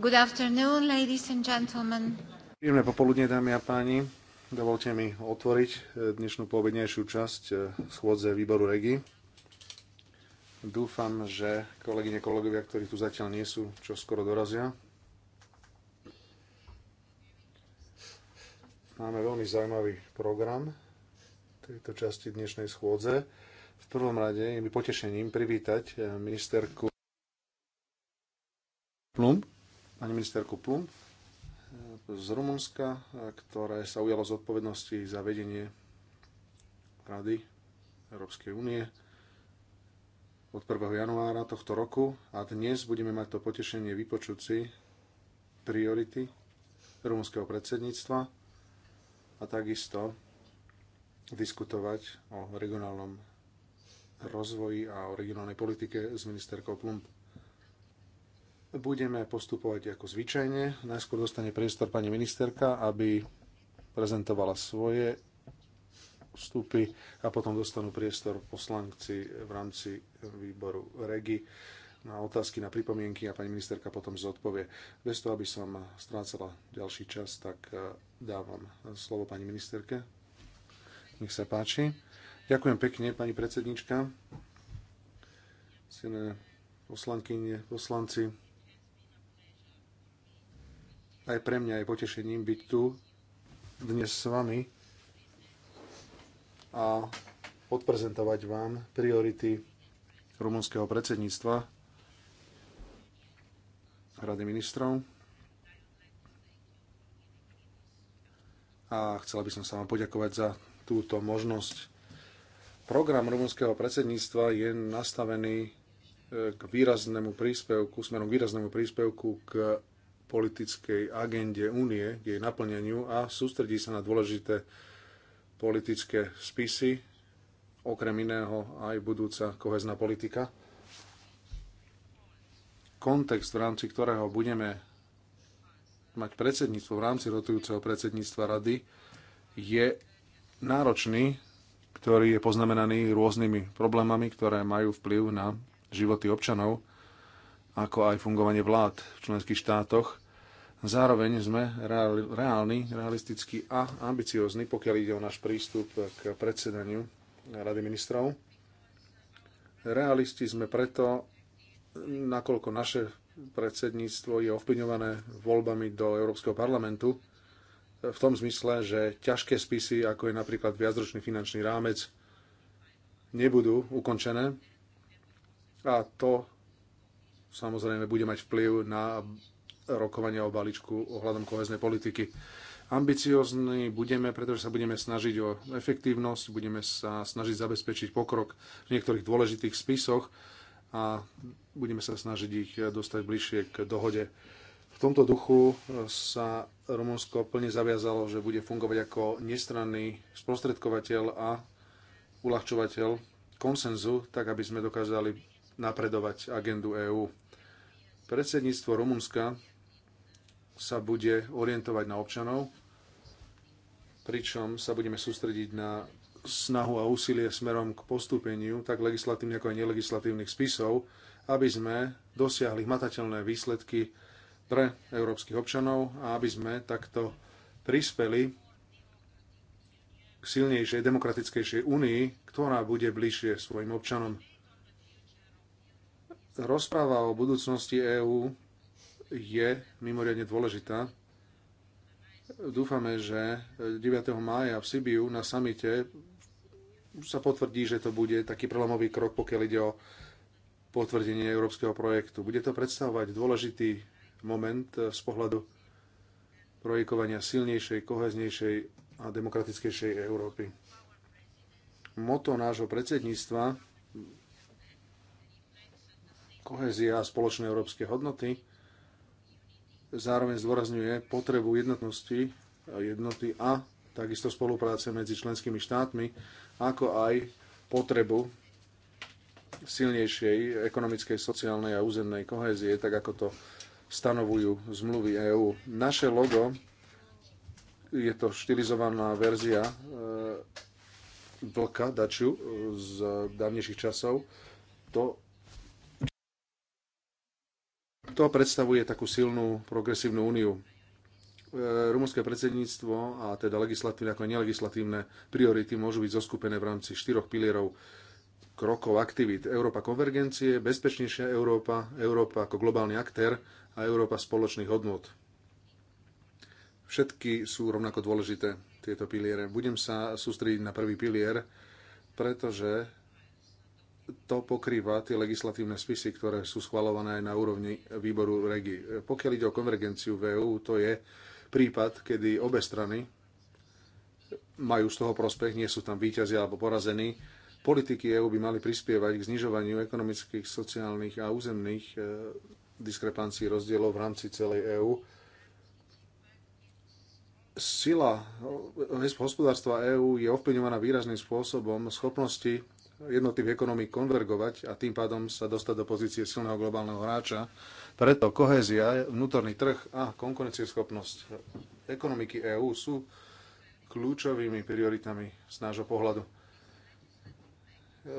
Good afternoon, ladies and gentlemen. Príjemné popoludne, dámy a páni. Dovolte mi otvoriť eh, dnešnú poobednejšiu časť eh, schôdze výboru REGI. Dúfam, že kolegyne, kolegovia, ktorí tu zatiaľ nie sú, čo skoro dorazia. Máme veľmi zaujímavý program tejto časti dnešnej schôdze. V prvom rade je mi potešením privítať eh, ministerku Plum, pani ministerku Plum eh, z Rumunska, eh, ktoré sa ujalo zodpovednosti za vedenie Rady Európskej únie od 1. januára tohto roku a dnes budeme mať to potešenie vypočuť si priority rumunského predsedníctva a takisto diskutovať o regionálnom rozvoji a o regionálnej politike s ministerkou Plump. Budeme postupovať ako zvyčajne. Najskôr dostane priestor pani ministerka, aby prezentovala svoje vstupy a potom dostanú priestor poslanci v rámci výboru REGI na otázky, na pripomienky a pani ministerka potom zodpovie. Bez toho, aby som strácala ďalší čas, tak eh, dávam slovo pani ministerke. Nech sa páči. Ďakujem pekne, pani predsednička. Silné poslankyne, poslanci, aj pre mňa je potešením byť tu dnes s vami a odprezentovať vám priority rumunského predsedníctva Rady ministrov. A chcela by som sa vám poďakovať za túto možnosť. Program rumunského predsedníctva je nastavený eh, k výraznému príspevku, smerom k výraznému príspevku k politickej agende únie, k jej naplneniu a sústredí sa na dôležité politické spisy, okrem iného aj budúca kohezná politika. Kontext, v rámci ktorého budeme mať predsedníctvo v rámci rotujúceho predsedníctva rady, je náročný, ktorý je poznamenaný rôznymi problémami, ktoré majú vplyv na životy občanov ako aj fungovanie vlád v členských štátoch. Zároveň sme reálni, realistickí a ambiciozni, pokiaľ ide o náš prístup k predsedaniu Rady ministrov. Realisti sme preto, nakoľko naše predsedníctvo je ovplyvňované voľbami do Európskeho parlamentu, v tom zmysle, že ťažké spisy, ako je napríklad viacročný finančný rámec, nebudú ukončené a to samozrejme bude mať vplyv na rokovania o balíčku ohľadom koheznej politiky. Ambiciozní budeme, pretože sa budeme snažiť o efektívnosť, budeme sa snažiť zabezpečiť pokrok v niektorých dôležitých spisoch a budeme sa snažiť ich dostať bližšie k dohode. V tomto duchu sa Rumunsko plne zaviazalo, že bude fungovať ako nestranný sprostredkovateľ a uľahčovateľ konsenzu, tak aby sme dokázali napredovať agendu EÚ. Predsedníctvo Rumunska sa bude orientovať na občanov, pričom sa budeme sústrediť na snahu a úsilie smerom k postúpeniu tak legislatívnych ako aj nelegislatívnych spisov, aby sme dosiahli hmatateľné výsledky pre európskych občanov a aby sme takto prispeli k silnejšej, demokratickejšej únii, ktorá bude bližšie svojim občanom. Rozpráva o budúcnosti EÚ je mimoriadne dôležitá. Dúfame, že 9. mája v Sibiu na samite sa potvrdí, že to bude taký prelomový krok, pokiaľ ide o potvrdenie európskeho projektu. Bude to predstavovať dôležitý moment z pohľadu projekovania silnejšej, koheznejšej a demokratickejšej Európy. Moto nášho predsedníctva kohézia a spoločné európske hodnoty. Zároveň zdôrazňuje potrebu jednotnosti, jednoty a takisto spolupráce medzi členskými štátmi, ako aj potrebu silnejšej ekonomickej, sociálnej a územnej kohézie, tak ako to stanovujú zmluvy EÚ. Naše logo je to štilizovaná verzia e, vlka, daču z dávnejších časov. To to predstavuje takú silnú progresívnu úniu. E, rumunské predsedníctvo a teda legislatívne ako aj nelegislatívne priority môžu byť zoskupené v rámci štyroch pilierov krokov, aktivít. Európa konvergencie, bezpečnejšia Európa, Európa ako globálny aktér a Európa spoločných hodnot. Všetky sú rovnako dôležité, tieto piliere. Budem sa sústrediť na prvý pilier, pretože to pokrýva tie legislatívne spisy, ktoré sú schvalované aj na úrovni výboru REGI. Pokiaľ ide o konvergenciu v EÚ, to je prípad, kedy obe strany majú z toho prospech, nie sú tam výťazia alebo porazení. Politiky EÚ by mali prispievať k znižovaniu ekonomických, sociálnych a územných e, diskrepancií rozdielov v rámci celej EÚ. Sila e, hospodárstva EÚ je ovplyvňovaná výrazným spôsobom schopnosti jednotlivých ekonomík konvergovať a tým pádom sa dostať do pozície silného globálneho hráča. Preto kohézia, vnútorný trh a konkurencieschopnosť ekonomiky EÚ sú kľúčovými prioritami z nášho pohľadu.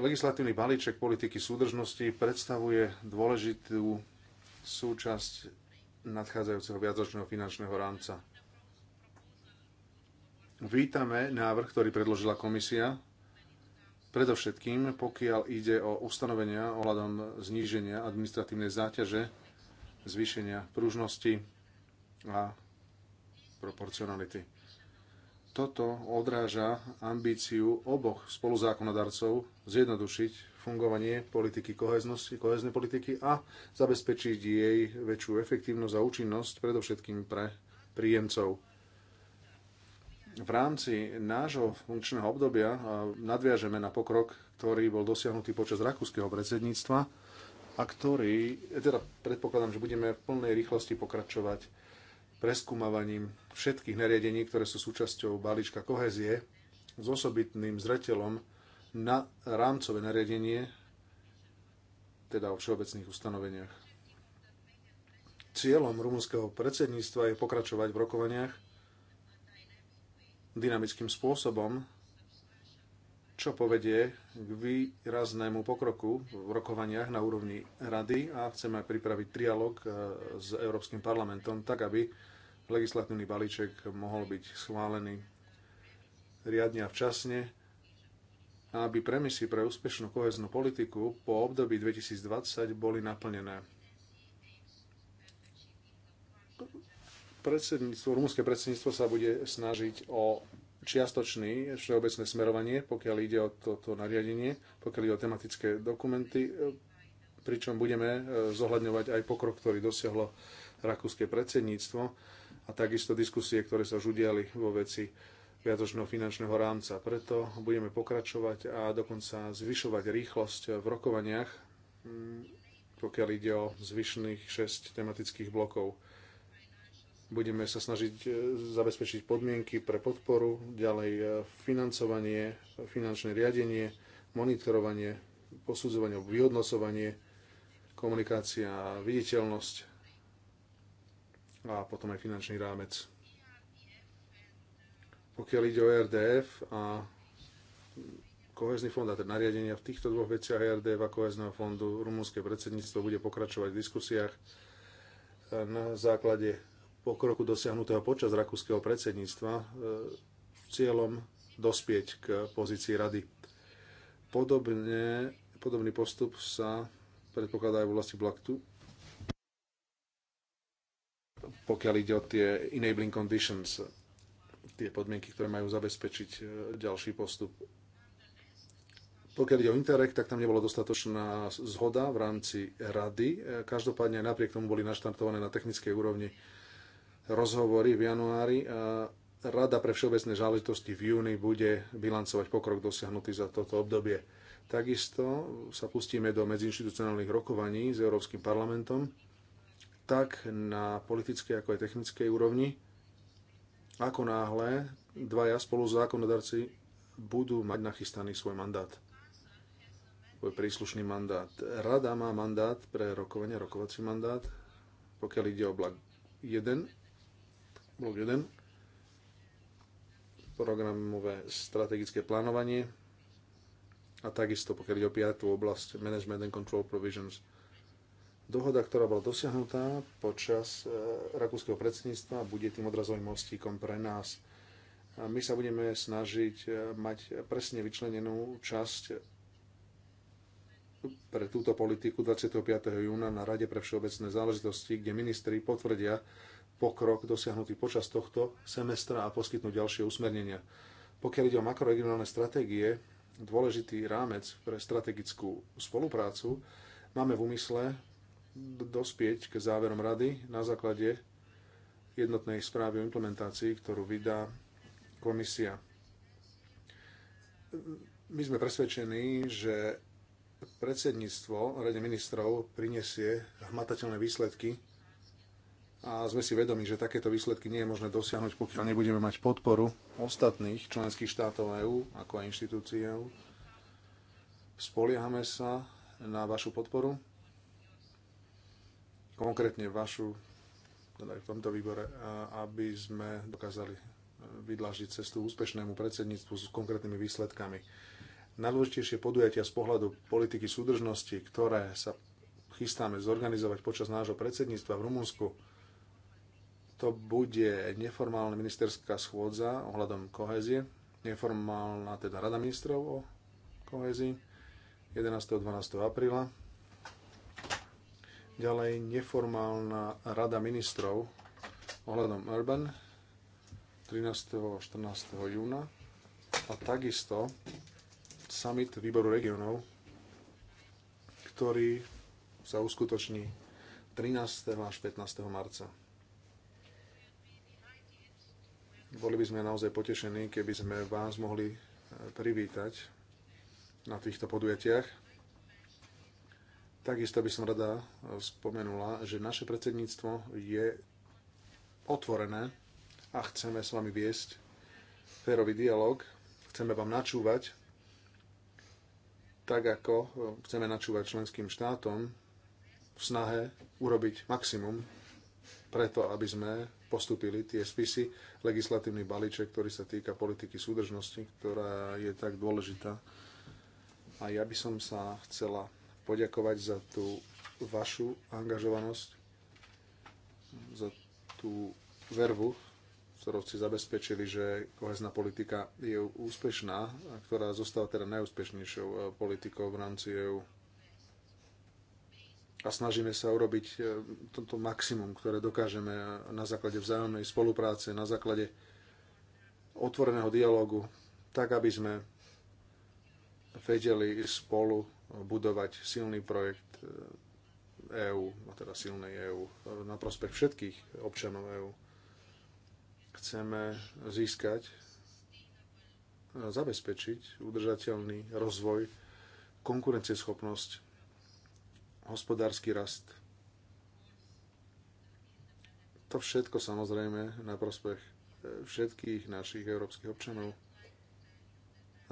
Legislatívny balíček politiky súdržnosti predstavuje dôležitú súčasť nadchádzajúceho viacročného finančného rámca. Vítame návrh, ktorý predložila komisia Predovšetkým, pokiaľ ide o ustanovenia ohľadom zníženia administratívnej záťaže, zvýšenia pružnosti a proporcionality. Toto odráža ambíciu oboch spoluzákonodarcov zjednodušiť fungovanie politiky koheznosti, koheznej politiky a zabezpečiť jej väčšiu efektívnosť a účinnosť, predovšetkým pre príjemcov v rámci nášho funkčného obdobia nadviažeme na pokrok, ktorý bol dosiahnutý počas rakúskeho predsedníctva a ktorý, teda predpokladám, že budeme v plnej rýchlosti pokračovať preskúmavaním všetkých nariadení, ktoré sú súčasťou balíčka kohezie s osobitným zretelom na rámcové nariadenie, teda o všeobecných ustanoveniach. Cieľom rumunského predsedníctva je pokračovať v rokovaniach dynamickým spôsobom, čo povedie k výraznému pokroku v rokovaniach na úrovni rady a chceme pripraviť trialog e, s Európskym parlamentom tak, aby legislatívny balíček mohol byť schválený riadne a včasne, aby premisy pre úspešnú koheznú politiku po období 2020 boli naplnené. Predsedníctvo, rumúnske predsedníctvo sa bude snažiť o čiastočný všeobecné smerovanie, pokiaľ ide o toto nariadenie, pokiaľ ide o tematické dokumenty, e, pričom budeme e, zohľadňovať aj pokrok, ktorý dosiahlo rakúske predsedníctvo a takisto diskusie, ktoré sa už udiali vo veci viatočného finančného rámca. Preto budeme pokračovať a dokonca zvyšovať rýchlosť v rokovaniach, pokiaľ ide o zvyšných 6 tematických blokov. Budeme sa snažiť e, zabezpečiť podmienky pre podporu, ďalej e, financovanie, finančné riadenie, monitorovanie, posudzovanie, vyhodnocovanie, komunikácia, viditeľnosť a potom aj finančný rámec. Pokiaľ ide o RDF a kohezný fond a teda nariadenia v týchto dvoch veciach RDF a kohezného fondu rumúnske predsedníctvo bude pokračovať v diskusiách na základe pokroku dosiahnutého počas rakúskeho predsedníctva e, cieľom dospieť k pozícii rady. Podobne, podobný postup sa predpokladá aj v oblasti Blaktu, pokiaľ ide o tie enabling conditions, tie podmienky, ktoré majú zabezpečiť e, ďalší postup. Pokiaľ ide o Interreg, tak tam nebola dostatočná zhoda v rámci rady. E, každopádne napriek tomu boli naštartované na technickej úrovni rozhovory v januári a Rada pre všeobecné záležitosti v júni bude bilancovať pokrok dosiahnutý za toto obdobie. Takisto sa pustíme do medziinstitucionálnych rokovaní s Európskym parlamentom, tak na politickej ako aj technickej úrovni. Ako náhle dvaja spolu zákonodarci budú mať nachystaný svoj mandát, svoj príslušný mandát. Rada má mandát pre rokovanie, rokovací mandát, pokiaľ ide o blag 1 blok 1, programové strategické plánovanie a takisto pokiaľ ide o 5. oblasť Management and Control Provisions. Dohoda, ktorá bola dosiahnutá počas e, rakúskeho predsedníctva, bude tým odrazovým mostíkom pre nás. A my sa budeme snažiť e, mať presne vyčlenenú časť pre túto politiku 25. júna na Rade pre všeobecné záležitosti, kde ministri potvrdia pokrok dosiahnutý počas tohto semestra a poskytnúť ďalšie usmernenia. Pokiaľ ide o makroregionálne stratégie, dôležitý rámec pre strategickú spoluprácu, máme v úmysle dospieť k záverom rady na základe jednotnej správy o implementácii, ktorú vydá komisia. My sme presvedčení, že predsedníctvo Rade ministrov prinesie hmatateľné výsledky a sme si vedomi, že takéto výsledky nie je možné dosiahnuť, pokiaľ nebudeme mať podporu ostatných členských štátov EÚ, ako aj inštitúcií EÚ. Spoliehame sa na vašu podporu, konkrétne vašu, teda v tomto výbore, aby sme dokázali e, vydlažiť cestu úspešnému predsedníctvu s konkrétnymi výsledkami. Najdôležitejšie podujatia z pohľadu politiky súdržnosti, ktoré sa chystáme zorganizovať počas nášho predsedníctva v Rumunsku, to bude neformálna ministerská schôdza ohľadom kohézie, neformálna teda rada ministrov o kohézii 11. a 12. apríla. Ďalej neformálna rada ministrov ohľadom Urban 13. a 14. júna a takisto summit výboru regionov, ktorý sa uskutoční 13. až 15. marca. Boli by sme naozaj potešení, keby sme vás mohli e, privítať na týchto podujatiach. Takisto by som rada e, spomenula, že naše predsedníctvo je otvorené a chceme s vami viesť férový dialog, chceme vám načúvať, tak ako e, chceme načúvať členským štátom v snahe urobiť maximum preto, aby sme postupili tie spisy, legislatívny balíček, ktorý sa týka politiky súdržnosti, ktorá je tak dôležitá. A ja by som sa chcela poďakovať za tú vašu angažovanosť, za tú vervu, ktorou ste zabezpečili, že kohezná politika je úspešná a ktorá zostáva teda najúspešnejšou eh, politikou v rámci EU a snažíme sa urobiť e, toto maximum, ktoré dokážeme e, na základe vzájomnej spolupráce, na základe otvoreného dialogu, tak aby sme vedeli spolu budovať silný projekt EÚ, a e no teda silnej EÚ, na prospech všetkých občanov EÚ. Chceme získať, zabezpečiť udržateľný rozvoj, konkurencieschopnosť hospodársky rast. To všetko samozrejme na prospech e, všetkých našich európskych občanov.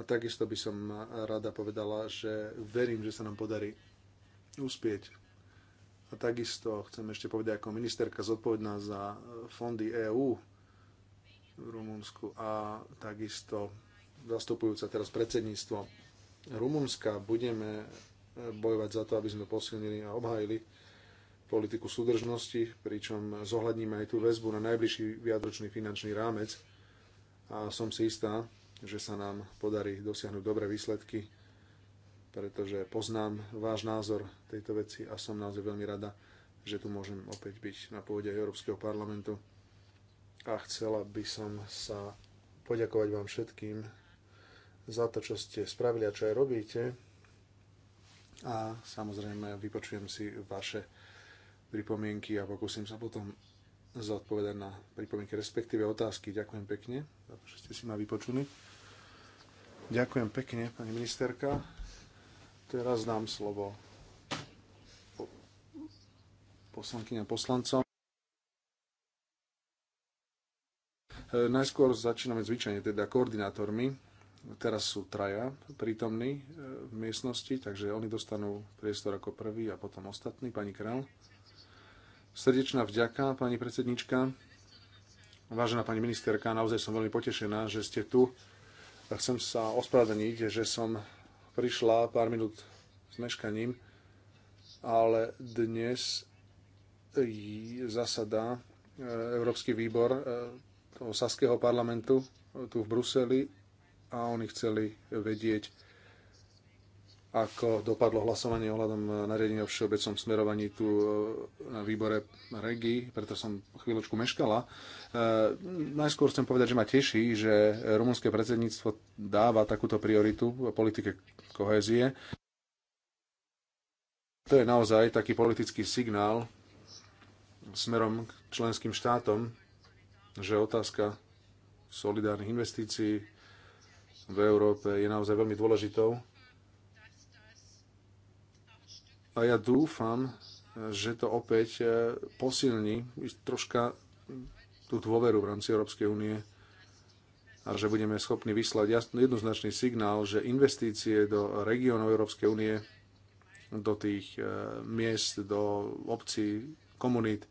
A takisto by som rada povedala, že verím, že sa nám podarí uspieť. A takisto chcem ešte povedať ako ministerka zodpovedná za e, fondy EÚ v Rumunsku a takisto zastupujúca teraz predsedníctvo Rumunska budeme bojovať za to, aby sme posilnili a obhájili politiku súdržnosti, pričom zohľadníme aj tú väzbu na najbližší viadročný finančný rámec. A som si istá, že sa nám podarí dosiahnuť dobré výsledky, pretože poznám váš názor tejto veci a som naozaj veľmi rada, že tu môžem opäť byť na pôde Európskeho parlamentu. A chcela by som sa poďakovať vám všetkým za to, čo ste spravili a čo aj robíte a samozrejme vypočujem si vaše pripomienky a pokúsim sa potom zodpovedať na pripomienky, respektíve otázky. Ďakujem pekne, že ste si ma vypočuli. Ďakujem pekne, pani ministerka. Teraz dám slovo poslankyňa poslancom. Najskôr začíname zvyčajne teda koordinátormi teraz sú traja prítomní e, v miestnosti, takže oni dostanú priestor ako prvý a potom ostatní. Pani Král. Srdečná vďaka, pani predsednička. Vážená pani ministerka, naozaj som veľmi potešená, že ste tu. Chcem sa ospravedlniť, že som prišla pár minút s meškaním, ale dnes zasada e, Európsky výbor e, toho Saského parlamentu tu v Bruseli a oni chceli vedieť, ako dopadlo hlasovanie ohľadom nariadenia o všeobecnom smerovaní tu e, na výbore REGI, preto som chvíľočku meškala. E, najskôr chcem povedať, že ma teší, že rumunské predsedníctvo dáva takúto prioritu v politike kohézie. To je naozaj taký politický signál smerom k členským štátom, že otázka solidárnych investícií, v Európe je naozaj veľmi dôležitou. A ja dúfam, že to opäť eh, posilní troška tú dôveru v rámci Európskej únie a že budeme schopní vyslať jednoznačný signál, že investície do regiónov Európskej únie, do tých eh, miest, do obcí, komunít,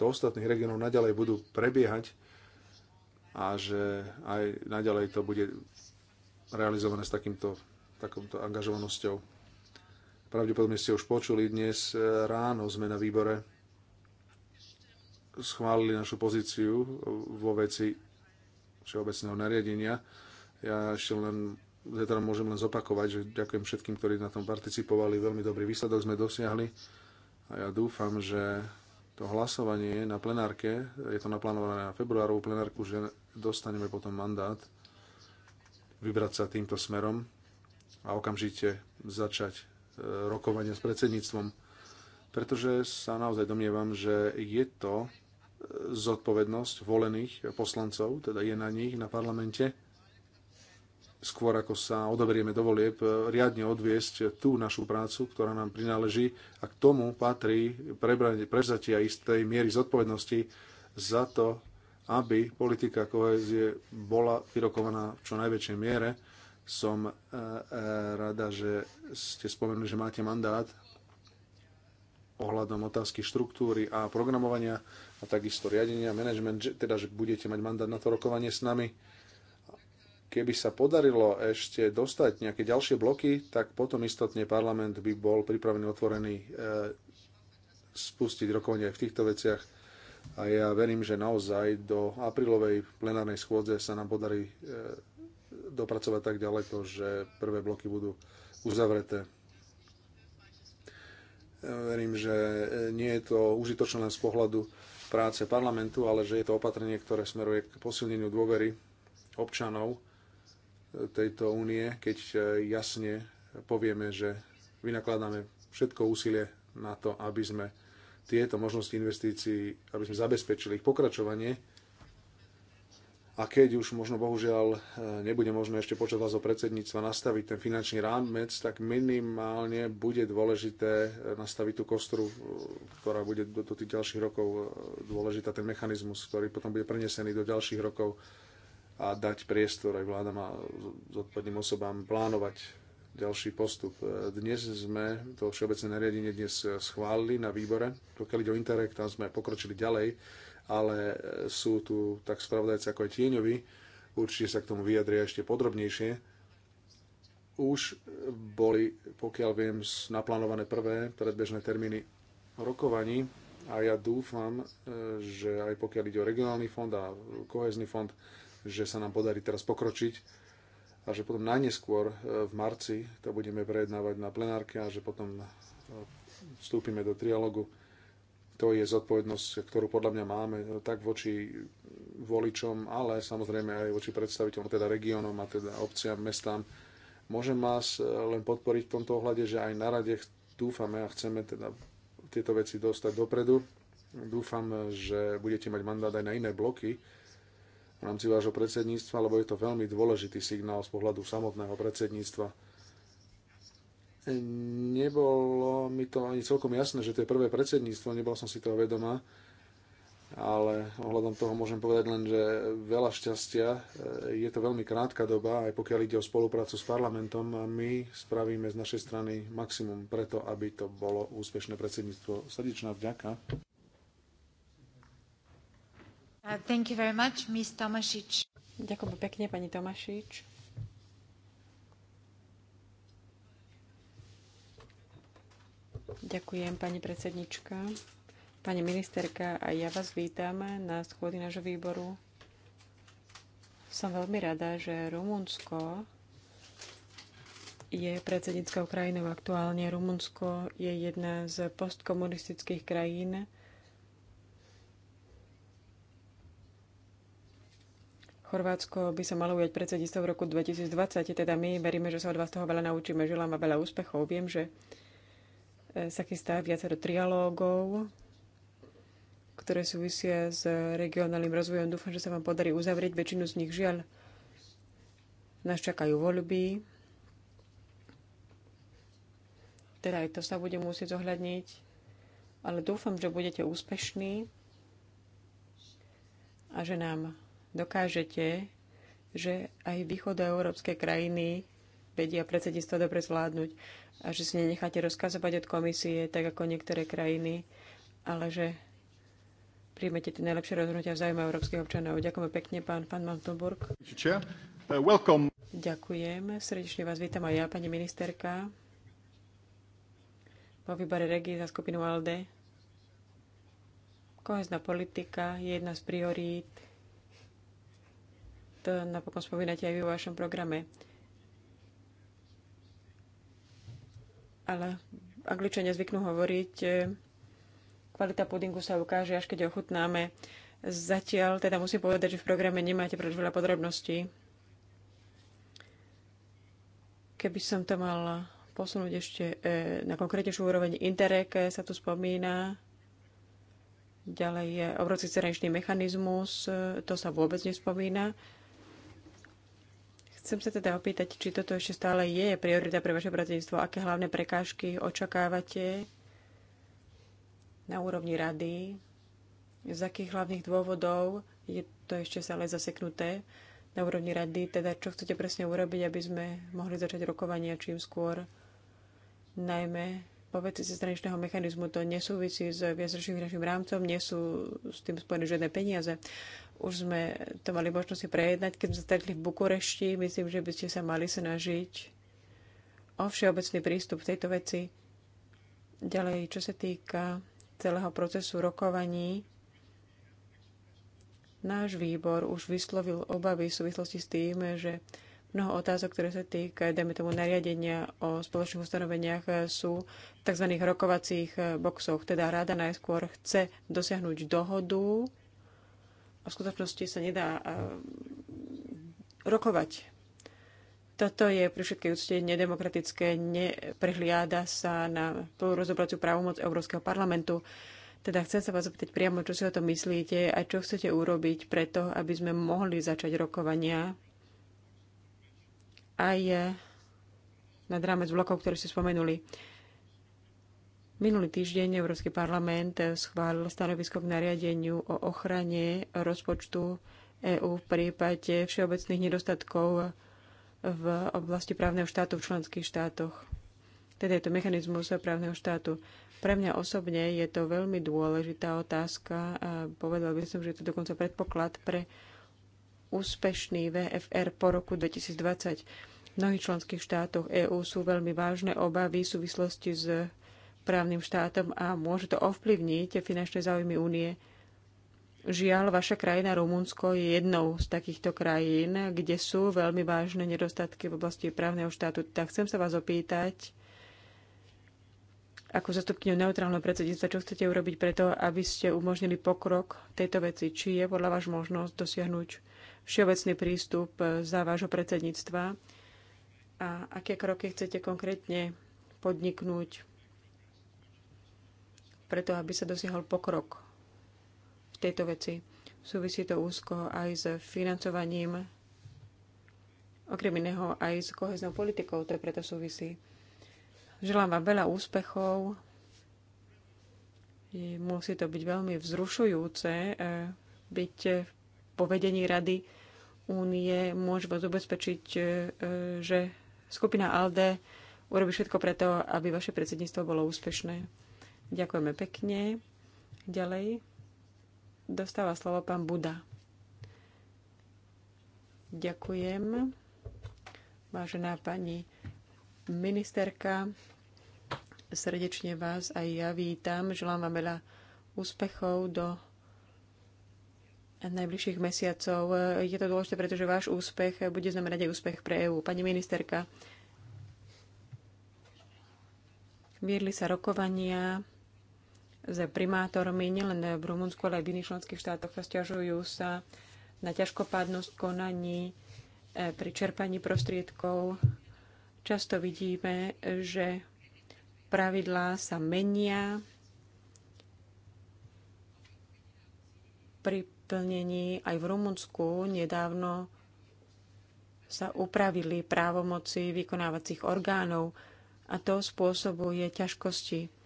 do ostatných regiónov naďalej budú prebiehať a že aj naďalej to bude realizované s takýmto, takýmto angažovanosťou. Pravdepodobne ste už počuli, dnes e, ráno sme na výbore schválili našu pozíciu vo veci všeobecného nariadenia. Ja ešte len teda môžem len zopakovať, že ďakujem všetkým, ktorí na tom participovali. Veľmi dobrý výsledok sme dosiahli a ja dúfam, že to hlasovanie na plenárke, je to naplánované na februárovú plenárku, že dostaneme potom mandát vybrať sa týmto smerom a okamžite začať e, rokovania s predsedníctvom, pretože sa naozaj domnievam, že je to e, zodpovednosť volených poslancov, teda je na nich, na parlamente, skôr ako sa odoberieme do volieb, e, riadne odviesť tú našu prácu, ktorá nám prináleží a k tomu patrí prevzatia istej miery zodpovednosti za to, aby politika kohezie bola vyrokovaná v čo najväčšej miere. Som e, e, rada, že ste spomenuli, že máte mandát ohľadom otázky štruktúry a programovania a takisto riadenia, management, teda, že budete mať mandát na to rokovanie s nami. Keby sa podarilo ešte dostať nejaké ďalšie bloky, tak potom istotne parlament by bol pripravený, otvorený e, spustiť rokovanie aj v týchto veciach a ja verím, že naozaj do aprílovej plenárnej schôdze sa nám podarí e, dopracovať tak ďaleko, že prvé bloky budú uzavreté. E, verím, že e, nie je to užitočné len z pohľadu práce parlamentu, ale že je to opatrenie, ktoré smeruje k posilneniu dôvery občanov tejto únie, keď jasne povieme, že vynakladáme všetko úsilie na to, aby sme tieto možnosti investícií, aby sme zabezpečili ich pokračovanie. A keď už možno bohužiaľ e, nebude možné ešte počas vášho predsedníctva nastaviť ten finančný rámec, tak minimálne bude dôležité e, nastaviť tú kostru, e, ktorá bude do, do tých ďalších rokov dôležitá, ten mechanizmus, ktorý potom bude prenesený do ďalších rokov a dať priestor aj vládam a zodpovedným osobám plánovať ďalší postup. E, dnes sme to všeobecné nariadenie dnes e, schválili na výbore. Pokiaľ ide o Interreg, tam sme pokročili ďalej, ale e, sú tu tak spravodajci ako aj tieňovi. Určite sa k tomu vyjadria ešte podrobnejšie už boli, pokiaľ viem, naplánované prvé predbežné termíny rokovaní a ja dúfam, že aj pokiaľ ide o regionálny fond a kohezný fond, že sa nám podarí teraz pokročiť a že potom najneskôr e, v marci to budeme prejednávať na plenárke a že potom e, vstúpime do trialogu. To je zodpovednosť, ktorú podľa mňa máme e, tak voči voličom, ale samozrejme aj voči predstaviteľom, teda regiónom a teda obciam, mestám. Môžem vás len podporiť v tomto ohľade, že aj na rade dúfame a chceme teda tieto veci dostať dopredu. Dúfam, že budete mať mandát aj na iné bloky, v rámci vášho predsedníctva, lebo je to veľmi dôležitý signál z pohľadu samotného predsedníctva. Nebolo mi to ani celkom jasné, že to je prvé predsedníctvo, nebol som si toho vedomá, ale ohľadom toho môžem povedať len, že veľa šťastia. Je to veľmi krátka doba, aj pokiaľ ide o spoluprácu s parlamentom a my spravíme z našej strany maximum preto, aby to bolo úspešné predsedníctvo. Srdečná vďaka. Uh, thank you very much, Tomašič. Ďakujem pekne, pani Tomašič. Ďakujem, pani predsednička. Pani ministerka, a ja vás vítam na schôdzi nášho výboru. Som veľmi rada, že Rumunsko je predsednickou krajinou aktuálne. Rumunsko je jedna z postkomunistických krajín, Chorvátsko by sa malo ujať predsedníctvo v roku 2020, teda my veríme, že sa od vás toho veľa naučíme. Želám vám veľa úspechov. Viem, že e, sa chystá viacero trialógov, ktoré súvisia s regionálnym rozvojom. Dúfam, že sa vám podarí uzavrieť väčšinu z nich. Žiaľ, nás čakajú voľby. Teda aj to sa bude musieť zohľadniť. Ale dúfam, že budete úspešní a že nám dokážete, že aj európske krajiny vedia predsedníctvo dobre zvládnuť a že si nenecháte rozkazovať od komisie, tak ako niektoré krajiny, ale že príjmete tie najlepšie rozhodnutia v záujme európskych občanov. Ďakujem pekne, pán, pán Mantenburg. Uh, Ďakujem. Srdečne vás vítam aj ja, pani ministerka, vo výbore regie za skupinu ALDE. Kohezná politika je jedna z priorít napokon spomínate aj vy vo vašom programe. Ale angličania zvyknú hovoriť, e, kvalita pudingu sa ukáže, až keď ochutnáme. Zatiaľ teda musím povedať, že v programe nemáte preč veľa podrobností. Keby som to mal posunúť ešte e, na konkrétnejšiu úroveň, Interreg e, sa tu spomína, ďalej je obrovský cerenčný mechanizmus, to sa vôbec nespomína. Chcem sa teda opýtať, či toto ešte stále je priorita pre vaše predsedníctvo, aké hlavné prekážky očakávate na úrovni rady, z akých hlavných dôvodov je to ešte stále zaseknuté na úrovni rady, teda čo chcete presne urobiť, aby sme mohli začať rokovania čím skôr, najmä po veci cestraničného mechanizmu to nesúvisí s viacročným finančným rámcom, nie sú s tým spojené žiadne peniaze. Už sme to mali možnosť si prejednať, keď sme sa stretli v Bukurešti. Myslím, že by ste sa mali snažiť o všeobecný prístup v tejto veci. Ďalej, čo sa týka celého procesu rokovaní, náš výbor už vyslovil obavy v súvislosti s tým, že mnoho otázok, ktoré sa týka, dajme tomu, nariadenia o spoločných ustanoveniach sú v tzv. rokovacích boxoch. Teda rada najskôr chce dosiahnuť dohodu v skutočnosti sa nedá eh, rokovať. Toto je pri všetkej úcte nedemokratické, neprehliada sa na plnú rozobraciu právomoc Európskeho parlamentu. Teda chcem sa vás opýtať priamo, čo si o tom myslíte a čo chcete urobiť preto, aby sme mohli začať rokovania aj eh, nad rámec blokov, ktoré ste spomenuli. Minulý týždeň Európsky parlament schválil stanovisko k nariadeniu o ochrane rozpočtu EÚ v prípade všeobecných nedostatkov v oblasti právneho štátu v členských štátoch. Teda je to mechanizmus právneho štátu. Pre mňa osobne je to veľmi dôležitá otázka a povedal by som, že je to dokonca predpoklad pre úspešný VFR po roku 2020. V mnohých členských štátoch EÚ sú veľmi vážne obavy v súvislosti s právnym štátom a môže to ovplyvniť finančné záujmy únie. Žiaľ, vaša krajina Rumunsko je jednou z takýchto krajín, kde sú veľmi vážne nedostatky v oblasti právneho štátu. Tak chcem sa vás opýtať, ako zastupkyňu neutrálneho predsedníctva, čo chcete urobiť preto, aby ste umožnili pokrok tejto veci? Či je podľa vás možnosť dosiahnuť všeobecný prístup za vášho predsedníctva? A aké kroky chcete konkrétne podniknúť? preto aby sa dosiahol pokrok v tejto veci. Súvisí to úzko aj s financovaním, okrem iného aj s koheznou politikou, to je preto súvisí. Želám vám veľa úspechov. Musí to byť veľmi vzrušujúce e, byť v povedení Rady únie. Môžem vás ubezpečiť, e, že skupina ALDE urobí všetko preto, aby vaše predsedníctvo bolo úspešné. Ďakujeme pekne. Ďalej dostáva slovo pán Buda. Ďakujem, vážená pani ministerka. Srdečne vás aj ja vítam. Želám vám veľa úspechov do najbližších mesiacov. Je to dôležité, pretože váš úspech bude znamenať aj úspech pre EÚ. Pani ministerka, viedli sa rokovania s primátormi nielen v Rumunsku, ale aj v iných členských štátoch a stiažujú sa na ťažkopádnosť konaní e, pri čerpaní prostriedkov. Často vidíme, že pravidlá sa menia pri plnení aj v Rumunsku nedávno sa upravili právomoci vykonávacích orgánov a to spôsobuje ťažkosti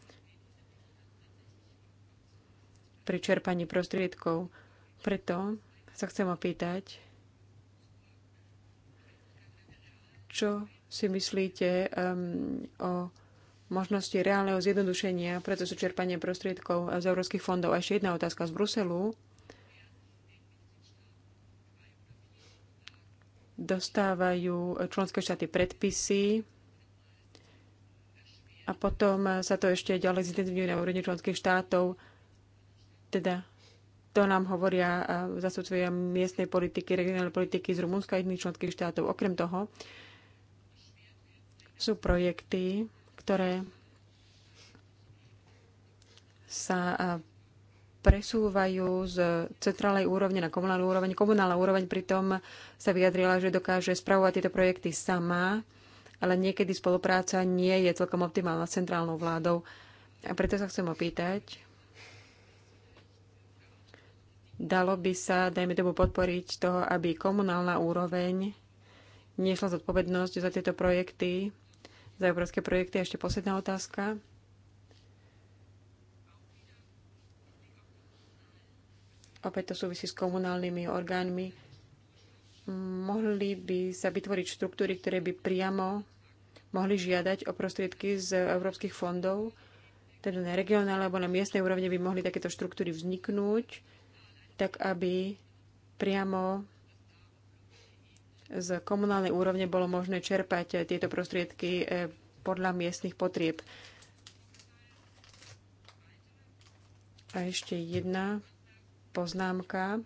pri čerpaní prostriedkov. Preto sa chcem opýtať, čo si myslíte um, o možnosti reálneho zjednodušenia procesu čerpania prostriedkov z európskych fondov. A ešte jedna otázka z Bruselu. Dostávajú členské štáty predpisy a potom sa to ešte ďalej zintenzívňuje na úrovni členských štátov teda to nám hovoria e, zasudcovia miestnej politiky, regionálnej politiky z Rumunska a iných členských štátov. Okrem toho sú projekty, ktoré sa e, presúvajú z centrálnej úrovne na komunálnu úroveň. Komunálna úroveň pritom sa vyjadrila, že dokáže spravovať tieto projekty sama, ale niekedy spolupráca nie je celkom optimálna s centrálnou vládou. A preto sa chcem opýtať, Dalo by sa, dajme tomu, podporiť toho, aby komunálna úroveň nešla zodpovednosť za tieto projekty, za európske projekty. A ešte posledná otázka. Opäť to súvisí s komunálnymi orgánmi. Mohli by sa vytvoriť štruktúry, ktoré by priamo mohli žiadať o prostriedky z európskych fondov, teda na regionálnej alebo na miestnej úrovni by mohli takéto štruktúry vzniknúť tak aby priamo z komunálnej úrovne bolo možné čerpať tieto prostriedky eh, podľa miestnych potrieb. A ešte jedna poznámka.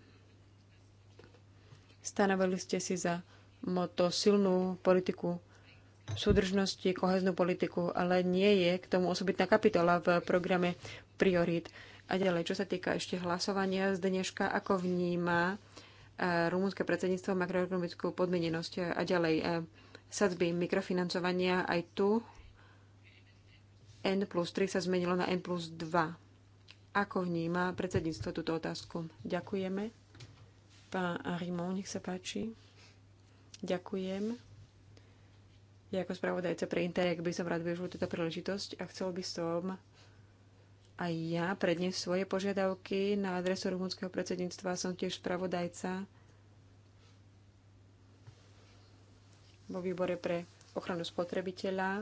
Stanovili ste si za moto silnú politiku súdržnosti, koheznú politiku, ale nie je k tomu osobitná kapitola v programe Priorit. A ďalej, čo sa týka ešte hlasovania z dneška, ako vníma e, rumúnske predsedníctvo makroekonomickú podmienenosť a ďalej e, sadzby mikrofinancovania aj tu N plus 3 sa zmenilo na N plus 2. Ako vníma predsedníctvo túto otázku? Ďakujeme. Pán Arimov, nech sa páči. Ďakujem. Ja ako spravodajca pre Interreg by som rád využil túto príležitosť a chcel by som aj ja prednes svoje požiadavky na adresu rumunského predsedníctva. Som tiež spravodajca vo výbore pre ochranu spotrebiteľa.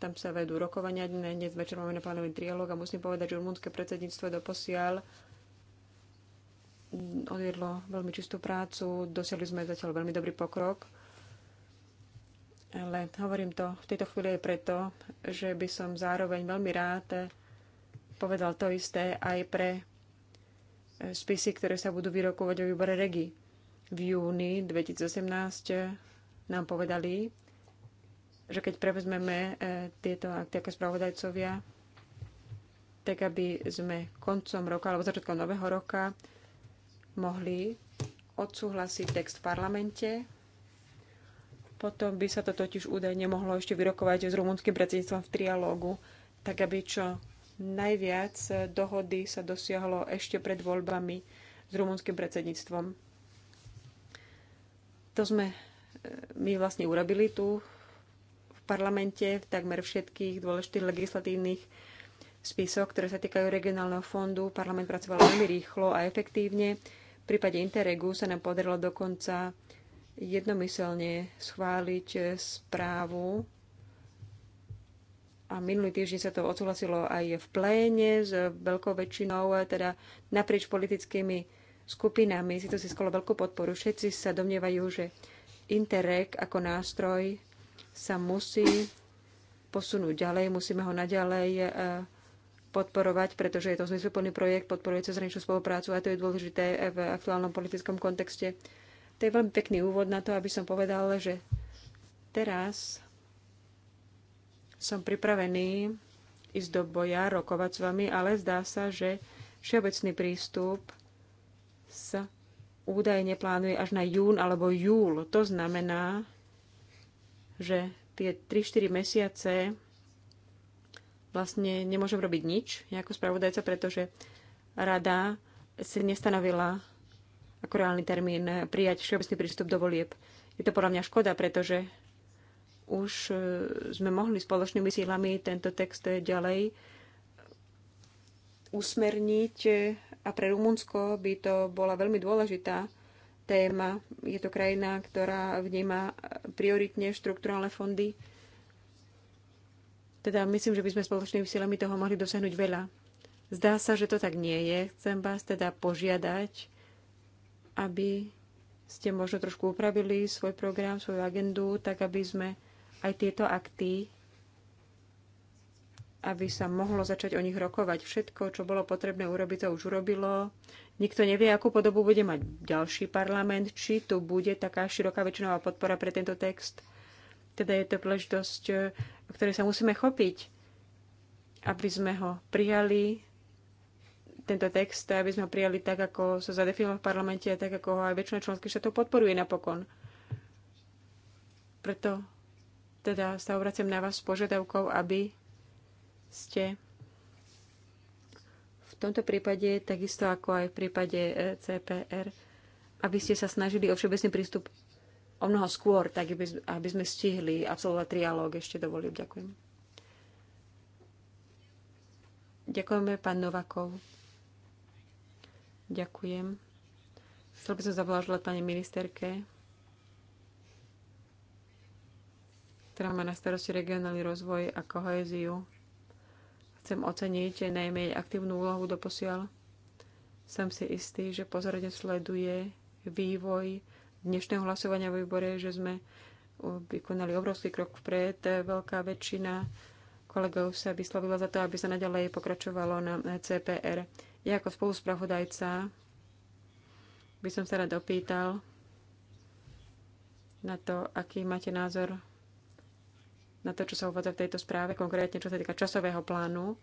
Tam sa vedú rokovania, dnes večer máme naplánovaný trialog a musím povedať, že rumúnske predsedníctvo doposiaľ odviedlo veľmi čistú prácu, dosiahli sme zatiaľ veľmi dobrý pokrok. Ale hovorím to v tejto chvíli preto, že by som zároveň veľmi rád povedal to isté aj pre e, spisy, ktoré sa budú vyrokovať o výbore REGI. V júni 2018 e, nám povedali, že keď prevezmeme e, tieto akty ako spravodajcovia, tak aby sme koncom roka alebo začiatkom nového roka mohli odsúhlasiť text v parlamente. Potom by sa to totiž údajne mohlo ešte vyrokovať s rumunským predsedníctvom v trialógu, tak aby čo Najviac eh, dohody sa dosiahlo ešte pred voľbami s rumunským predsedníctvom. To sme eh, my vlastne urobili tu v parlamente v takmer všetkých dôležitých legislatívnych spisoch, ktoré sa týkajú regionálneho fondu. Parlament pracoval veľmi rýchlo a efektívne. V prípade Interregu sa nám podarilo dokonca jednomyselne schváliť eh, správu a minulý týždeň sa to odsúhlasilo aj v pléne s veľkou väčšinou, teda naprieč politickými skupinami. Si to získalo veľkú podporu. Všetci sa domnievajú, že Interreg ako nástroj sa musí posunúť ďalej, musíme ho naďalej e, podporovať, pretože je to zmysluplný projekt, podporuje cezhraničnú spoluprácu a to je dôležité v aktuálnom politickom kontexte. To je veľmi pekný úvod na to, aby som povedal, že teraz som pripravený ísť do boja, rokovať s vami, ale zdá sa, že všeobecný prístup sa údajne plánuje až na jún alebo júl. To znamená, že tie 3-4 mesiace vlastne nemôžem robiť nič ako spravodajca, pretože rada si nestanovila ako reálny termín prijať všeobecný prístup do volieb. Je to podľa mňa škoda, pretože už e, sme mohli spoločnými sílami tento text ďalej usmerniť e, a pre Rumunsko by to bola veľmi dôležitá téma. Je to krajina, ktorá vníma prioritne štruktúrálne fondy. Teda myslím, že by sme spoločnými silami toho mohli dosiahnuť veľa. Zdá sa, že to tak nie je. Chcem vás teda požiadať, aby ste možno trošku upravili svoj program, svoju agendu, tak aby sme aj tieto akty, aby sa mohlo začať o nich rokovať. Všetko, čo bolo potrebné urobiť, to už urobilo. Nikto nevie, akú podobu bude mať ďalší parlament, či tu bude taká široká väčšinová podpora pre tento text. Teda je to príležitosť, ktorej sa musíme chopiť, aby sme ho prijali, tento text, aby sme ho prijali tak, ako sa zadefinoval v parlamente a tak, ako ho aj väčšina členských štátov podporuje napokon. Preto teda sa obraciam na vás s požiadavkou, aby ste v tomto prípade, takisto ako aj v prípade e, CPR, aby ste sa snažili o všeobecný prístup o mnoho skôr, tak aby sme stihli absolvovať trialóg ešte dovolím. Ďakujem. Ďakujeme, pán Novakov. Ďakujem. Chcel by som zavlážovať pani ministerke ktorá má na starosti regionálny rozvoj a kohéziu. Chcem oceniť najmä aktívnu úlohu do posiaľ. Som si istý, že pozorne sleduje vývoj dnešného hlasovania vo výbore, že sme uh, vykonali obrovský krok vpred. Veľká väčšina kolegov sa vyslovila za to, aby sa naďalej pokračovalo na CPR. Ja ako spoluspravodajca by som sa rád opýtal na to, aký máte názor na to, čo sa uvádza v tejto správe, konkrétne čo sa týka časového plánu,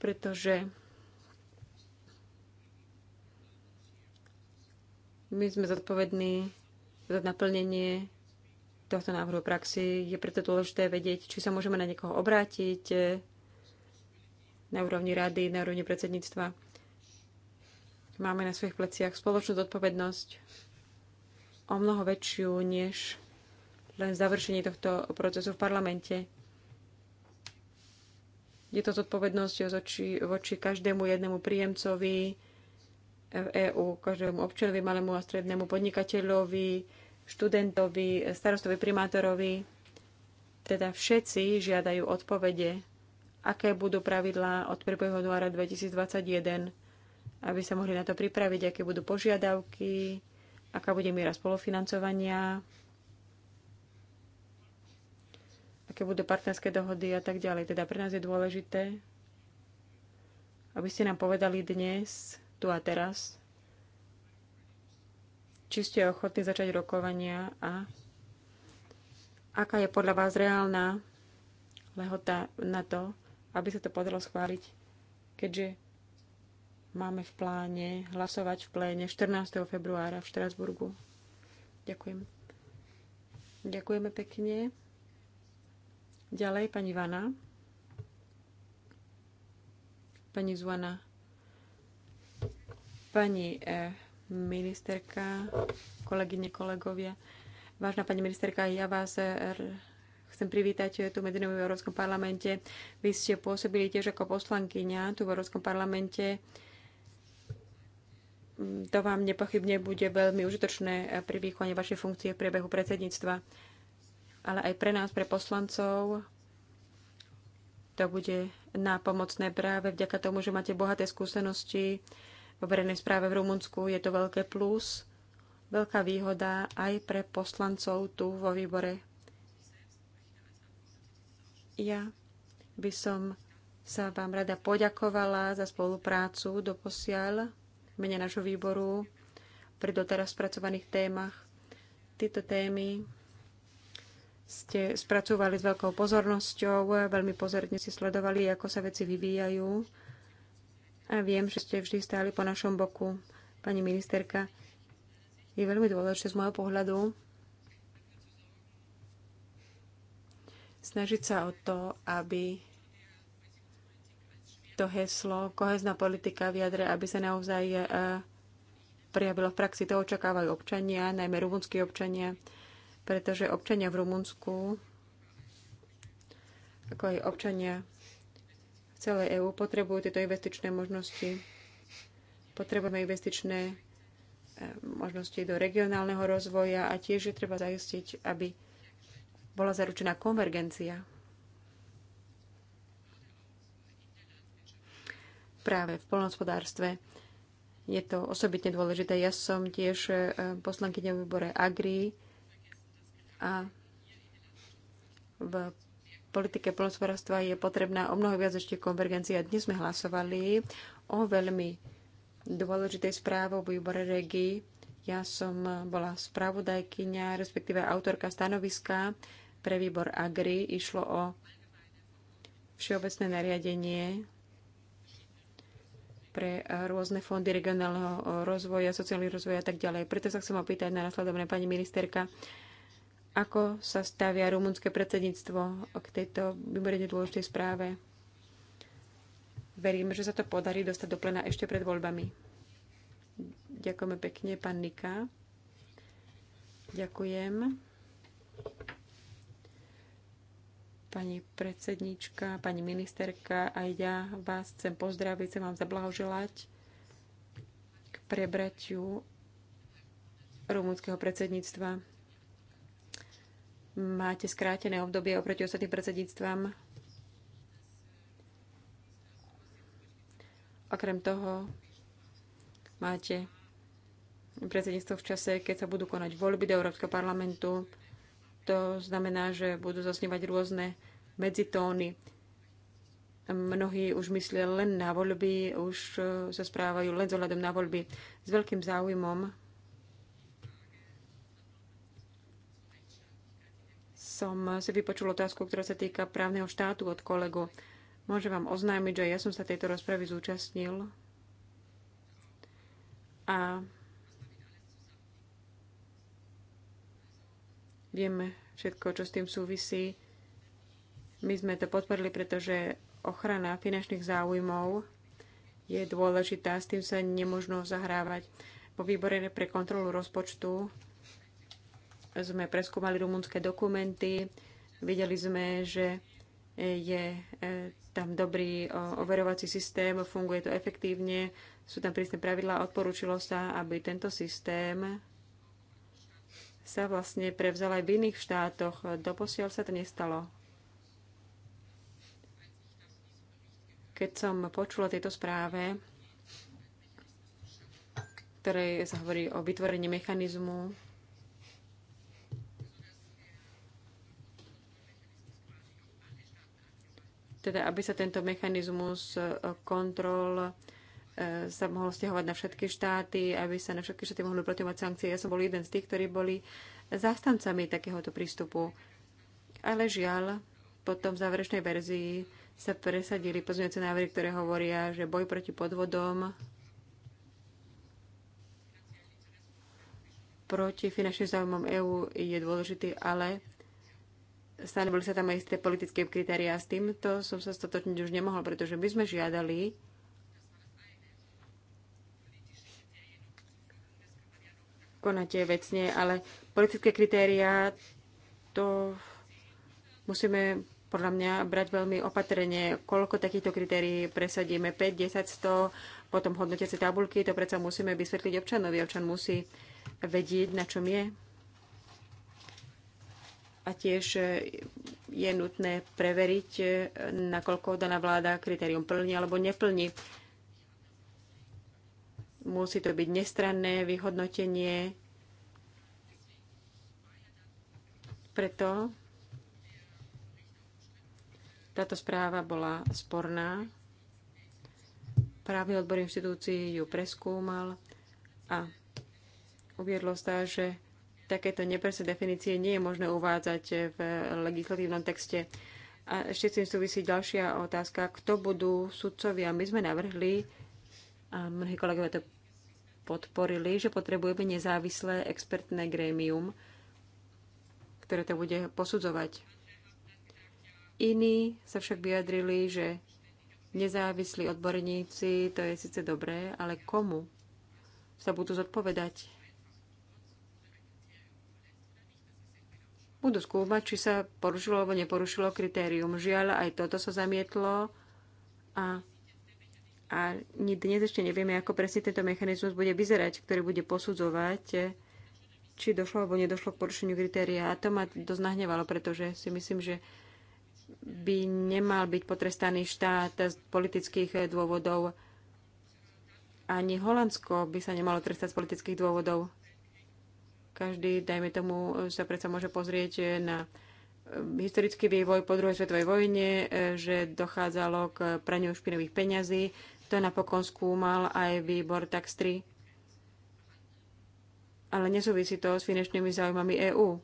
pretože my sme zodpovední za naplnenie tohto návrhu praxi. Je preto dôležité vedieť, či sa môžeme na niekoho obrátiť eh, na úrovni rady, na úrovni predsedníctva. Máme na svojich pleciach spoločnú zodpovednosť o mnoho väčšiu, než len završení tohto procesu v parlamente. Je to zodpovednosť voči, voči každému jednému príjemcovi v EÚ, každému občanovi, malému a strednému podnikateľovi, študentovi, starostovi, primátorovi. Teda všetci žiadajú odpovede, aké budú pravidlá od 1. januára 2021, aby sa mohli na to pripraviť, aké budú požiadavky, aká bude miera spolufinancovania, aké budú partnerské dohody a tak ďalej. Teda pre nás je dôležité, aby ste nám povedali dnes, tu a teraz, či ste ochotní začať rokovania a aká je podľa vás reálna lehota na to, aby sa to podalo schváliť, keďže máme v pláne hlasovať v pléne 14. februára v Štrasburgu. Ďakujem. Ďakujeme pekne. Ďalej pani Vana. Pani Zuana. Pani eh, ministerka, kolegyne, kolegovia. Vážna pani ministerka, ja vás eh, chcem privítať tu medzi v Európskom parlamente. Vy ste pôsobili tiež ako poslankyňa tu v Európskom parlamente. Mm, to vám nepochybne bude veľmi užitočné pri výkone vašej funkcie v priebehu predsedníctva ale aj pre nás, pre poslancov, to bude pomocné práve vďaka tomu, že máte bohaté skúsenosti vo verejnej správe v Rumunsku. Je to veľké plus, veľká výhoda aj pre poslancov tu vo výbore. Ja by som sa vám rada poďakovala za spoluprácu do posiaľ v mene nášho výboru pri doteraz spracovaných témach. Tieto témy ste spracovali s veľkou pozornosťou, veľmi pozorne si sledovali, ako sa veci vyvíjajú. A viem, že ste vždy stáli po našom boku, pani ministerka. Je veľmi dôležité z môjho pohľadu snažiť sa o to, aby to heslo, kohezná politika v jadre, aby sa naozaj eh, prejavilo v praxi. To očakávajú občania, najmä rumunskí občania pretože občania v Rumunsku, ako aj občania v celej EÚ, potrebujú tieto investičné možnosti. Potrebujeme investičné e, možnosti do regionálneho rozvoja a tiež je treba zajistiť, aby bola zaručená konvergencia. Práve v polnospodárstve je to osobitne dôležité. Ja som tiež e, poslankyňa výbore Agri a v politike polospodárstva je potrebná o mnoho viac ešte konvergencia. Dnes sme hlasovali o veľmi dôležitej správe o výbore regii. Ja som bola spravodajkyňa, respektíve autorka stanoviska pre výbor Agri. Išlo o všeobecné nariadenie pre rôzne fondy regionálneho rozvoja, sociálnych rozvoja a tak ďalej. Preto sa chcem opýtať na nasledovné pani ministerka, ako sa stavia rumunské predsedníctvo k tejto mimoriadne dôležitej správe? Verím, že sa to podarí dostať do plena ešte pred voľbami. Ďakujeme pekne, pán Nika. Ďakujem. Pani predsednička, pani ministerka, aj ja vás chcem pozdraviť, chcem vám zablahoželať k prebratiu rumúnskeho predsedníctva máte skrátené obdobie oproti ostatným predsedníctvám. Okrem toho máte predsedníctvo v čase, keď sa budú konať voľby do Európskeho parlamentu. To znamená, že budú zasnívať rôzne medzitóny. Mnohí už myslia len na voľby, už sa správajú len zohľadom ohľadom na voľby. S veľkým záujmom som si vypočul otázku, ktorá sa týka právneho štátu od kolegu. Môžem vám oznámiť, že ja som sa tejto rozpravy zúčastnil a vieme všetko, čo s tým súvisí. My sme to podporili, pretože ochrana finančných záujmov je dôležitá, s tým sa nemožno zahrávať. Po výbore pre kontrolu rozpočtu sme preskúmali rumunské dokumenty, videli sme, že e, je e, tam dobrý overovací systém, funguje to efektívne, sú tam prísne pravidlá, odporúčilo sa, aby tento systém sa vlastne prevzal aj v iných štátoch. Doposiaľ sa to nestalo. Keď som počula tieto správe, ktorej sa hovorí o vytvorení mechanizmu teda aby sa tento mechanizmus e, kontrol e, sa mohol stiahovať na všetky štáty, aby sa na všetky štáty mohli uplatňovať sankcie. Ja som bol jeden z tých, ktorí boli zástancami takéhoto prístupu. Ale žiaľ, potom v záverečnej verzii sa presadili pozmeňujúce návrhy, ktoré hovoria, že boj proti podvodom proti finančným záujmom EÚ je dôležitý, ale stanovili sa tam aj isté politické kritériá. S týmto som sa stotočniť už nemohol, pretože my sme žiadali konate vecne, ale politické kritériá to musíme podľa mňa brať veľmi opatrne, koľko takýchto kritérií presadíme, 5, 10, 100, potom hodnotiace tabulky, to predsa musíme vysvetliť občanovi. Občan musí vedieť, na čom je a tiež e, je nutné preveriť, e, nakoľko daná vláda kritérium plní alebo neplní. Musí to byť nestranné vyhodnotenie. Preto táto správa bola sporná. Právny odbor inštitúcií ju preskúmal a uviedlo sa, že takéto nepresné definície nie je možné uvádzať v legislatívnom texte. A ešte s tým súvisí ďalšia otázka, kto budú sudcovia. My sme navrhli, a mnohí kolegovia to podporili, že potrebujeme nezávislé expertné grémium, ktoré to bude posudzovať. Iní sa však vyjadrili, že nezávislí odborníci, to je síce dobré, ale komu sa budú zodpovedať? budú skúmať, či sa porušilo alebo neporušilo kritérium. Žiaľ, aj toto sa zamietlo a, a dnes ešte nevieme, ako presne tento mechanizmus bude vyzerať, ktorý bude posudzovať, či došlo alebo nedošlo k porušeniu kritéria. A to ma dosť nahnevalo, pretože si myslím, že by nemal byť potrestaný štát z politických dôvodov. Ani Holandsko by sa nemalo trestať z politických dôvodov. Každý, dajme tomu, sa predsa môže pozrieť na e, historický vývoj po druhej svetovej vojne, e, že dochádzalo k praniu špinových peňazí. To napokon skúmal aj výbor Tax 3. Ale nesúvisí to s finančnými záujmami EÚ.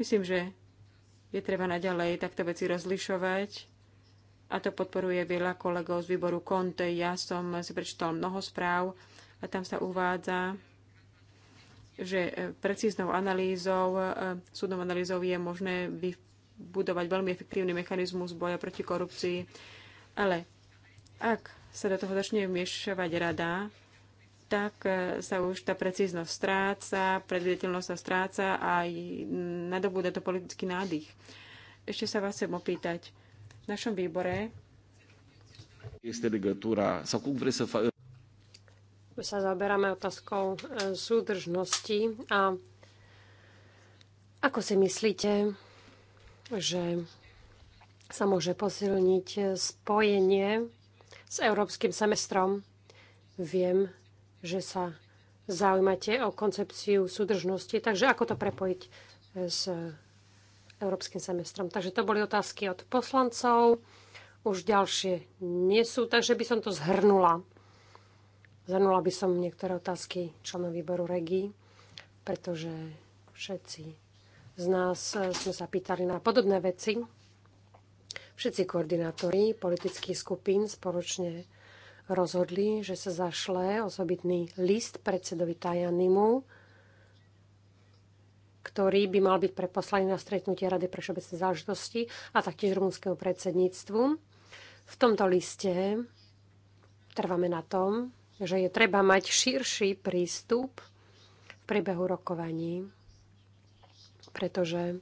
Myslím, že je treba naďalej takto veci rozlišovať a to podporuje veľa kolegov z výboru Conte. Ja som si prečítal mnoho správ, a tam sa uvádza, že e, precíznou analýzou, e, súdnou analýzou je možné vybudovať veľmi efektívny mechanizmus boja proti korupcii. Ale ak sa do toho začne vmiešavať rada, tak e, sa už tá precíznosť stráca, predvidateľnosť sa stráca a aj nadobúda to politický nádych. Ešte sa vás chcem opýtať. V našom výbore este legătura sau cum vreți să sa zaberáme otázkou e, súdržnosti a ako si myslíte, že sa môže posilniť spojenie s európskym semestrom? Viem, že sa zaujímate o koncepciu súdržnosti, takže ako to prepojiť e, s európskym semestrom? Takže to boli otázky od poslancov, už ďalšie nie sú, takže by som to zhrnula. Zanula by som niektoré otázky členov výboru REGI, pretože všetci z nás e, sme sa pýtali na podobné veci. Všetci koordinátori politických skupín spoločne rozhodli, že sa zašle osobitný list predsedovi Tajanimu, ktorý by mal byť preposlaný na stretnutie Rady pre všeobecné záležitosti a taktiež rumúnskému predsedníctvu. V tomto liste trváme na tom, že je treba mať širší prístup v priebehu rokovaní, pretože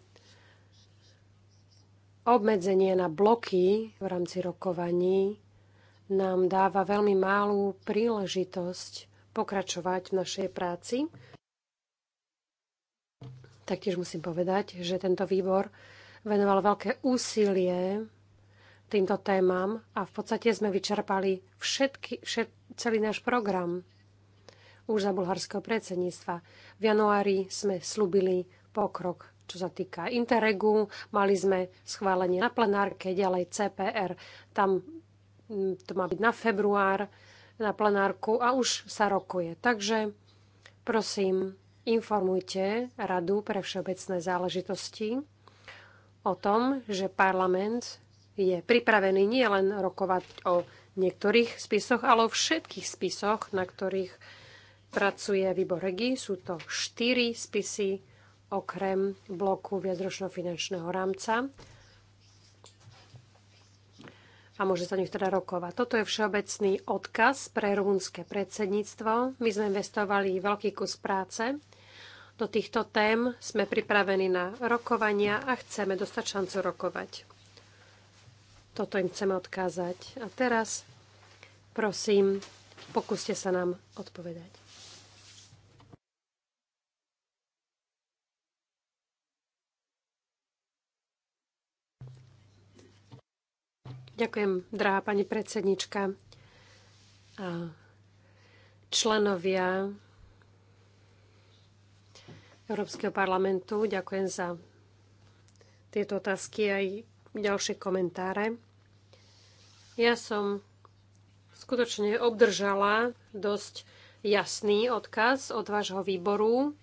obmedzenie na bloky v rámci rokovaní nám dáva veľmi málu príležitosť pokračovať v našej práci. Taktiež musím povedať, že tento výbor venoval veľké úsilie týmto témam a v podstate sme vyčerpali všetky, všet, celý náš program už za bulharského predsedníctva. V januári sme slúbili pokrok, čo sa týka Interregu. Mali sme schválenie na plenárke, ďalej CPR. Tam mm, to má byť na február, na plenárku a už sa rokuje. Takže prosím, informujte Radu pre všeobecné záležitosti o tom, že parlament je pripravený nielen rokovať o v niektorých spisoch, ale o všetkých spisoch, na ktorých pracuje výbor regi. Sú to štyri spisy okrem bloku viacročného finančného rámca. A môže sa nich teda rokovať. Toto je všeobecný odkaz pre rumunské predsedníctvo. My sme investovali veľký kus práce. Do týchto tém sme pripravení na rokovania a chceme dostať šancu rokovať. Toto im chceme odkázať. A teraz, prosím, pokúste sa nám odpovedať. Ďakujem, drahá pani predsednička. A členovia Európskeho parlamentu, ďakujem za tieto otázky aj ďalšie komentáre. Ja som skutočne obdržala dosť jasný odkaz od vášho výboru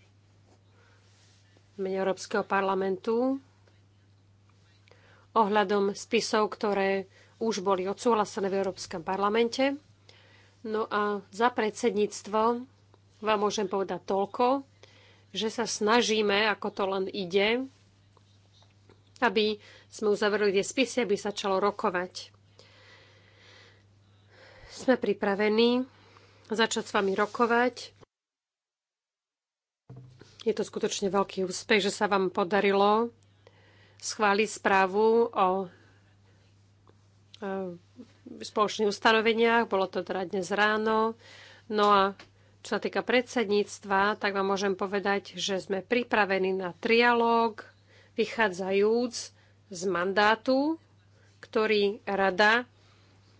Európskeho parlamentu ohľadom spisov, ktoré už boli odsúhlasené v Európskom parlamente. No a za predsedníctvo vám môžem povedať toľko, že sa snažíme, ako to len ide, aby sme uzavreli tie spisy, aby sa začalo rokovať. Sme pripravení začať s vami rokovať. Je to skutočne veľký úspech, že sa vám podarilo schváliť správu o e, spoločných ustanoveniach. Bolo to teda dnes ráno. No a čo sa týka predsedníctva, tak vám môžem povedať, že sme pripravení na trialóg vychádzajúc z mandátu, ktorý rada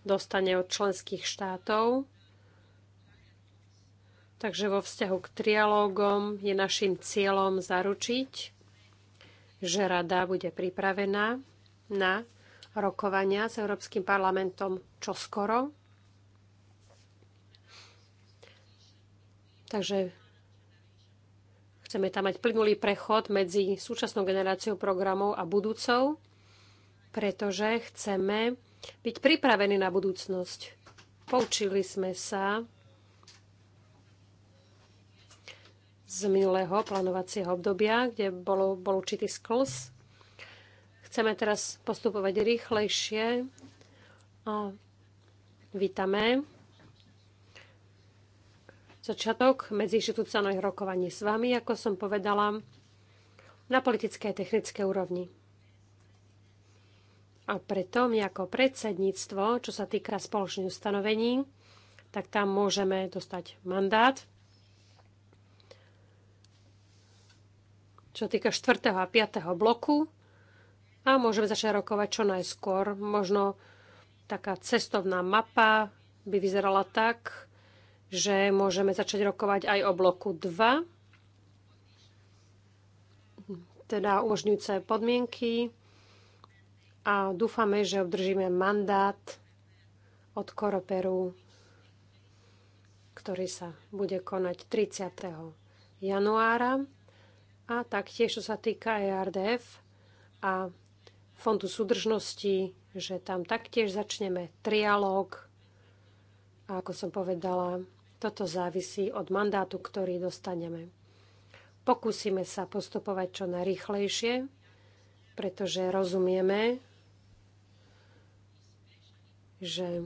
dostane od členských štátov. Takže vo vzťahu k trialógom je našim cieľom zaručiť, že rada bude pripravená na rokovania s Európskym parlamentom čoskoro. Takže Chceme tam mať plynulý prechod medzi súčasnou generáciou programov a budúcou, pretože chceme byť pripravení na budúcnosť. Poučili sme sa z minulého plánovacieho obdobia, kde bolo, bol určitý sklz. Chceme teraz postupovať rýchlejšie a vítame začiatok medziinštitucionálnych rokovaní s vami, ako som povedala, na politické a technické úrovni. A preto my ako predsedníctvo, čo sa týka spoločných ustanovení, tak tam môžeme dostať mandát. Čo týka 4. a 5. bloku, a môžeme začať rokovať čo najskôr. Možno taká cestovná mapa by vyzerala tak, že môžeme začať rokovať aj o bloku 2, teda umožňujúce podmienky a dúfame, že obdržíme mandát od Koroperu, ktorý sa bude konať 30. januára a taktiež, čo sa týka ERDF a Fondu súdržnosti, že tam taktiež začneme trialóg a ako som povedala, toto závisí od mandátu, ktorý dostaneme. Pokúsime sa postupovať čo najrychlejšie, pretože rozumieme, že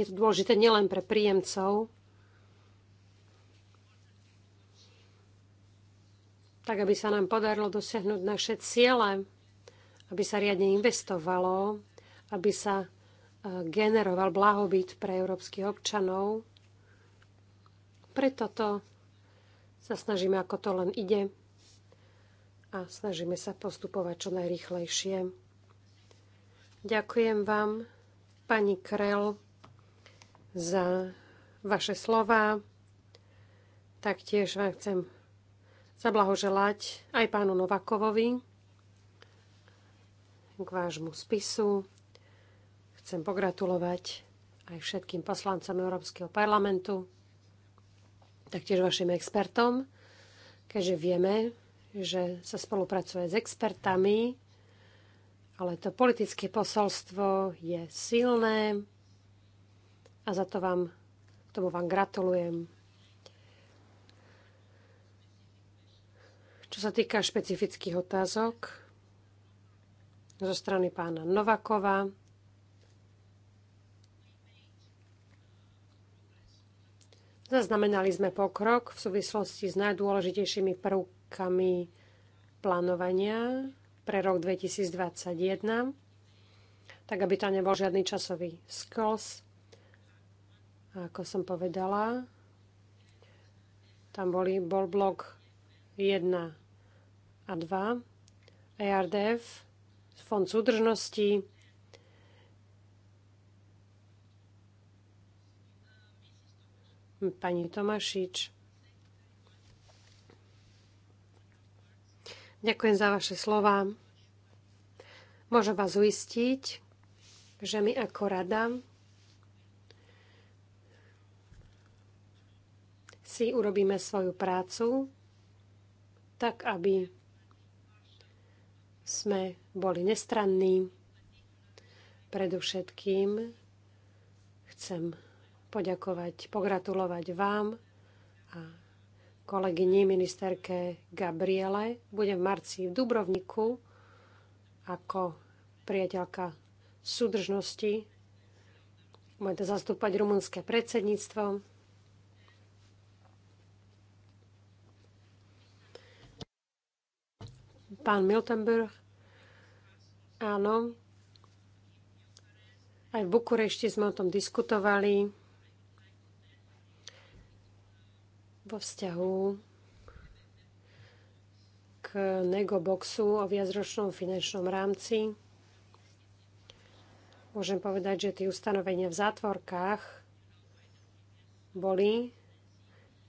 je to dôležité nielen pre príjemcov, tak aby sa nám podarilo dosiahnuť naše ciele, aby sa riadne investovalo, aby sa eh, generoval blahobyt pre európskych občanov. Preto to sa snažíme, ako to len ide a snažíme sa postupovať čo najrychlejšie. Ďakujem vám, pani Krel, za vaše slova. Taktiež vám chcem zablahoželať aj pánu Novakovovi k vášmu spisu. Chcem pogratulovať aj všetkým poslancom Európskeho parlamentu taktiež vašim expertom, keďže vieme, že sa spolupracuje s expertami, ale to politické posolstvo je silné a za to vám, tomu vám gratulujem. Čo sa týka špecifických otázok zo strany pána Novakova, Zaznamenali sme pokrok v súvislosti s najdôležitejšími prvkami plánovania pre rok 2021, tak aby tam nebol žiadny časový skos. A ako som povedala, tam boli, bol blok 1 a 2, ERDF, Fond súdržnosti, pani Tomášič. Ďakujem za vaše slova. Môžem vás uistiť, že my ako rada si urobíme svoju prácu tak, aby sme boli nestranní. Predovšetkým chcem poďakovať, pogratulovať vám a kolegyni ministerke Gabriele. Budem v marci v Dubrovniku ako priateľka súdržnosti. Budete zastúpať rumunské predsedníctvo. Pán Miltenberg, áno. Aj v Bukurešti sme o tom diskutovali. vo vzťahu k negoboxu o viacročnom finančnom rámci. Môžem povedať, že tie ustanovenia v zátvorkách boli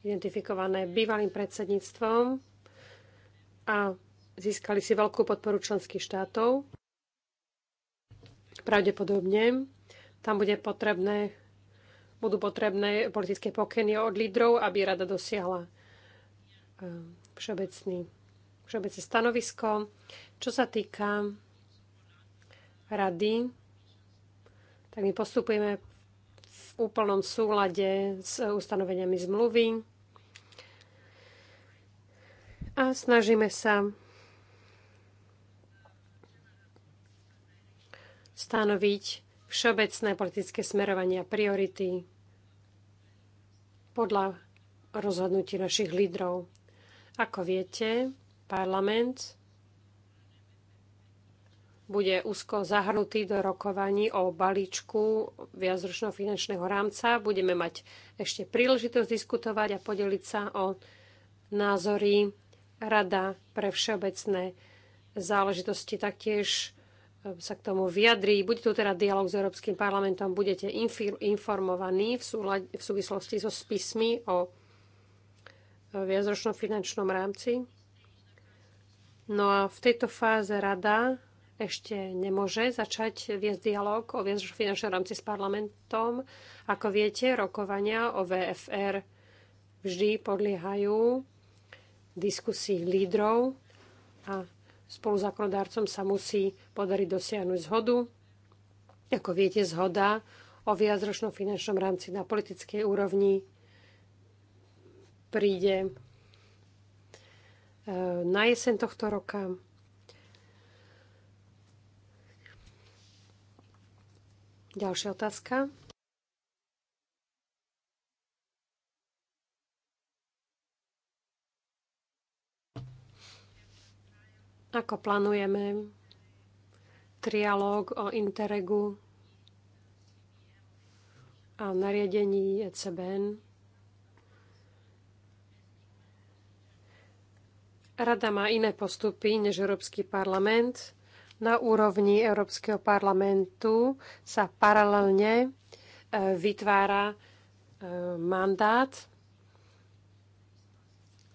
identifikované bývalým predsedníctvom a získali si veľkú podporu členských štátov. Pravdepodobne tam bude potrebné budú potrebné politické pokyny od lídrov, aby rada dosiahla eh, všeobecný, všeobecné stanovisko. Čo sa týka rady, tak my postupujeme v úplnom súlade s ustanoveniami zmluvy a snažíme sa stanoviť všeobecné politické smerovania a priority podľa rozhodnutí našich lídrov. Ako viete, parlament bude úzko zahrnutý do rokovaní o balíčku viacročného finančného rámca. Budeme mať ešte príležitosť diskutovať a podeliť sa o názory Rada pre všeobecné záležitosti taktiež sa k tomu vyjadrí. Bude tu teda dialog s Európskym parlamentom, budete informovaní v, súľad, v súvislosti so spismi o e, viacročnom finančnom rámci. No a v tejto fáze rada ešte nemôže začať viesť dialog o viacročnom finančnom rámci s parlamentom. Ako viete, rokovania o VFR vždy podliehajú diskusii lídrov a spoluzákonodárcom sa musí podariť dosiahnuť zhodu. Ako viete, zhoda o viacročnom finančnom rámci na politickej úrovni príde e, na jeseň tohto roka. Ďalšia otázka. Ako plánujeme trialóg o Interregu a nariadení ECBN. Rada má iné postupy než Európsky parlament. Na úrovni Európskeho parlamentu sa paralelne e, vytvára e, mandát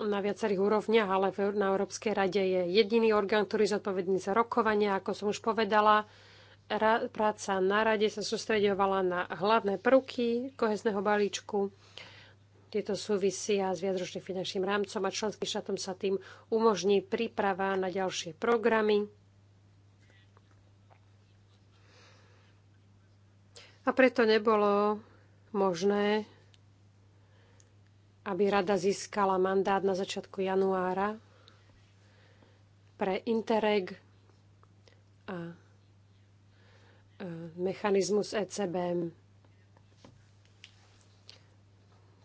na viacerých úrovniach, ale na Európskej rade je jediný orgán, ktorý je zodpovedný za rokovanie, ako som už povedala. Práca na rade sa sústredovala na hlavné prvky kohezného balíčku. Tieto súvisia s viadročným finančným rámcom a členským štátom sa tým umožní príprava na ďalšie programy. A preto nebolo možné aby rada získala mandát na začiatku januára pre Interreg a e, mechanizmus ECB.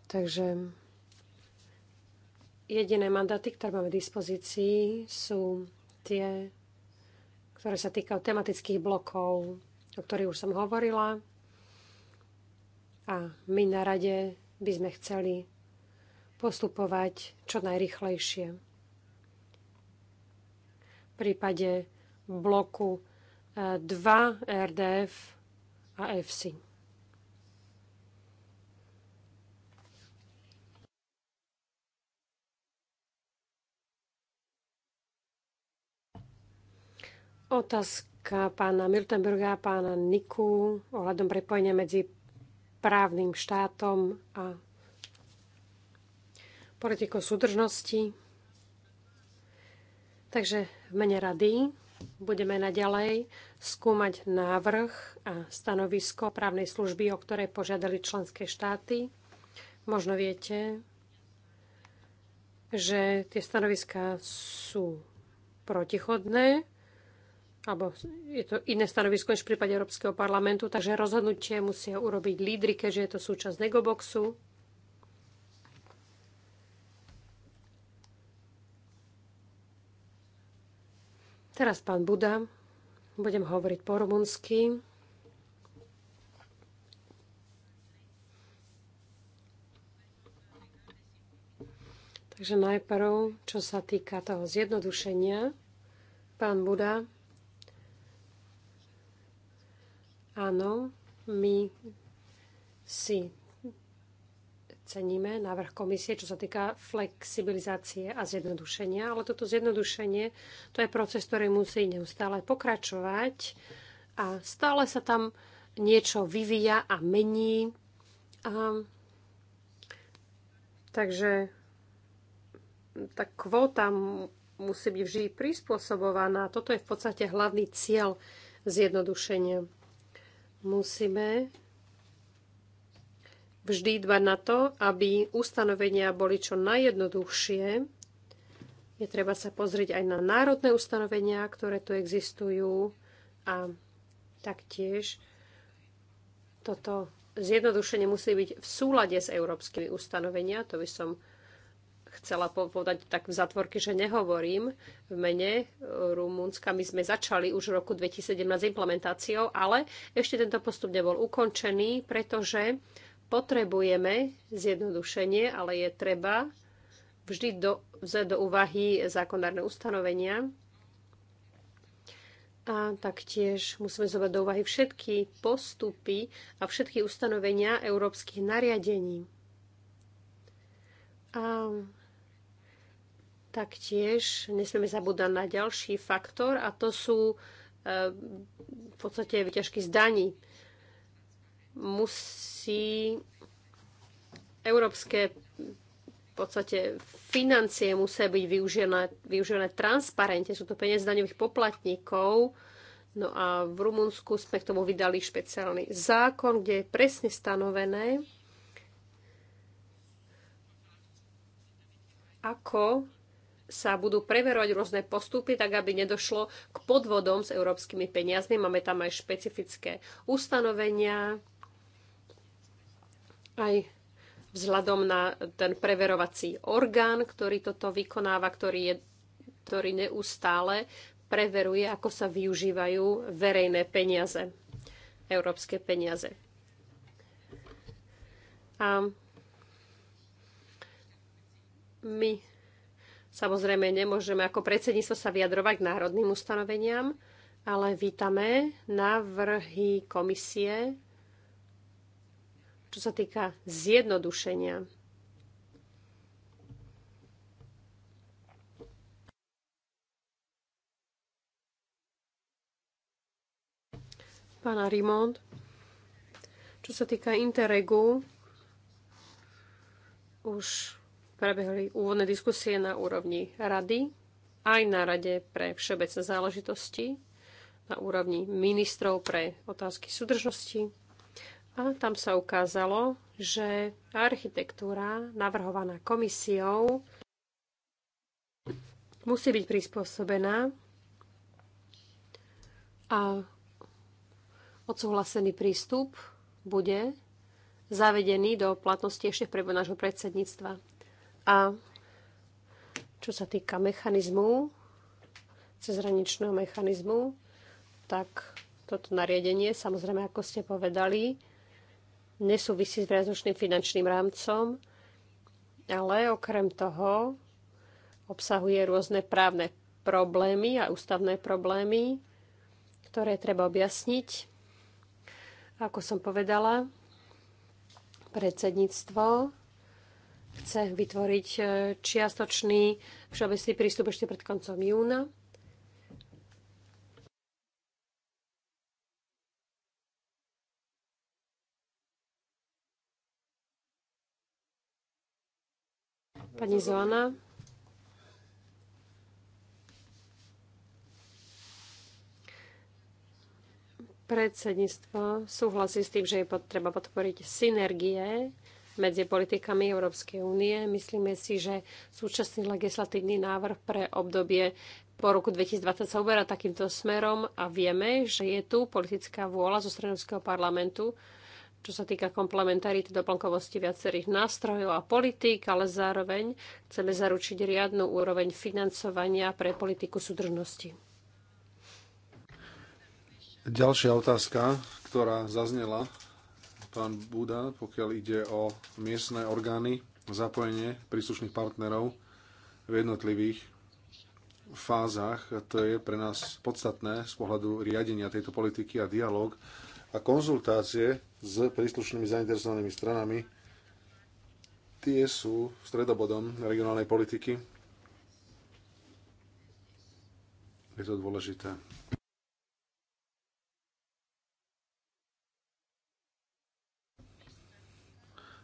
Takže jediné mandáty, ktoré máme v dispozícii, sú tie, ktoré sa týkajú tematických blokov, o ktorých už som hovorila. A my na rade by sme chceli postupovať čo najrychlejšie. V prípade bloku 2 e, RDF a FC. Otázka pána Miltenberga a pána Niku ohľadom prepojenia medzi právnym štátom a politikou súdržnosti. Takže v mene rady budeme naďalej skúmať návrh a stanovisko právnej služby, o ktoré požiadali členské štáty. Možno viete, že tie stanoviská sú protichodné, alebo je to iné stanovisko než v prípade Európskeho parlamentu, takže rozhodnutie musia urobiť lídry, keďže je to súčasť negoboxu. Teraz pán Buda, budem hovoriť po rumunsky. Takže najprv, čo sa týka toho zjednodušenia, pán Buda, áno, my si ceníme návrh komisie, čo sa týka flexibilizácie a zjednodušenia, ale toto zjednodušenie to je proces, ktorý musí neustále pokračovať a stále sa tam niečo vyvíja a mení. A, takže tá kvóta musí byť vždy prispôsobovaná. Toto je v podstate hlavný cieľ zjednodušenia. Musíme vždy dbať na to, aby ustanovenia boli čo najjednoduchšie. Je treba sa pozrieť aj na národné ustanovenia, ktoré tu existujú a taktiež toto zjednodušenie musí byť v súlade s európskymi ustanovenia. To by som chcela povedať tak v zatvorke, že nehovorím v mene Rumúnska. My sme začali už v roku 2017 s implementáciou, ale ešte tento postup nebol ukončený, pretože Potrebujeme zjednodušenie, ale je treba vždy do, vzať do úvahy zákonárne ustanovenia. A taktiež musíme zobrať do úvahy všetky postupy a všetky ustanovenia európskych nariadení. A taktiež nesmieme zabúdať na ďalší faktor a to sú eh, v podstate vyťažky z daní musí európske v podstate financie musia byť využené, využené transparente. Sú to peniaze daňových poplatníkov. No a v Rumunsku sme k tomu vydali špeciálny zákon, kde je presne stanovené, ako sa budú preverovať rôzne postupy, tak aby nedošlo k podvodom s európskymi peniazmi. Máme tam aj špecifické ustanovenia, aj vzhľadom na ten preverovací orgán, ktorý toto vykonáva, ktorý, je, ktorý neustále preveruje, ako sa využívajú verejné peniaze, európske peniaze. A my samozrejme nemôžeme ako predsedníctvo sa vyjadrovať k národným ustanoveniam, ale vítame návrhy komisie čo sa týka zjednodušenia. Pána Rimond, čo sa týka Interregu, už prebehli úvodné diskusie na úrovni rady, aj na rade pre všeobecné záležitosti, na úrovni ministrov pre otázky súdržnosti a tam sa ukázalo, že architektúra navrhovaná komisiou musí byť prispôsobená a odsúhlasený prístup bude zavedený do platnosti ešte v priebehu nášho predsedníctva. A čo sa týka mechanizmu, cezhraničného mechanizmu, tak toto nariadenie, samozrejme, ako ste povedali, nesúvisí s viacročným finančným rámcom, ale okrem toho obsahuje rôzne právne problémy a ústavné problémy, ktoré treba objasniť. Ako som povedala, predsedníctvo chce vytvoriť e, čiastočný všeobecný prístup ešte pred koncom júna Pani Zóna. Predsedníctvo súhlasí s tým, že je potreba podporiť synergie medzi politikami Európskej únie. Myslíme si, že súčasný legislatívny návrh pre obdobie po roku 2020 sa uberá takýmto smerom a vieme, že je tu politická vôľa zo Stredovského parlamentu čo sa týka komplementarity doplnkovosti viacerých nástrojov a politík, ale zároveň chceme zaručiť riadnu úroveň financovania pre politiku súdržnosti. Ďalšia otázka, ktorá zaznela, pán Buda, pokiaľ ide o miestne orgány, zapojenie príslušných partnerov v jednotlivých fázach. To je pre nás podstatné z pohľadu riadenia tejto politiky a dialog a konzultácie s príslušnými zainteresovanými stranami, tie sú stredobodom regionálnej politiky. Je to dôležité.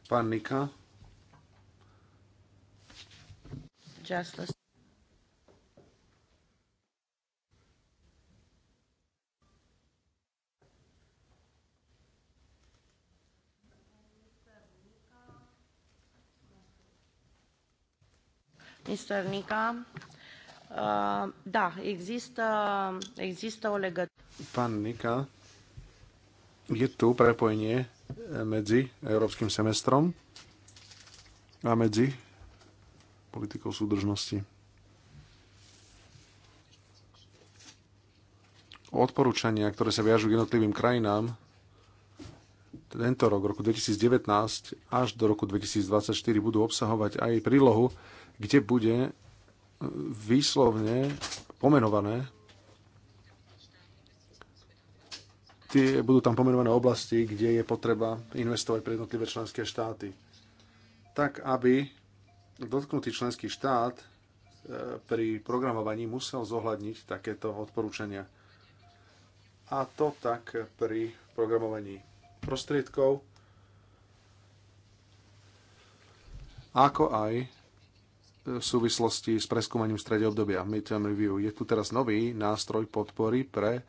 Pán Nika. Just Mr. Nica. Uh, da, există, există o legătură. Pán Nika, je tu prepojenie eh, medzi európskym semestrom a medzi politikou súdržnosti. Odporúčania, ktoré sa viažú k jednotlivým krajinám, tento rok, roku 2019 až do roku 2024, budú obsahovať aj prílohu kde bude e, výslovne pomenované tie, budú tam pomenované oblasti, kde je potreba investovať pre jednotlivé členské štáty. Tak, aby dotknutý členský štát e, pri programovaní musel zohľadniť takéto odporúčania. A to tak pri programovaní prostriedkov, ako aj v súvislosti s preskúmaním strede obdobia midterm review. Je tu teraz nový nástroj podpory pre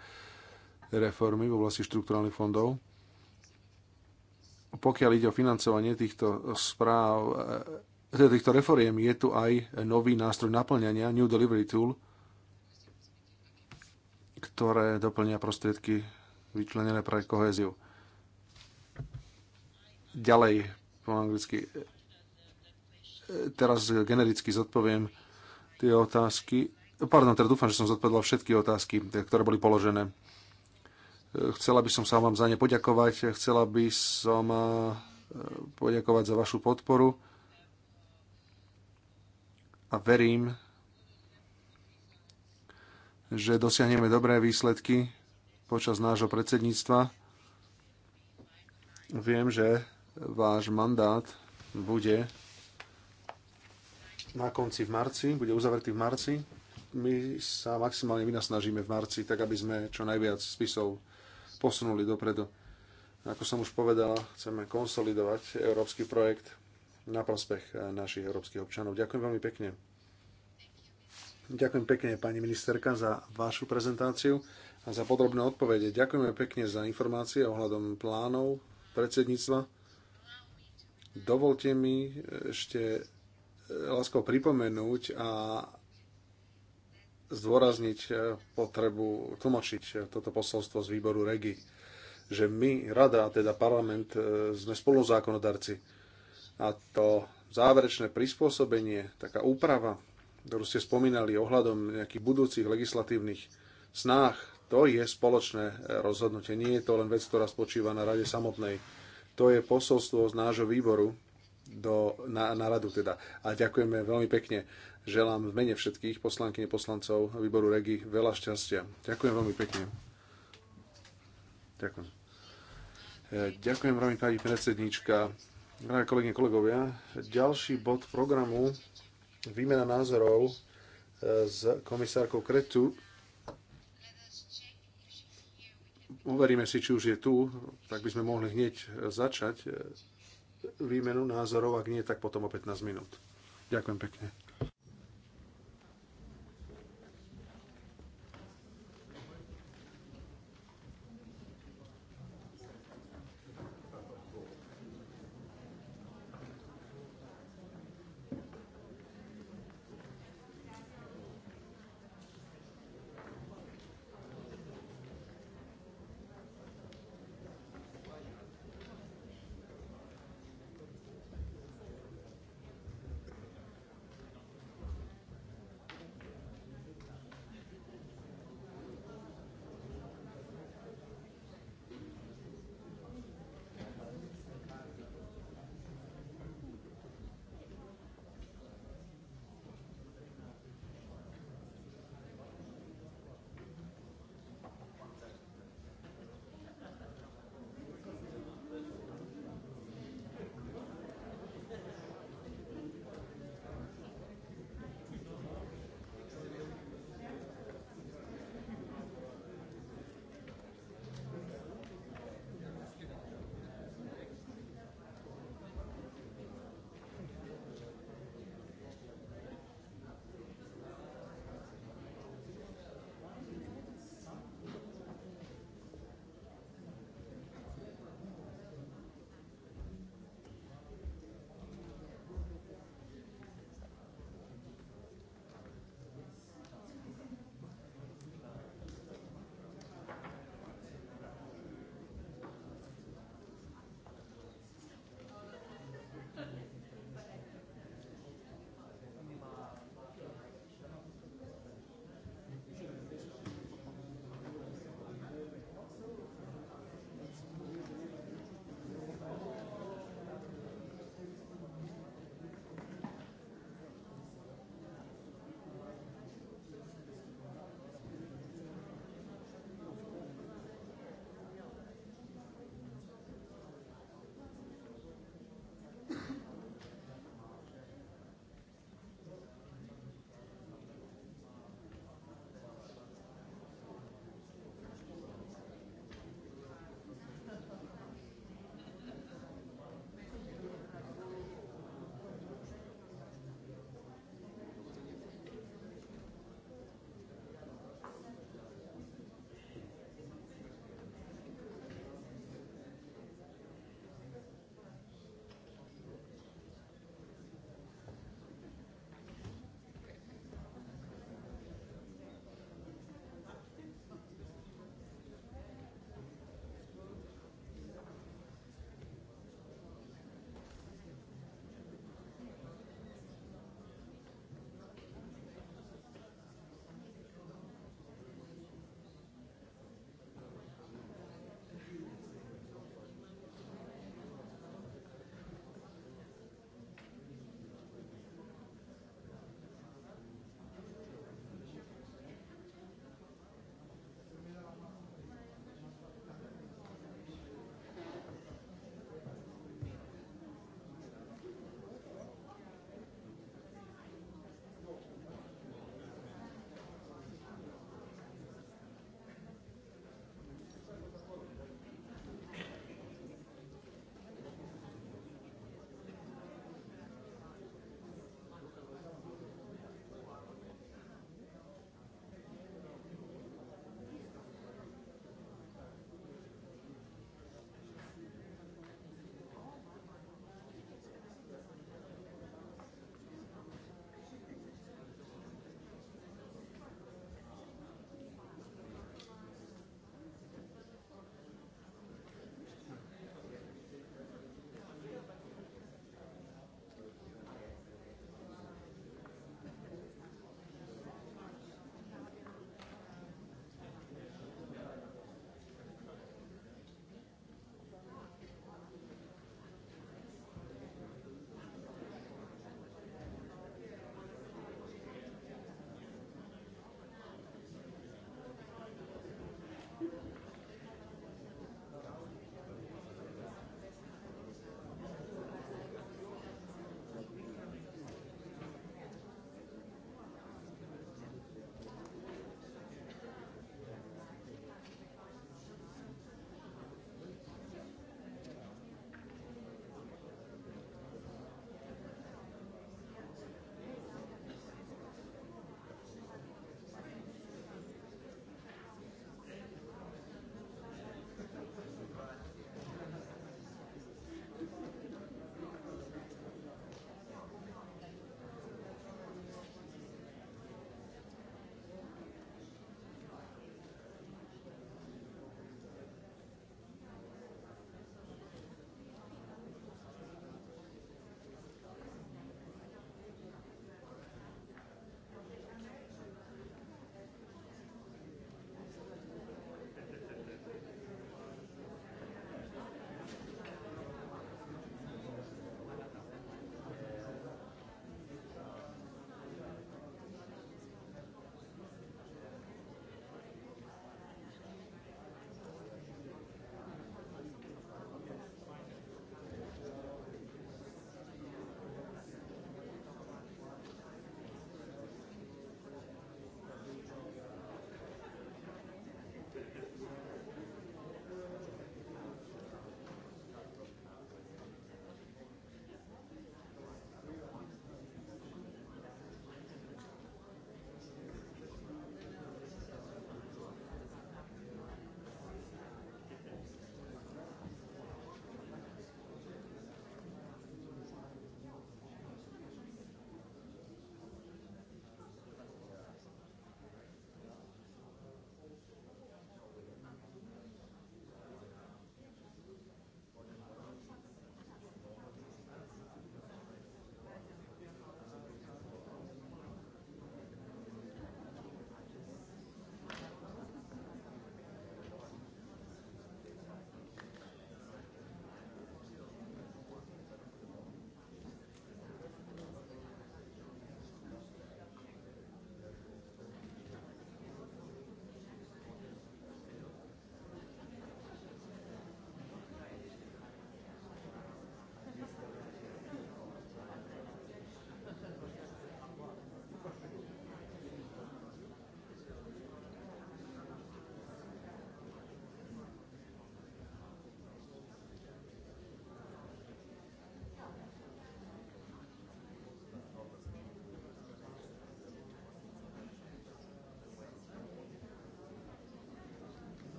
reformy v oblasti štruktúrálnych fondov. Pokiaľ ide o financovanie týchto správ, teda týchto reforiem, je tu aj nový nástroj naplňania, New Delivery Tool, ktoré doplňa prostriedky vyčlenené pre kohéziu. Ďalej, po anglicky, teraz genericky zodpoviem tie otázky. Pardon, teda dúfam, že som zodpovedal všetky otázky, ktoré boli položené. Chcela by som sa vám za ne poďakovať. Chcela by som eh, poďakovať za vašu podporu. A verím, že dosiahneme dobré výsledky počas nášho predsedníctva. Viem, že váš mandát bude na konci v marci, bude uzavretý v marci. My sa maximálne vynasnažíme v marci, tak aby sme čo najviac spisov posunuli dopredu. Ako som už povedala, chceme konsolidovať európsky projekt na prospech eh, našich európskych občanov. Ďakujem veľmi pekne. Ďakujem pekne, pani ministerka, za vašu prezentáciu a za podrobné odpovede. Ďakujeme pekne za informácie ohľadom plánov predsedníctva. Dovolte mi ešte lásko pripomenúť a zdôrazniť eh, potrebu tlmočiť eh, toto posolstvo z výboru REGI, že my, rada, a teda parlament, eh, sme spoluzákonodarci. A to záverečné prispôsobenie, taká úprava, ktorú ste spomínali ohľadom nejakých budúcich legislatívnych snách, to je spoločné rozhodnutie. Nie je to len vec, ktorá spočíva na rade samotnej. To je posolstvo z nášho výboru, do, na, na radu teda. A ďakujeme veľmi pekne. Želám v mene všetkých poslankyne poslancov výboru REGI veľa šťastia. Ďakujem veľmi pekne. Ďakujem. E, ďakujem veľmi pani predsedníčka. Drahé kolegyne, kolegovia, ďalší bod programu výmena názorov e, s komisárkou Kretu. Uveríme si, či už je tu, tak by sme mohli hneď začať výmenu názorov, ak nie, tak potom o 15 minút. Ďakujem pekne.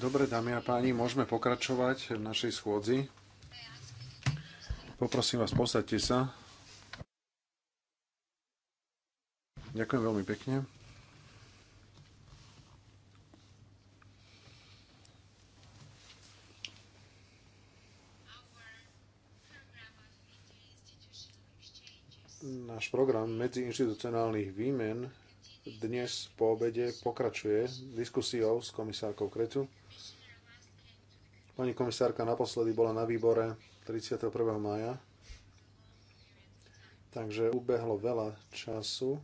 Dobre, dámy a páni, môžeme pokračovať v našej schôdzi. Poprosím vás, posaďte sa. Ďakujem veľmi pekne. Náš program medziinstitucionálnych výmen dnes po obede pokračuje diskusiou s komisárkou Kretu. Pani komisárka naposledy bola na výbore 31. maja, takže ubehlo veľa času.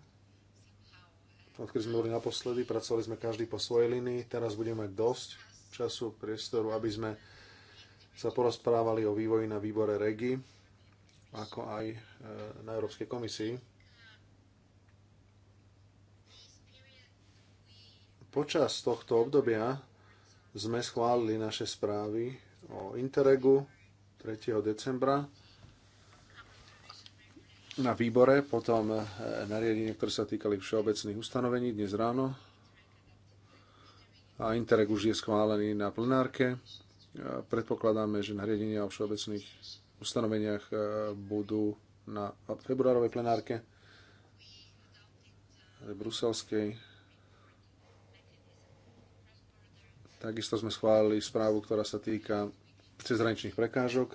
Odkedy sme boli naposledy, pracovali sme každý po svojej linii, teraz budeme mať dosť času, priestoru, aby sme sa porozprávali o vývoji na výbore REGI, ako aj e, na Európskej komisii Počas tohto obdobia sme schválili naše správy o Interregu 3. decembra na výbore, potom eh, nariadenie, ktoré sa týkali všeobecných ustanovení dnes ráno a Interreg už je schválený na plenárke. Eh, predpokladáme, že nariadenia o všeobecných ustanoveniach eh, budú na februárovej plenárke bruselskej Takisto sme schválili správu, ktorá sa týka cezhraničných prekážok.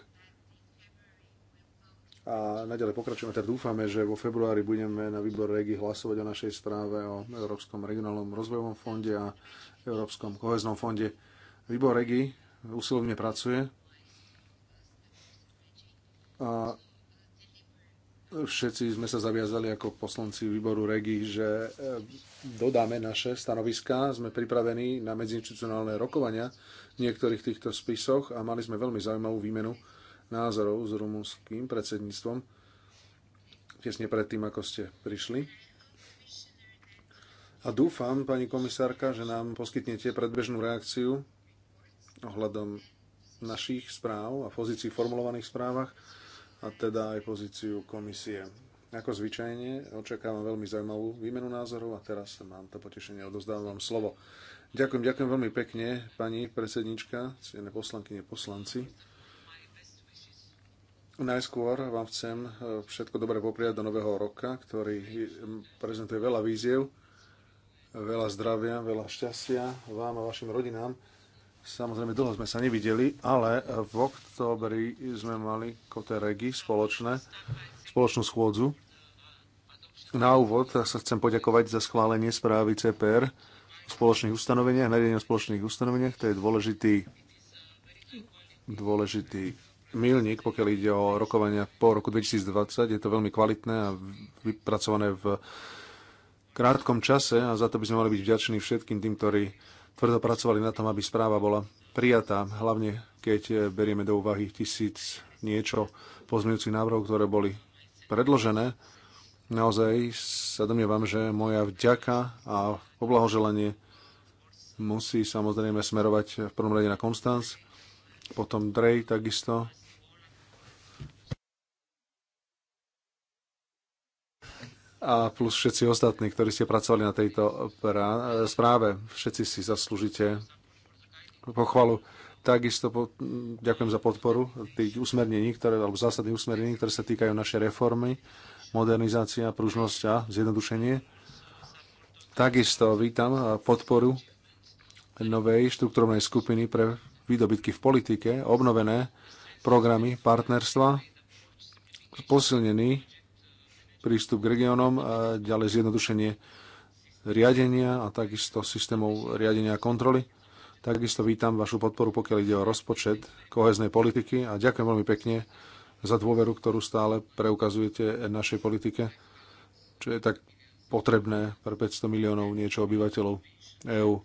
A naďalej pokračujeme, teda dúfame, že vo februári budeme na výbor REGI hlasovať o našej správe o Európskom regionálnom rozvojovom fonde a Európskom koheznom fonde. Výbor REGI usilovne pracuje a Všetci sme sa zaviazali ako poslanci výboru REGI, že e, dodáme naše stanoviská. Sme pripravení na medziinstitucionálne rokovania v niektorých týchto spisoch a mali sme veľmi zaujímavú výmenu názorov s rumunským predsedníctvom tesne predtým, ako ste prišli. A dúfam, pani komisárka, že nám poskytnete predbežnú reakciu ohľadom našich správ a pozícií formulovaných správach a teda aj pozíciu komisie. Ako zvyčajne, očakávam veľmi zaujímavú výmenu názorov a teraz mám to potešenie, odozdávam vám slovo. Ďakujem, ďakujem veľmi pekne, pani predsednička, ctené poslankyne, poslanci. Najskôr vám chcem eh, všetko dobre popriať do nového roka, ktorý hm, prezentuje veľa víziev, veľa zdravia, veľa šťastia vám a vašim rodinám. Samozrejme, dlho sme sa nevideli, ale v oktobri sme mali regi spoločné, spoločnú schôdzu. Na úvod sa chcem poďakovať za schválenie správy CPR o spoločných ustanoveniach, nariadenie o spoločných ustanoveniach. To je dôležitý, dôležitý milník, pokiaľ ide o rokovania po roku 2020. Je to veľmi kvalitné a vypracované v krátkom čase a za to by sme mali byť vďační všetkým tým, ktorí tvrdo pracovali na tom, aby správa bola prijatá, hlavne keď e, berieme do úvahy tisíc niečo pozmeňujúcich návrhov, ktoré boli predložené. Naozaj sa domnievam, že moja vďaka a poblahoželanie musí samozrejme smerovať v prvom rade na Konstanc, potom Drej takisto, a plus všetci ostatní, ktorí ste pracovali na tejto správe. Všetci si zaslúžite pochvalu. Takisto po, ďakujem za podporu tých usmernení, ktoré, alebo zásadných usmernení, ktoré sa týkajú našej reformy, modernizácia, pružnosť a zjednodušenie. Takisto vítam podporu novej štruktúrnej skupiny pre výdobytky v politike, obnovené programy partnerstva, posilnený prístup k regiónom, ďalej zjednodušenie riadenia a takisto systémov riadenia a kontroly. Takisto vítam vašu podporu, pokiaľ ide o rozpočet koheznej politiky a ďakujem veľmi pekne za dôveru, ktorú stále preukazujete našej politike, čo je tak potrebné pre 500 miliónov niečo obyvateľov EÚ.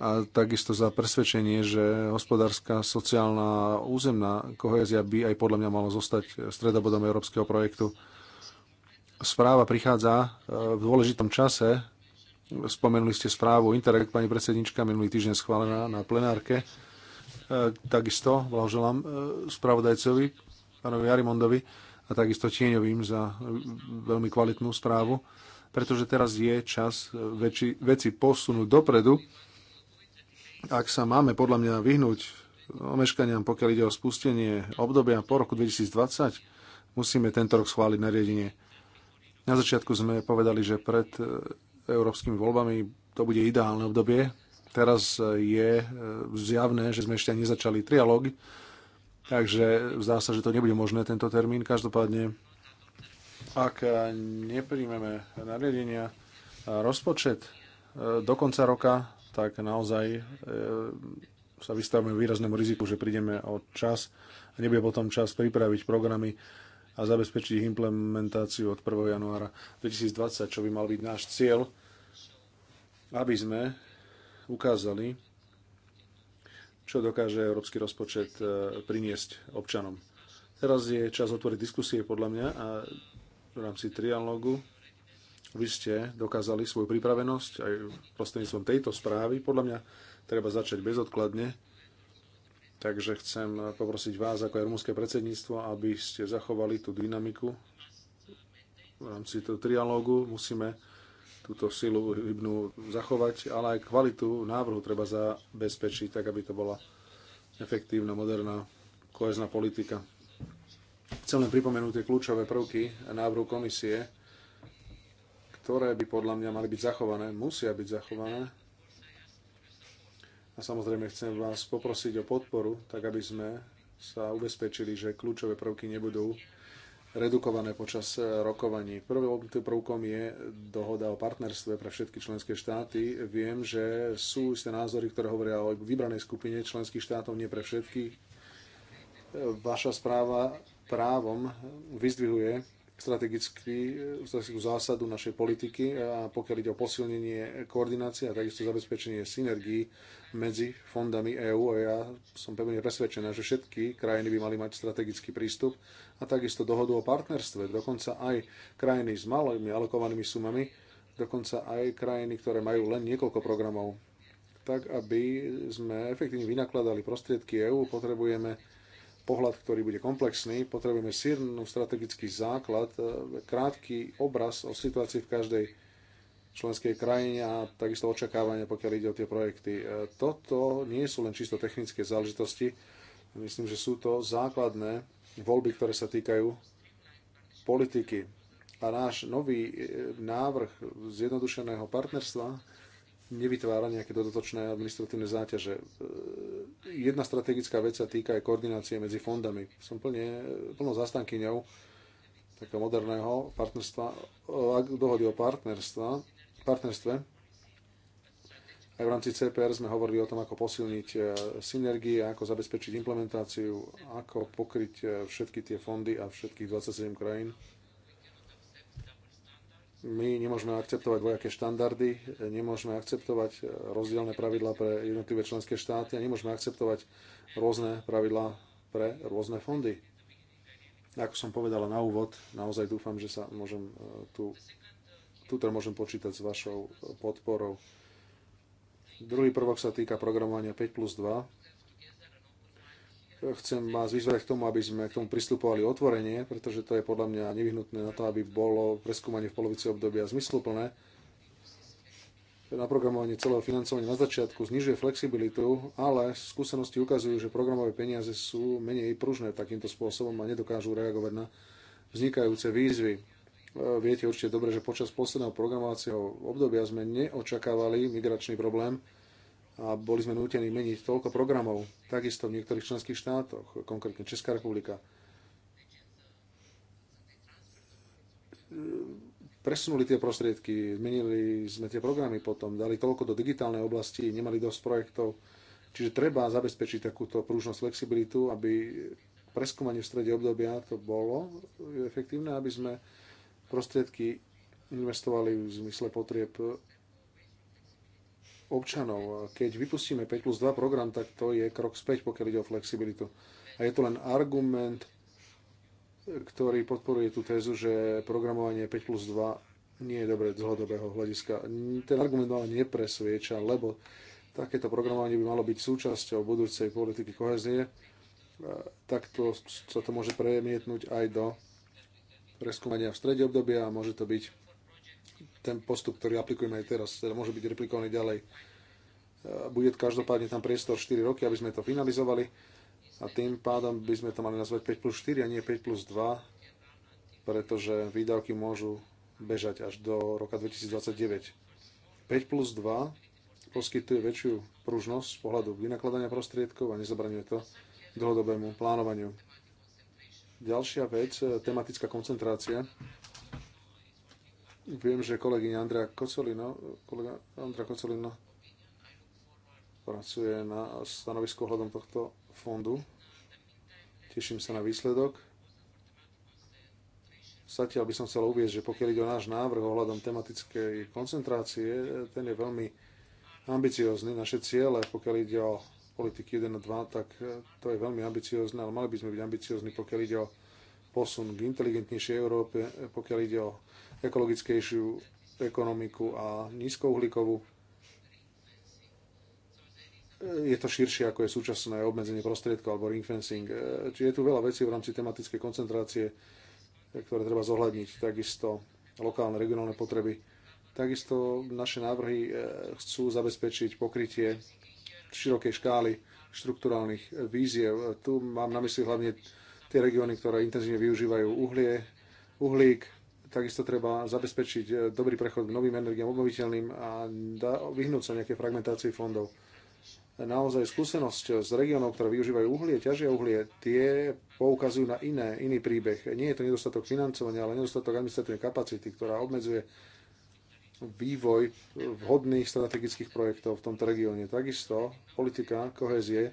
A takisto za presvedčenie, že hospodárska, sociálna, územná kohézia by aj podľa mňa malo zostať stredobodom európskeho projektu správa prichádza e, v dôležitom čase. Spomenuli ste správu Interreg, pani predsednička, minulý týždeň schválená na plenárke. E, takisto blahoželám e, spravodajcovi, pánovi Arimondovi a takisto Tieňovým za veľmi kvalitnú správu, pretože teraz je čas veci, veci posunúť dopredu. Ak sa máme podľa mňa vyhnúť omeškaniam, pokiaľ ide o spustenie obdobia po roku 2020, musíme tento rok schváliť nariadenie na začiatku sme povedali, že pred e, európskymi voľbami to bude ideálne obdobie. Teraz e, je e, zjavné, že sme ešte nezačali trialógy, takže zdá sa, že to nebude možné tento termín. Každopádne, ak nepríjmeme nariadenia a rozpočet do konca roka, tak naozaj sa vystavíme výraznému riziku, že prídeme o čas a nebude potom čas pripraviť programy a zabezpečiť ich implementáciu od 1. januára 2020, čo by mal byť náš cieľ, aby sme ukázali, čo dokáže európsky rozpočet e, priniesť občanom. Teraz je čas otvoriť diskusie podľa mňa a v rámci trialógu vy ste dokázali svoju pripravenosť aj prostredníctvom tejto správy. Podľa mňa treba začať bezodkladne Takže chcem poprosiť vás ako aj rumúnske predsedníctvo, aby ste zachovali tú dynamiku v rámci toho trialógu. Musíme túto silu hybnú zachovať, ale aj kvalitu návrhu treba zabezpečiť, tak aby to bola efektívna, moderná, kohezná politika. Chcem len pripomenúť tie kľúčové prvky návrhu komisie, ktoré by podľa mňa mali byť zachované, musia byť zachované a samozrejme chcem vás poprosiť o podporu, tak aby sme sa ubezpečili, že kľúčové prvky nebudú redukované počas e, rokovaní. Prvým prvkom je dohoda o partnerstve pre všetky členské štáty. Viem, že sú isté názory, ktoré hovoria o vybranej skupine členských štátov, nie pre všetkých. E, vaša správa právom vyzdvihuje strategický, e, strategickú zásadu našej politiky a pokiaľ ide o posilnenie koordinácie a takisto zabezpečenie synergií medzi fondami EÚ a ja som pevne presvedčená, že všetky krajiny by mali mať strategický prístup a takisto dohodu o partnerstve, dokonca aj krajiny s malými alokovanými sumami, dokonca aj krajiny, ktoré majú len niekoľko programov. Tak, aby sme efektívne vynakladali prostriedky EÚ, potrebujeme pohľad, ktorý bude komplexný. Potrebujeme silný strategický základ, e, krátky obraz o situácii v každej členskej krajine a takisto očakávania, pokiaľ ide o tie projekty. E, toto nie sú len čisto technické záležitosti. Myslím, že sú to základné voľby, ktoré sa týkajú politiky. A náš nový e, návrh zjednodušeného partnerstva nevytvára nejaké dodatočné administratívne záťaže. E, jedna strategická vec sa týka aj koordinácie medzi fondami. Som plne, plnou zastankyňou takého moderného partnerstva, e, dohody o partnerstva, partnerstve. Aj v rámci CPR sme hovorili o tom, ako posilniť e, synergie, ako zabezpečiť implementáciu, ako pokryť všetky tie fondy a všetkých 27 krajín my nemôžeme akceptovať vojaké štandardy, nemôžeme akceptovať e, rozdielne pravidlá pre jednotlivé členské štáty a nemôžeme akceptovať rôzne pravidlá pre rôzne fondy. Ako som povedala na úvod, naozaj dúfam, že sa môžem e, tu, tu môžem počítať s vašou podporou. Druhý prvok sa týka programovania 5 plus 2 chcem vás vyzvať k tomu, aby sme k tomu pristupovali otvorenie, pretože to je podľa mňa nevyhnutné na to, aby bolo preskúmanie v polovici obdobia zmysluplné. Naprogramovanie celého financovania na začiatku znižuje flexibilitu, ale skúsenosti ukazujú, že programové peniaze sú menej pružné takýmto spôsobom a nedokážu reagovať na vznikajúce výzvy. E, viete určite dobre, že počas posledného programovacieho obdobia sme neočakávali migračný problém, a boli sme nútení meniť toľko programov, takisto v niektorých členských štátoch, konkrétne Česká republika. Presunuli tie prostriedky, zmenili sme tie programy potom, dali toľko do digitálnej oblasti, nemali dosť projektov, čiže treba zabezpečiť takúto prúžnosť, flexibilitu, aby preskúmanie v strede obdobia to bolo efektívne, aby sme prostriedky investovali v zmysle potrieb občanov. Keď vypustíme 5 plus 2 program, tak to je krok späť, pokiaľ ide o flexibilitu. A je to len argument, ktorý podporuje tú tézu, že programovanie 5 plus 2 nie je dobré z dlhodobého hľadiska. Ten argument ale nepresvieča, lebo takéto programovanie by malo byť súčasťou budúcej politiky kohezie. Takto sa to môže premietnúť aj do preskúmania v strede obdobia a môže to byť ten postup, ktorý aplikujeme aj teraz, teda môže byť replikovaný ďalej. E, bude každopádne tam priestor 4 roky, aby sme to finalizovali a tým pádom by sme to mali nazvať 5 plus 4 a nie 5 plus 2, pretože výdavky môžu bežať až do roka 2029. 5 plus 2 poskytuje väčšiu pružnosť z pohľadu vynakladania prostriedkov a nezabraňuje to dlhodobému plánovaniu. Ďalšia vec, e, tematická koncentrácia. Viem, že kolegyňa Andrea Kocolino, kolega Andrea Kocolino pracuje na stanovisku hľadom tohto fondu. Teším sa na výsledok. Zatiaľ by som chcel uvieť, že pokiaľ ide o náš návrh ohľadom tematickej koncentrácie, ten je veľmi ambiciózny. Naše ciele, pokiaľ ide o politiky 1 a 2, tak to je veľmi ambiciózne, ale mali by sme byť ambiciózni, pokiaľ ide o posun k inteligentnejšej Európe, pokiaľ ide o ekologickejšiu ekonomiku a nízkouhlíkovú. Je to širšie, ako je súčasné obmedzenie prostriedkov alebo ring fencing. Čiže je tu veľa vecí v rámci tematickej koncentrácie, ktoré treba zohľadniť. Takisto lokálne, regionálne potreby. Takisto naše návrhy eh, chcú zabezpečiť pokrytie širokej škály štruktúrálnych víziev. Tu mám na mysli hlavne tie regióny, ktoré intenzívne využívajú uhlie, uhlík, takisto treba zabezpečiť eh, dobrý prechod k novým energiám obnoviteľným a vyhnúť sa nejaké fragmentácii fondov. Naozaj skúsenosť z regiónov, ktoré využívajú uhlie, ťažia uhlie, tie poukazujú na iné, iný príbeh. Nie je to nedostatok financovania, ale nedostatok administratívnej kapacity, ktorá obmedzuje vývoj vhodných strategických projektov v tomto regióne. Takisto politika kohézie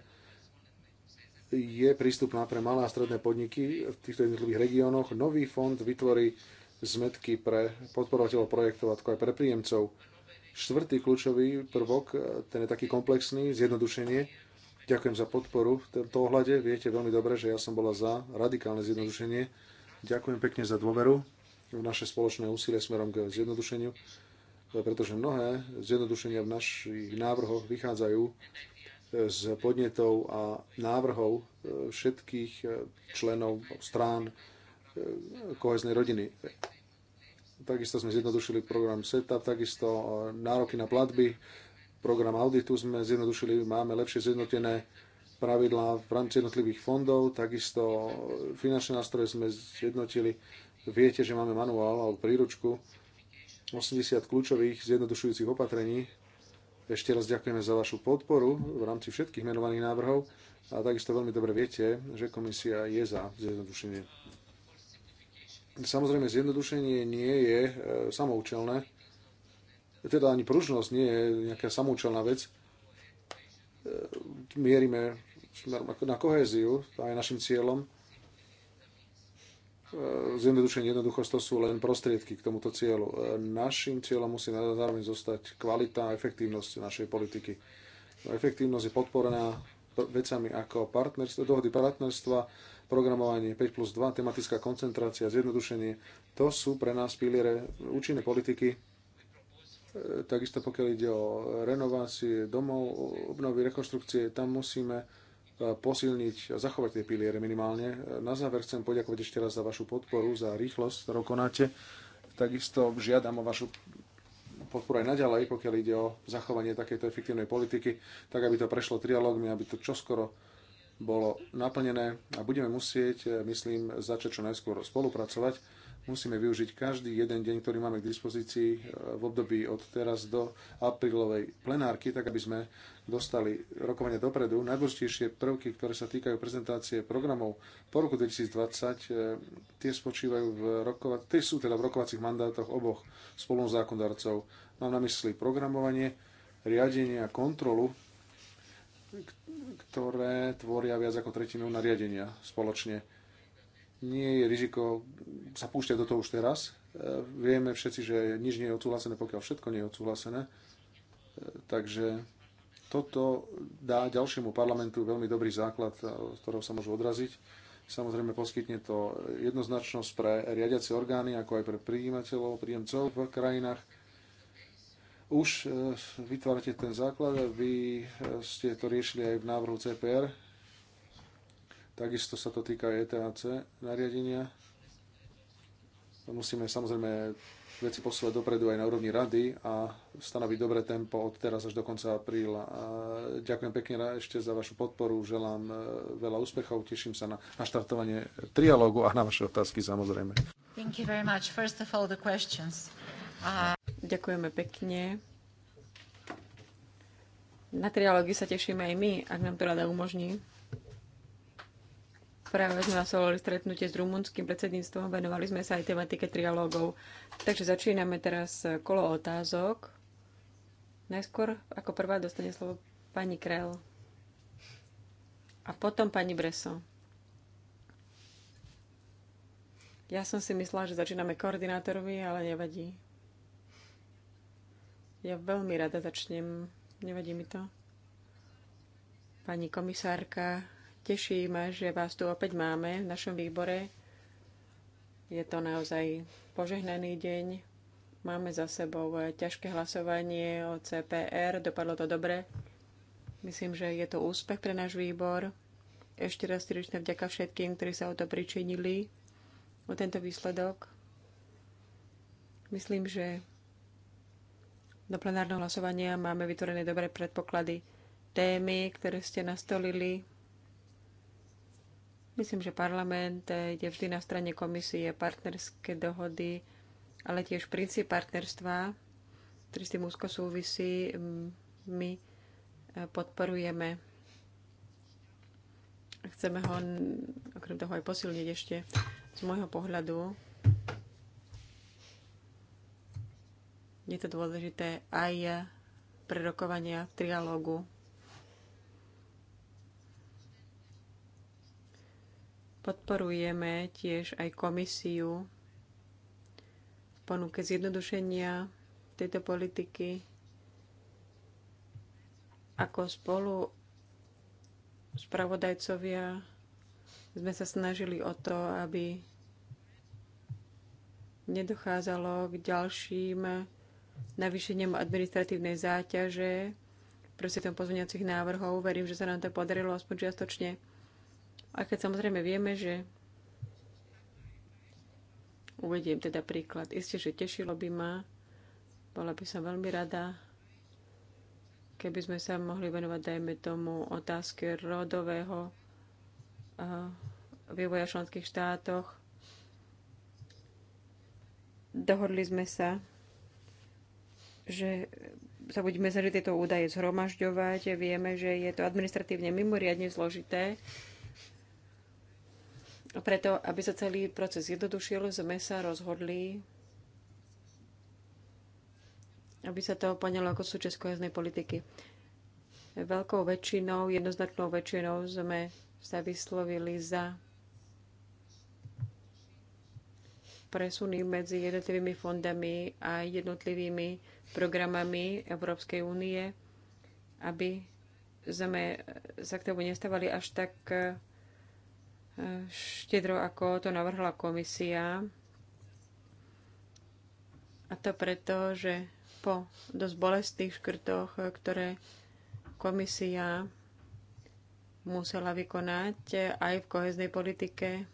je prístupná pre malé a stredné podniky v týchto jednotlivých regiónoch. Nový fond vytvorí zmetky pre podporovateľov projektov, ako aj pre príjemcov. Štvrtý kľúčový prvok, ten je taký komplexný, zjednodušenie. Ďakujem za podporu. V tomto ohľade viete veľmi dobre, že ja som bola za radikálne zjednodušenie. Ďakujem pekne za dôveru v naše spoločné úsilie smerom k zjednodušeniu, pretože mnohé zjednodušenia v našich návrhoch vychádzajú z podnetov a návrhov e, všetkých e, členov strán e, koheznej rodiny. Takisto sme zjednodušili program SETA, takisto nároky na platby, program auditu sme zjednodušili, máme lepšie zjednotené pravidlá v rámci jednotlivých fondov, takisto finančné nástroje sme zjednotili. Viete, že máme manuál alebo príručku 80 kľúčových zjednodušujúcich opatrení, ešte raz ďakujeme za vašu podporu v rámci všetkých menovaných návrhov a takisto veľmi dobre viete, že komisia je za zjednodušenie. Samozrejme, zjednodušenie nie je e, samoučelné, teda ani pružnosť nie je nejaká samoučelná vec. E, mierime na kohéziu, to je našim cieľom Eh, zjednodušenie jednoduchosť to sú len prostriedky k tomuto cieľu. Eh, našim cieľom musí zároveň zostať kvalita a efektívnosť našej politiky. No, efektívnosť je podporená vecami ako partnerstvo, dohody partnerstva, programovanie 5 plus 2, tematická koncentrácia, zjednodušenie. To sú pre nás piliere účinnej politiky. Eh, takisto pokiaľ ide o renovácie domov, obnovy, rekonštrukcie, tam musíme posilniť a zachovať tie piliere minimálne. Na záver chcem poďakovať ešte raz za vašu podporu, za rýchlosť, ktorú konáte. Takisto žiadam o vašu podporu aj naďalej, pokiaľ ide o zachovanie takejto efektívnej politiky, tak aby to prešlo trialógmi, aby to čoskoro bolo naplnené a budeme musieť, eh, myslím, začať čo najskôr spolupracovať musíme využiť každý jeden deň, ktorý máme k dispozícii eh, v období od teraz do aprílovej plenárky, tak aby sme dostali rokovania dopredu. Najdôležitejšie prvky, ktoré sa týkajú prezentácie programov po roku 2020, eh, tie spočívajú v rokova- tie sú teda v rokovacích mandátoch oboch spoluzákondarcov. Mám na mysli programovanie, riadenie a kontrolu, ktoré tvoria viac ako tretinu nariadenia spoločne nie je riziko sa púšťať do toho už teraz. E, vieme všetci, že nič nie je odsúhlasené, pokiaľ všetko nie je odsúhlasené. E, takže toto dá ďalšiemu parlamentu veľmi dobrý základ, e, z ktorého sa môžu odraziť. Samozrejme poskytne to jednoznačnosť pre riadiace orgány, ako aj pre príjimateľov, príjemcov v krajinách. Už vytvárate ten základ, vy ste to riešili aj v návrhu CPR, Takisto sa to týka ETAC nariadenia. Musíme samozrejme veci posúvať dopredu aj na úrovni rady a stanoviť dobré tempo od teraz až do konca apríla. A ďakujem pekne ešte za vašu podporu, želám e, veľa úspechov, teším sa na, na štartovanie trialógu a na vaše otázky samozrejme. Thank you very much. First of all, the questions. Ďakujeme pekne. Na trialógy sa tešíme aj my, ak nám to rada umožní. Práve sme absolvovali stretnutie s rumunským predsedníctvom, venovali sme sa aj tematike trialógov. Takže začíname teraz kolo otázok. Najskôr ako prvá dostane slovo pani Krell a potom pani Breso. Ja som si myslela, že začíname koordinátorovi, ale nevadí. Ja veľmi rada začnem. Nevadí mi to. Pani komisárka, Tešíme, že vás tu opäť máme v našom výbore. Je to naozaj požehnaný deň. Máme za sebou ťažké hlasovanie o CPR. Dopadlo to dobre. Myslím, že je to úspech pre náš výbor. Ešte raz srdečne vďaka všetkým, ktorí sa o to pričinili, o tento výsledok. Myslím, že do plenárneho hlasovania máme vytvorené dobré predpoklady témy, ktoré ste nastolili Myslím, že parlament je eh, vždy na strane komisie partnerské dohody, ale tiež princíp partnerstva, ktorý s tým úzko súvisí, my eh, podporujeme. Chceme ho okrem toho aj posilniť ešte z môjho pohľadu. Je to dôležité aj eh, pre rokovania v trialógu Podporujeme tiež aj komisiu v ponuke zjednodušenia tejto politiky ako spolu spravodajcovia sme sa snažili o to, aby nedochádzalo k ďalším navýšeniem administratívnej záťaže prostredom pozvňacích návrhov. Verím, že sa nám to podarilo aspoň čiastočne. A keď samozrejme vieme, že uvediem teda príklad. Isté, že tešilo by ma, bola by som veľmi rada, keby sme sa mohli venovať, dajme tomu, otázke rodového vývoja v členských štátoch. Dohodli sme sa, že sa budeme snažiť tieto údaje zhromažďovať. Vieme, že je to administratívne mimoriadne zložité a preto, aby sa celý proces jednodušil, sme sa rozhodli, aby sa to poňalo ako súčasť kohezné politiky. Veľkou väčšinou, jednoznačnou väčšinou sme sa vyslovili za presuny medzi jednotlivými fondami a jednotlivými programami Európskej únie, aby sme sa k tomu nestávali až tak štedro, ako to navrhla komisia. A to preto, že po dosť bolestných škrtoch, ktoré komisia musela vykonať aj v koheznej politike,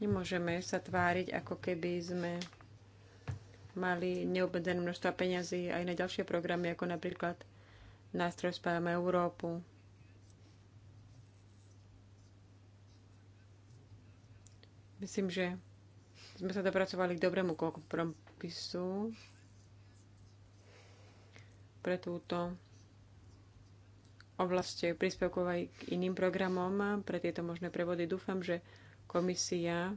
nemôžeme sa tváriť, ako keby sme mali neobmedzené množstva peňazí aj na ďalšie programy, ako napríklad nástroj Spájame Európu. Myslím, že sme sa dopracovali k dobrému kompromisu pre túto oblasť príspevkov aj k iným programom pre tieto možné prevody. Dúfam, že komisia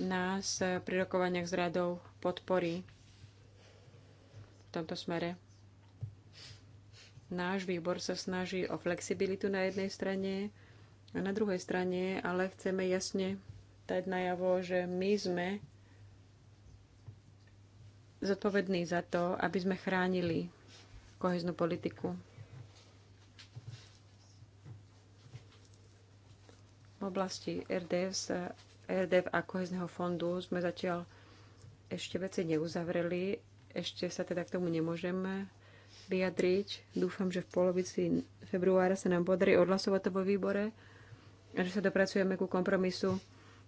nás pri rokovaniach s radou podporí v tomto smere. Náš výbor sa snaží o flexibilitu na jednej strane, a na druhej strane ale chceme jasne dať najavo, že my sme zodpovední za to, aby sme chránili koheznú politiku. V oblasti RDF, RDF a kohezného fondu sme zatiaľ ešte veci neuzavreli. Ešte sa teda k tomu nemôžeme vyjadriť. Dúfam, že v polovici februára sa nám podarí odhlasovať to vo výbore že sa dopracujeme ku kompromisu.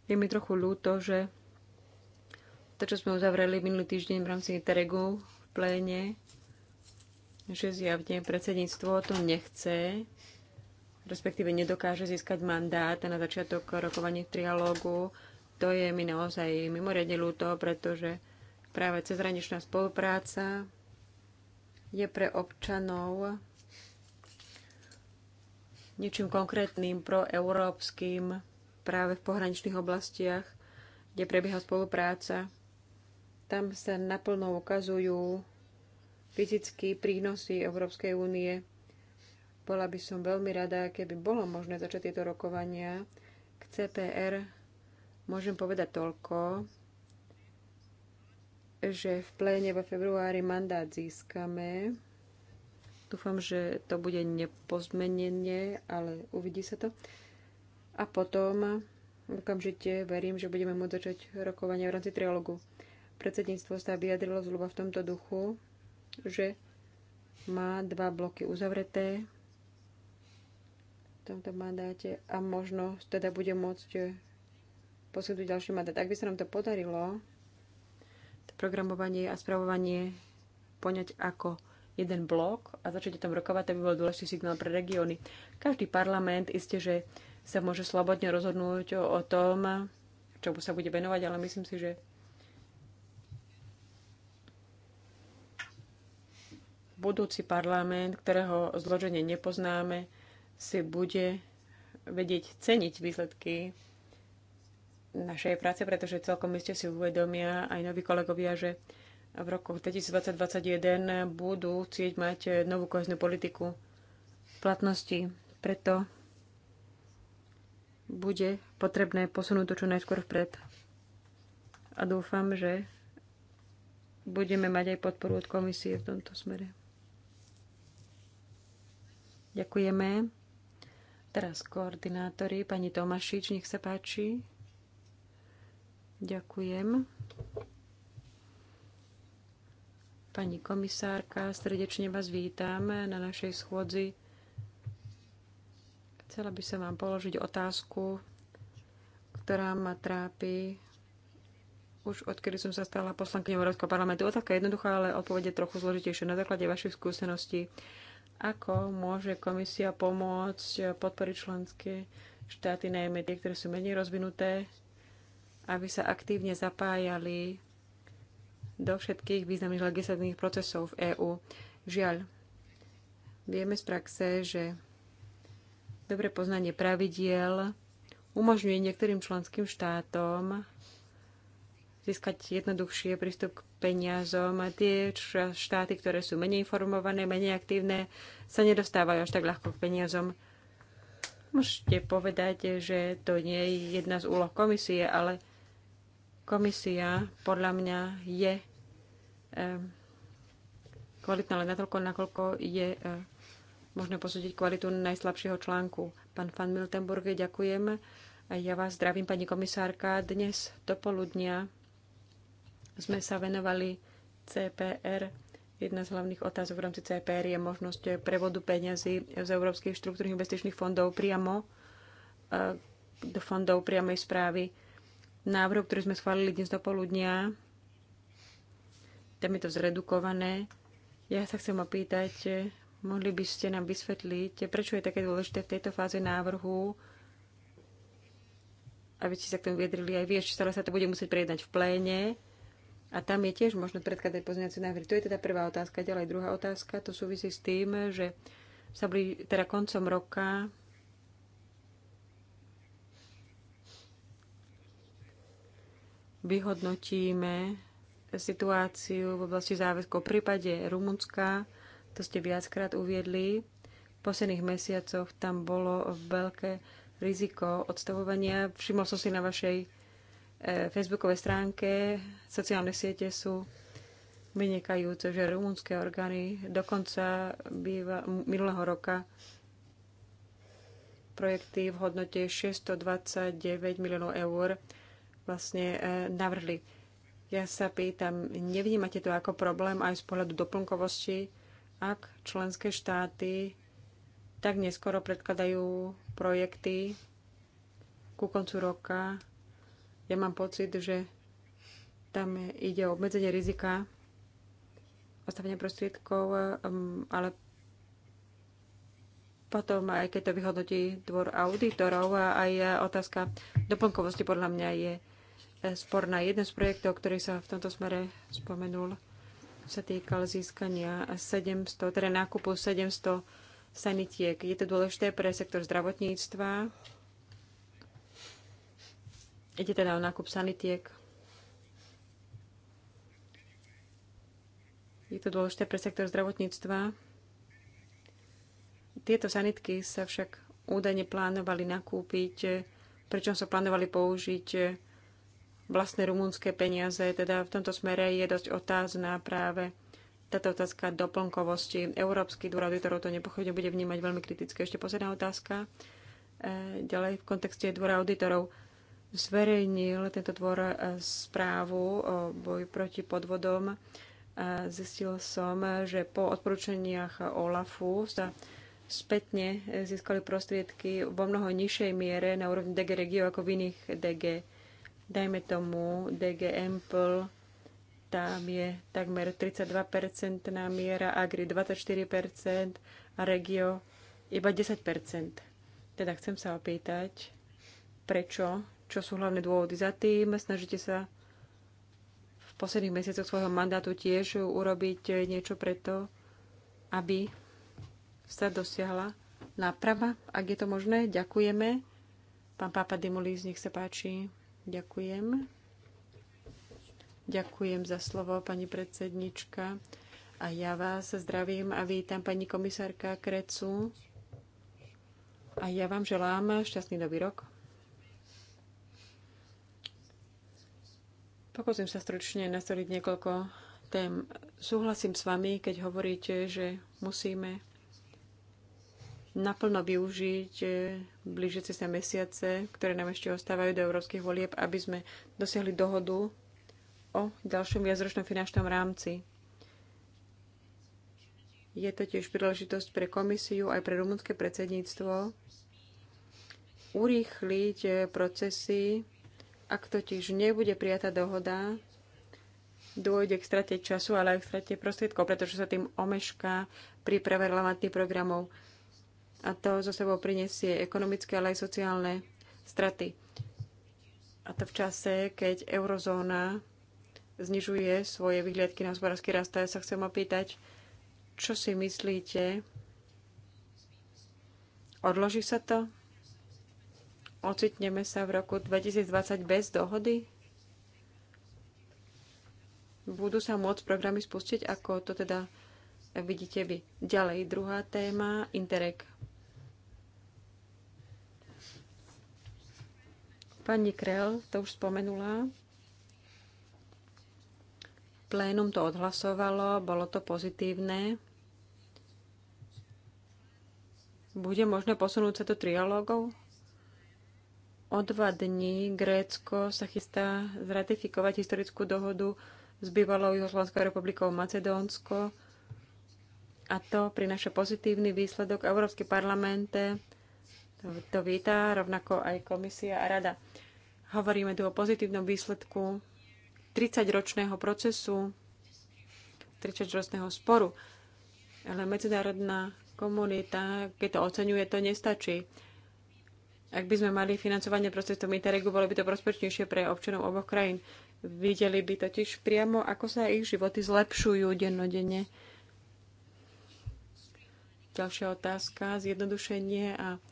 Je mi trochu ľúto, že to, čo sme uzavreli minulý týždeň v rámci Teregu v pléne, že zjavne predsedníctvo to nechce, respektíve nedokáže získať mandát na začiatok rokovaní v trialógu. To je mi naozaj mimoriadne ľúto, pretože práve cezhraničná spolupráca je pre občanov niečím konkrétnym proeurópskym práve v pohraničných oblastiach, kde prebieha spolupráca. Tam sa naplno ukazujú fyzické prínosy Európskej únie. Bola by som veľmi rada, keby bolo možné začať tieto rokovania. K CPR môžem povedať toľko, že v pléne vo februári mandát získame Dúfam, že to bude nepozmenenie, ale uvidí sa to. A potom okamžite verím, že budeme môcť začať rokovanie v rámci trialogu. Predsedníctvo sa vyjadrilo zhruba v tomto duchu, že má dva bloky uzavreté v tomto mandáte a možno teda bude môcť posúdiť ďalší mandát. Ak by sa nám to podarilo, to programovanie a spravovanie poňať ako jeden blok a začnete tam rokovať, to by bol dôležitý signál pre regióny. Každý parlament iste, že sa môže slobodne rozhodnúť o, o tom, čomu sa bude venovať, ale myslím si, že budúci parlament, ktorého zloženie nepoznáme, si bude vedieť ceniť výsledky našej práce, pretože celkom iste si uvedomia aj noví kolegovia, že v roku 2021 budú chcieť mať novú koheznú politiku v platnosti. Preto bude potrebné posunúť to čo najskôr vpred. A dúfam, že budeme mať aj podporu od komisie v tomto smere. Ďakujeme. Teraz koordinátori, pani Tomašič, nech sa páči. Ďakujem. Pani komisárka, srdečne vás vítam na našej schôdzi. Chcela by som vám položiť otázku, ktorá ma trápi už odkedy som sa stala poslankyňou Európskeho parlamentu. Otázka taká jednoduchá, ale odpovede je trochu zložitejšia. Na základe vašich skúseností, ako môže komisia pomôcť podporiť členské štáty, najmä tie, ktoré sú menej rozvinuté, aby sa aktívne zapájali do všetkých významných legislatívnych procesov v EÚ. Žiaľ, vieme z praxe, že dobre poznanie pravidiel umožňuje niektorým členským štátom získať jednoduchšie prístup k peniazom a tie štáty, ktoré sú menej informované, menej aktívne, sa nedostávajú až tak ľahko k peniazom. Môžete povedať, že to nie je jedna z úloh komisie, ale komisia podľa mňa je kvalitná len natoľko, nakoľko je e, možné posúdiť kvalitu najslabšieho článku. Pán Van Miltenburg, ďakujem. A ja vás zdravím, pani komisárka. Dnes do poludnia sme sa venovali CPR. Jedna z hlavných otázok v rámci CPR je možnosť prevodu peňazí z Európskych štruktúrnych investičných fondov priamo e, do fondov priamej správy. Návrh, ktorý sme schválili dnes do poludnia, tam je to zredukované. Ja sa chcem opýtať, mohli by ste nám vysvetliť, prečo je také dôležité v tejto fáze návrhu, aby ste sa k tomu viedrili aj vieš, stále sa to bude musieť prejednať v pléne. A tam je tiež možno predkladať pozmeňovacie návrhy. To je teda prvá otázka. Ďalej druhá otázka, to súvisí s tým, že sa bude teda koncom roka vyhodnotíme situáciu v oblasti záväzkov. V prípade Rumunska, to ste viackrát uviedli, v posledných mesiacoch tam bolo veľké riziko odstavovania. Všimol som si na vašej e, facebookovej stránke, sociálne siete sú vynikajúce, že rumunské orgány dokonca býva, minulého roka projekty v hodnote 629 miliónov eur vlastne e, navrhli ja sa pýtam, nevnímate to ako problém aj z pohľadu doplnkovosti, ak členské štáty tak neskoro predkladajú projekty ku koncu roka. Ja mám pocit, že tam ide o obmedzenie rizika ostavenie prostriedkov, um, ale potom, aj keď to vyhodnotí dvor auditorov, a aj otázka doplnkovosti podľa mňa je E, sporná. Jeden z projektov, ktorý sa v tomto smere spomenul, sa týkal získania 700, teda nákupu 700 sanitiek. Je to dôležité pre sektor zdravotníctva. Ide teda o nákup sanitiek. Je to dôležité pre sektor zdravotníctva. Tieto sanitky sa však údajne plánovali nakúpiť, pričom sa plánovali použiť vlastné rumúnske peniaze. Teda v tomto smere je dosť otázna práve táto otázka doplnkovosti. Európsky dvor auditorov to nepochodne bude vnímať veľmi kriticky. Ešte posledná otázka. E, ďalej v kontexte dvora auditorov zverejnil tento dvor e, správu o boji proti podvodom. E, zistil som, že po odporúčaniach OLAFu sa spätne získali prostriedky vo mnoho nižšej miere na úrovni DG Regio ako v iných DG Dajme tomu DG Ample, tam je takmer 32% na miera, Agri 24% a Regio iba 10%. Teda chcem sa opýtať, prečo, čo sú hlavné dôvody za tým, snažíte sa v posledných mesiacoch svojho mandátu tiež urobiť niečo preto, aby sa dosiahla náprava, ak je to možné. Ďakujeme. Pán pápa Dimulís, nech sa páči. Ďakujem. Ďakujem za slovo, pani predsednička. A ja vás zdravím a vítam pani komisárka Krecu. A ja vám želám šťastný nový rok. Pokúsim sa stručne nastoliť niekoľko tém. Súhlasím s vami, keď hovoríte, že musíme naplno využiť e, blížiace sa mesiace, ktoré nám ešte ostávajú do európskych volieb, aby sme dosiahli dohodu o ďalšom viacročnom finančnom rámci. Je to tiež príležitosť pre komisiu aj pre rumunské predsedníctvo urýchliť e, procesy, ak totiž nebude prijatá dohoda, dôjde k strate času, ale aj k strate prostriedkov, pretože sa tým omešká príprava relevantných programov a to zo sebou prinesie ekonomické, ale aj sociálne straty. A to v čase, keď eurozóna znižuje svoje vyhliadky na hospodársky rast. A ja sa chcem opýtať, čo si myslíte? Odloží sa to? Ocitneme sa v roku 2020 bez dohody? Budú sa môcť programy spustiť, ako to teda tak vidíte vy. Ďalej, druhá téma, Interreg. Pani Krel to už spomenula. Plénum to odhlasovalo, bolo to pozitívne. Bude možné posunúť sa do trialógov? O dva dní Grécko sa chystá zratifikovať historickú dohodu s bývalou Juhoslovanskou republikou Macedónsko a to prináša pozitívny výsledok. Európsky parlament to, to víta, rovnako aj komisia a rada. Hovoríme tu o pozitívnom výsledku 30-ročného procesu, 30-ročného sporu. Ale medzinárodná komunita, keď to oceňuje, to nestačí. Ak by sme mali financovanie prostredstvom Interregu, bolo by to prospečnejšie pre občanov oboch krajín. Videli by totiž priamo, ako sa ich životy zlepšujú dennodenne. Ďalšia otázka, zjednodušenie a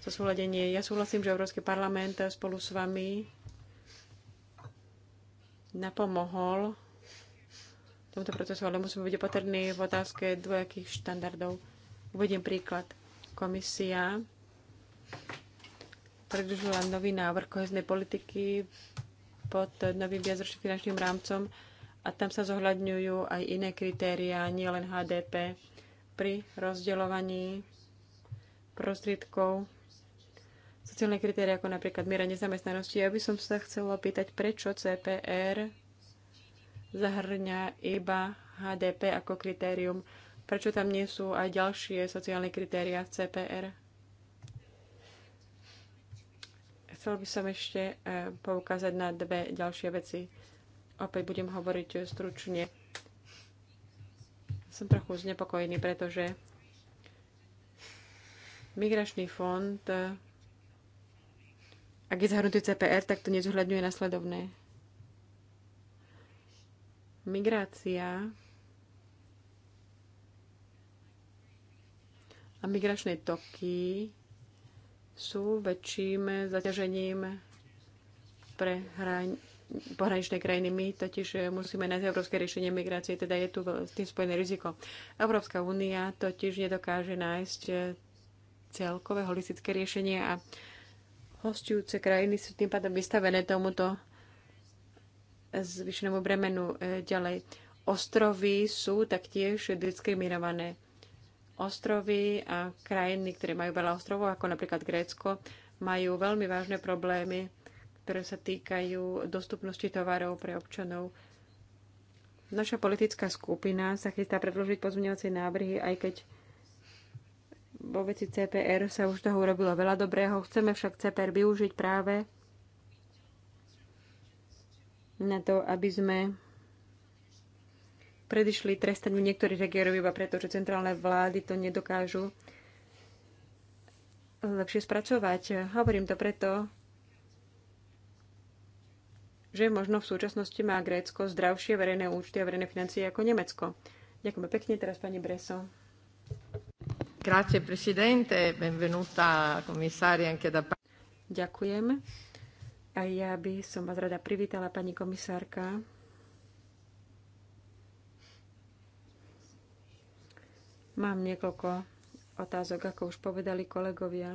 zosúladenie. Ja súhlasím, že Európsky parlament spolu s vami napomohol tomuto procesu, ale musíme byť opatrní v otázke dvojakých štandardov. Uvediem príklad. Komisia predlžila nový návrh koheznej politiky pod novým viacročným finančným rámcom a tam sa zohľadňujú aj iné kritériá, nielen HDP pri rozdeľovaní prostriedkov sociálne kritéria, ako napríklad miera nezamestnanosti. Ja by som sa chcela pýtať, prečo CPR zahrňa iba HDP ako kritérium. Prečo tam nie sú aj ďalšie sociálne kritéria v CPR? Chcel by som ešte eh, poukázať na dve ďalšie veci. Opäť budem hovoriť eh, stručne som trochu znepokojený, pretože migračný fond, ak je zahrnutý CPR, tak to nezohľadňuje nasledovné. Migrácia a migračné toky sú väčším zaťažením pre hraň, pohraničné krajiny. My totiž eh, musíme nájsť európske riešenie migrácie, teda je tu s tým spojené riziko. Európska únia totiž nedokáže nájsť eh, celkové holistické riešenie a hostujúce krajiny sú tým pádom vystavené tomuto zvyšenému bremenu eh, ďalej. Ostrovy sú taktiež diskriminované. Ostrovy a krajiny, ktoré majú veľa ostrovov, ako napríklad Grécko, majú veľmi vážne problémy ktoré sa týkajú dostupnosti tovarov pre občanov. Naša politická skupina sa chystá predložiť pozmeňovacie návrhy, aj keď vo veci CPR sa už toho urobilo veľa dobrého. Chceme však CPR využiť práve na to, aby sme predišli trestaniu niektorých regiónov iba preto, že centrálne vlády to nedokážu lepšie spracovať. Hovorím to preto, že možno v súčasnosti má Grécko zdravšie verejné účty a verejné financie ako Nemecko. Ďakujeme pekne teraz pani Breso. Grazie presidente, benvenuta anche da Ďakujem. A ja by som vás rada privítala, pani komisárka. Mám niekoľko otázok, ako už povedali kolegovia.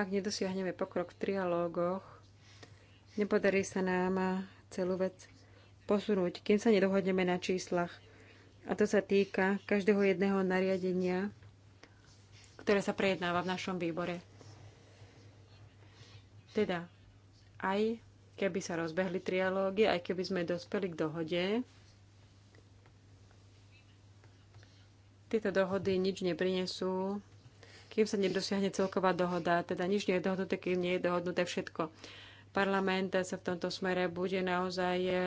ak nedosiahneme pokrok v trialógoch, nepodarí sa nám celú vec posunúť, kým sa nedohodneme na číslach. A to sa týka každého jedného nariadenia, ktoré sa prejednáva v našom výbore. Teda, aj keby sa rozbehli trialógy, aj keby sme dospeli k dohode, tieto dohody nič neprinesú kým sa nedosiahne celková dohoda. Teda nič nie je dohodnuté, kým nie je dohodnuté všetko. Parlament sa v tomto smere bude naozaj e, e,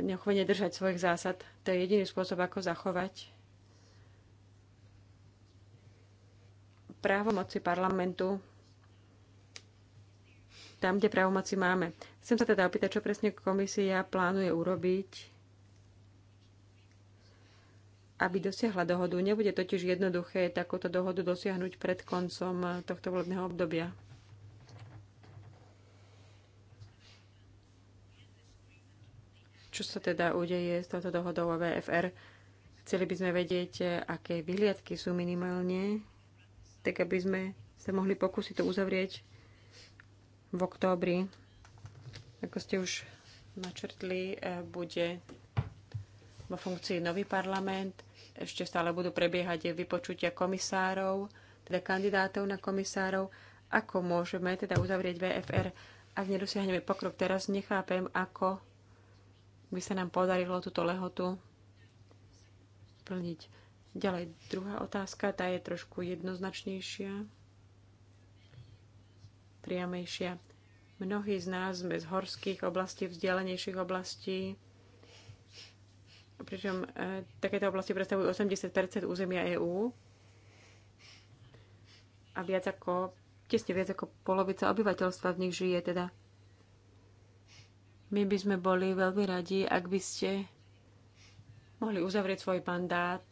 neochvene držať svojich zásad. To je jediný spôsob, ako zachovať právomoci parlamentu tam, kde právomoci máme. Chcem sa teda opýtať, čo presne komisia plánuje urobiť aby dosiahla dohodu. Nebude totiž jednoduché takúto dohodu dosiahnuť pred koncom eh, tohto volebného obdobia. Čo sa teda udeje s touto dohodou o VFR? Chceli by sme vedieť, eh, aké vyhliadky sú minimálne, tak aby sme sa mohli pokúsiť to uzavrieť v októbri. Ako ste už načrtli, eh, bude vo funkcii nový parlament. Ešte stále budú prebiehať vypočutia komisárov, teda kandidátov na komisárov. Ako môžeme teda uzavrieť VFR, ak nedosiahneme pokrok teraz? Nechápem, ako by sa nám podarilo túto lehotu plniť. Ďalej, druhá otázka, tá je trošku jednoznačnejšia, priamejšia. Mnohí z nás sme z horských oblastí, vzdialenejších oblastí, pričom e, takéto oblasti predstavujú 80 územia EÚ a viac ako, tesne viac ako polovica obyvateľstva v nich žije. Teda my by sme boli veľmi radi, ak by ste mohli uzavrieť svoj mandát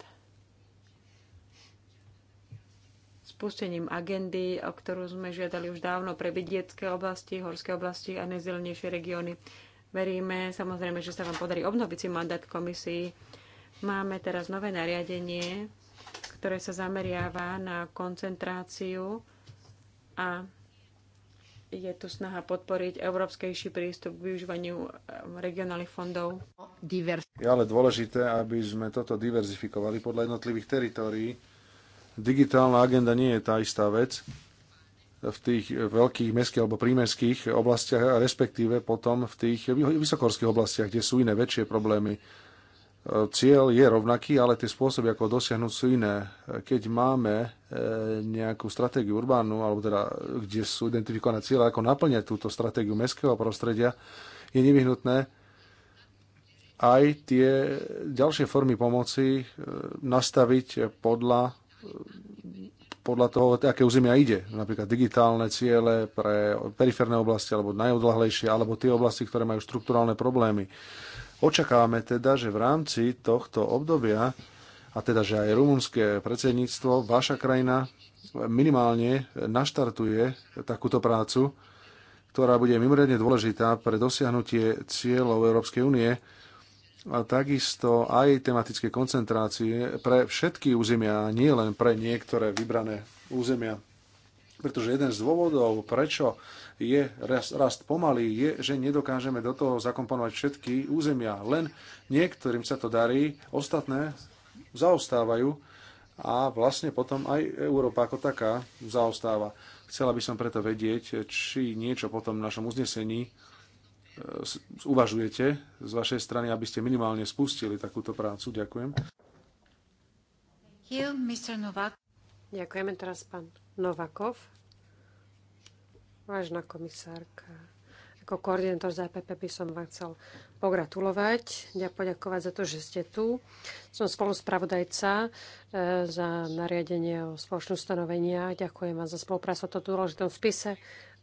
spustením agendy, o ktorú sme žiadali už dávno pre vidiecké oblasti, horské oblasti a nezelenejšie regióny. Veríme samozrejme, že sa vám podarí obnoviť si mandát komisii. Máme teraz nové nariadenie, ktoré sa zameriava na koncentráciu a je tu snaha podporiť európskejší prístup k využívaniu um, regionálnych fondov. Je ale dôležité, aby sme toto diverzifikovali podľa jednotlivých teritórií. Digitálna agenda nie je tá istá vec v tých veľkých mestských alebo prímeských oblastiach respektíve potom v tých vysokorských oblastiach, kde sú iné väčšie problémy. E, cieľ je rovnaký, ale tie spôsoby, ako dosiahnuť, sú iné. Keď máme e, nejakú stratégiu urbánu, alebo teda, kde sú identifikované cieľe, ako naplňať túto stratégiu mestského prostredia, je nevyhnutné aj tie ďalšie formy pomoci e, nastaviť podľa podľa toho, aké územia ide. Napríklad digitálne ciele pre periférne oblasti alebo najodlahlejšie, alebo tie oblasti, ktoré majú štruktúralne problémy. Očakávame teda, že v rámci tohto obdobia, a teda, že aj rumunské predsedníctvo, vaša krajina minimálne naštartuje takúto prácu, ktorá bude mimoriadne dôležitá pre dosiahnutie cieľov Európskej únie, a takisto aj tematické koncentrácie pre všetky územia, nie len pre niektoré vybrané územia. Pretože jeden z dôvodov, prečo je rast, rast pomalý, je, že nedokážeme do toho zakomponovať všetky územia. Len niektorým sa to darí, ostatné zaostávajú a vlastne potom aj Európa ako taká zaostáva. Chcela by som preto vedieť, či niečo potom v našom uznesení uvažujete z vašej strany, aby ste minimálne spustili takúto prácu. Ďakujem. Ďakujeme teraz pán Novakov. Vážna komisárka, ako koordinátor za EPP by som vám chcel pogratulovať a poďakovať za to, že ste tu. Som spoluspravodajca e, za nariadenie o spoločnom stanovenia. Ďakujem vám za spoluprácu v tomto dôležitom spise.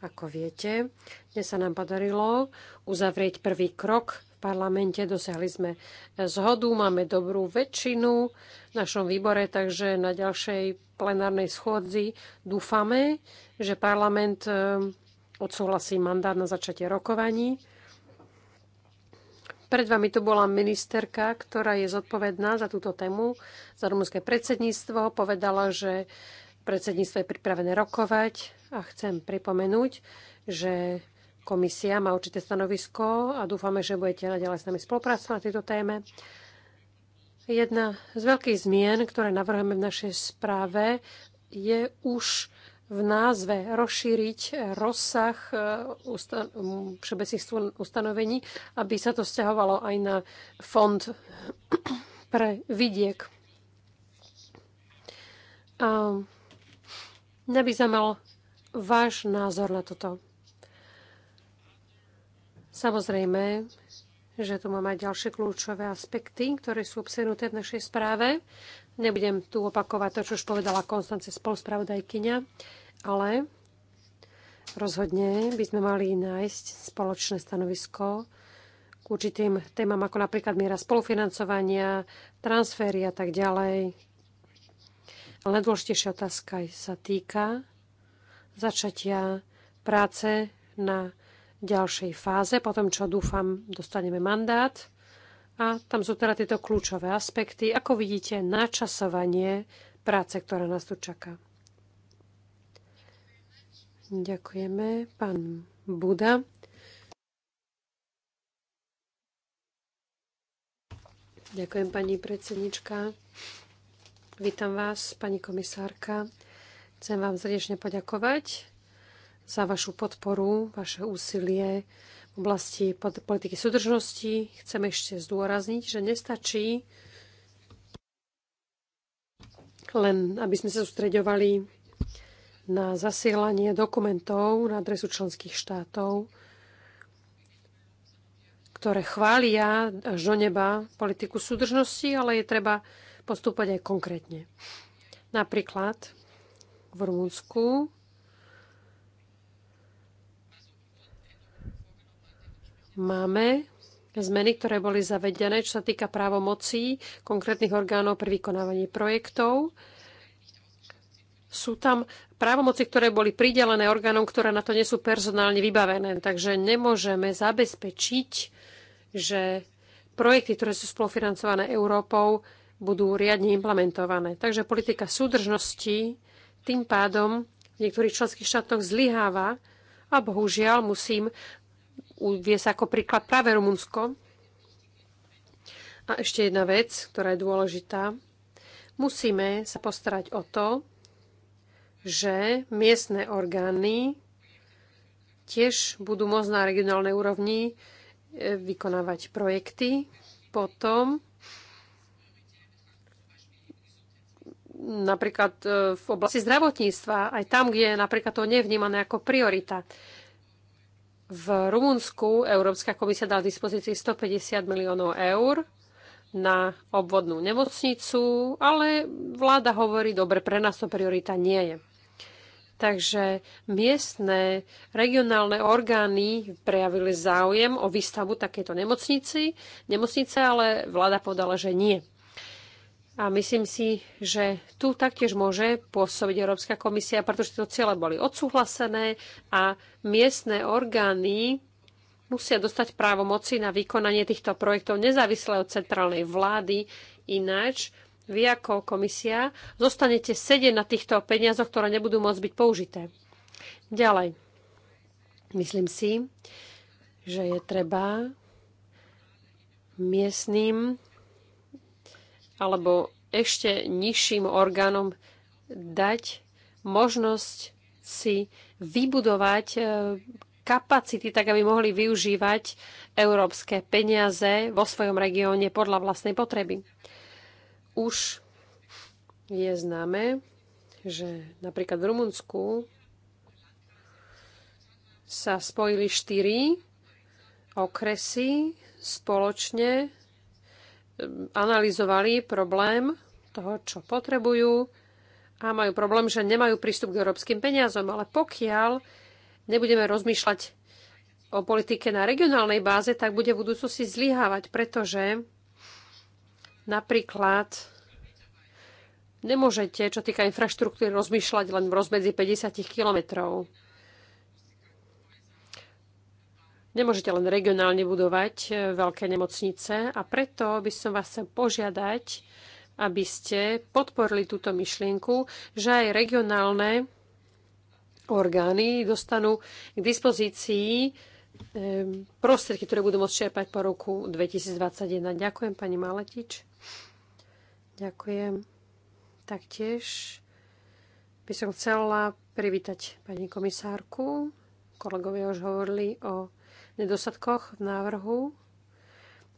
Ako viete, dnes sa nám podarilo uzavrieť prvý krok v parlamente. Dosiahli sme zhodu, máme dobrú väčšinu v našom výbore, takže na ďalšej plenárnej schôdzi dúfame, že parlament eh, odsúhlasí mandát na začiatie rokovaní. Pred vami tu bola ministerka, ktorá je zodpovedná za túto tému, za rumunské predsedníctvo. Povedala, že Predsedníctvo je pripravené rokovať a chcem pripomenúť, že komisia má určité stanovisko a dúfame, že budete naďalej s nami spolupracovať na tejto téme. Jedna z veľkých zmien, ktoré navrhujeme v našej správe, je už v názve rozšíriť rozsah e, všeobecných ustanovení, aby sa to stiahovalo aj na fond pre vidiek. Mňa by zaujímal váš názor na toto. Samozrejme, že tu máme aj ďalšie kľúčové aspekty, ktoré sú obsenuté v našej správe. Nebudem tu opakovať to, čo už povedala Konstance spoluspravodajkyňa, ale rozhodne by sme mali nájsť spoločné stanovisko k určitým témam, ako napríklad miera spolufinancovania, transfery a tak ďalej. Ale dôležitejšia otázka sa týka začatia práce na ďalšej fáze, potom čo dúfam dostaneme mandát. A tam sú teda tieto kľúčové aspekty. Ako vidíte, načasovanie práce, ktorá nás tu čaká. Ďakujeme, pán Buda. Ďakujem, pani predsednička. Vítam vás, pani komisárka. Chcem vám srdečne poďakovať za vašu podporu, vaše úsilie v oblasti politiky súdržnosti. Chcem ešte zdôrazniť, že nestačí len, aby sme sa sústredovali na zasielanie dokumentov na adresu členských štátov, ktoré chvália až do neba politiku súdržnosti, ale je treba postúpať aj konkrétne. Napríklad v Rumunsku máme zmeny, ktoré boli zavedené, čo sa týka právomocí konkrétnych orgánov pri vykonávaní projektov. Sú tam právomoci, ktoré boli pridelené orgánom, ktoré na to nie sú personálne vybavené. Takže nemôžeme zabezpečiť, že projekty, ktoré sú spolufinancované Európou, budú riadne implementované. Takže politika súdržnosti tým pádom v niektorých členských štátoch zlyháva a bohužiaľ musím uviesť ako príklad práve Rumunsko. A ešte jedna vec, ktorá je dôležitá. Musíme sa postarať o to, že miestne orgány tiež budú môcť na regionálnej úrovni e, vykonávať projekty. Potom napríklad e, v oblasti zdravotníctva, aj tam, kde napríklad to nie je vnímané ako priorita. V Rumunsku Európska komisia dala dispozícii 150 miliónov eur na obvodnú nemocnicu, ale vláda hovorí, dobre, pre nás to priorita nie je. Takže miestne regionálne orgány prejavili záujem o výstavu takéto nemocnici, nemocnice, ale vláda povedala, že nie. A myslím si, že tu taktiež môže pôsobiť Európska komisia, pretože tieto ciele boli odsúhlasené a miestne orgány musia dostať právo moci na vykonanie týchto projektov nezávisle od centrálnej vlády. Ináč vy ako komisia zostanete sedieť na týchto peniazoch, ktoré nebudú môcť byť použité. Ďalej. Myslím si, že je treba miestným alebo ešte nižším orgánom dať možnosť si vybudovať e, kapacity, tak aby mohli využívať európske peniaze vo svojom regióne podľa vlastnej potreby. Už je známe, že napríklad v Rumunsku sa spojili štyri okresy spoločne analyzovali problém toho, čo potrebujú a majú problém, že nemajú prístup k európskym peniazom. Ale pokiaľ nebudeme rozmýšľať o politike na regionálnej báze, tak bude v budúcnosti zlyhávať, pretože napríklad nemôžete, čo týka infraštruktúry, rozmýšľať len v rozmedzi 50 kilometrov. Nemôžete len regionálne budovať e, veľké nemocnice a preto by som vás chcel požiadať, aby ste podporili túto myšlienku, že aj regionálne orgány dostanú k dispozícii e, prostriedky, ktoré budú môcť čerpať po roku 2021. Ďakujem, pani Maletič. Ďakujem. Taktiež by som chcela privítať pani komisárku. Kolegovia už hovorili o nedostatkoch v návrhu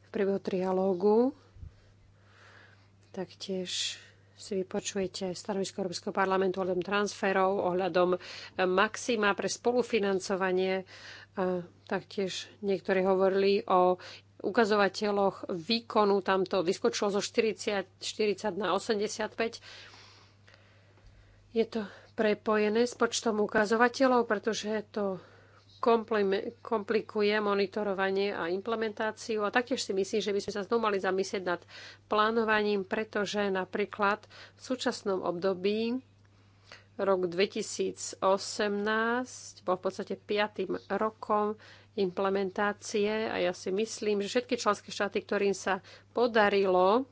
v priebehu trialógu. Taktiež si vypočujete stanovisko Európskeho parlamentu ohľadom transferov, ohľadom eh, maxima pre spolufinancovanie. A taktiež niektorí hovorili o ukazovateľoch výkonu. Tam to vyskočilo zo 40, 40 na 85. Je to prepojené s počtom ukazovateľov, pretože to komplikuje monitorovanie a implementáciu. A taktiež si myslím, že by sme sa znovu mali zamyslieť nad plánovaním, pretože napríklad v súčasnom období rok 2018 bol v podstate piatým rokom implementácie a ja si myslím, že všetky členské štáty, ktorým sa podarilo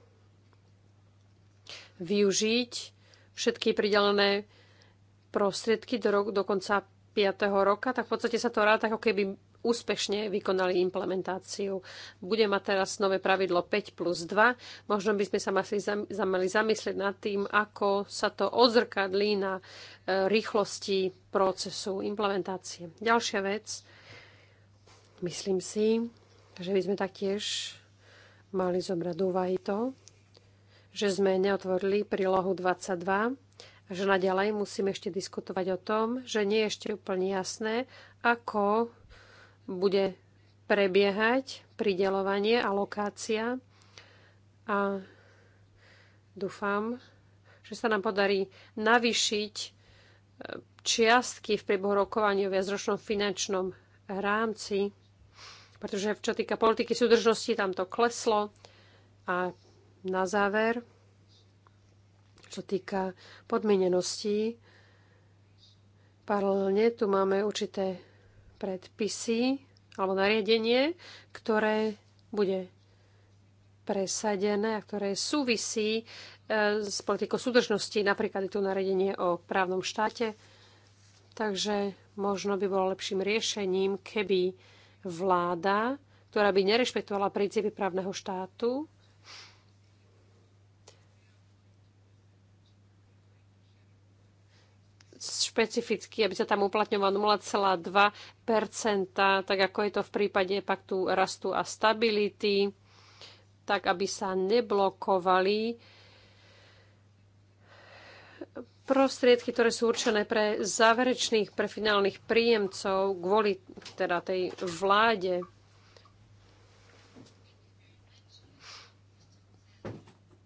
využiť všetky pridelené prostriedky do, rok do konca roka, tak v podstate sa to rád ako keby úspešne vykonali implementáciu. Bude mať teraz nové pravidlo 5 plus 2. Možno by sme sa mali, mali zamyslieť nad tým, ako sa to odzrkadlí na e, rýchlosti procesu implementácie. Ďalšia vec, myslím si, že by sme taktiež mali zobrať úvahy to, že sme neotvorili prílohu 22 že naďalej musíme ešte diskutovať o tom, že nie je ešte úplne jasné, ako bude prebiehať pridelovanie a lokácia. A dúfam, že sa nám podarí navýšiť e, čiastky v priebehu rokovania o viacročnom finančnom rámci, pretože čo týka politiky súdržnosti, tam to kleslo. A na záver čo týka podmieneností. Paralelne tu máme určité predpisy alebo nariadenie, ktoré bude presadené a ktoré súvisí e, s politikou súdržnosti. Napríklad je tu nariadenie o právnom štáte. Takže možno by bolo lepším riešením, keby vláda, ktorá by nerešpektovala princípy právneho štátu, špecificky, aby sa tam uplatňovalo 0,2 tak ako je to v prípade paktu rastu a stability, tak aby sa neblokovali prostriedky, ktoré sú určené pre záverečných, pre finálnych príjemcov kvôli teda tej vláde.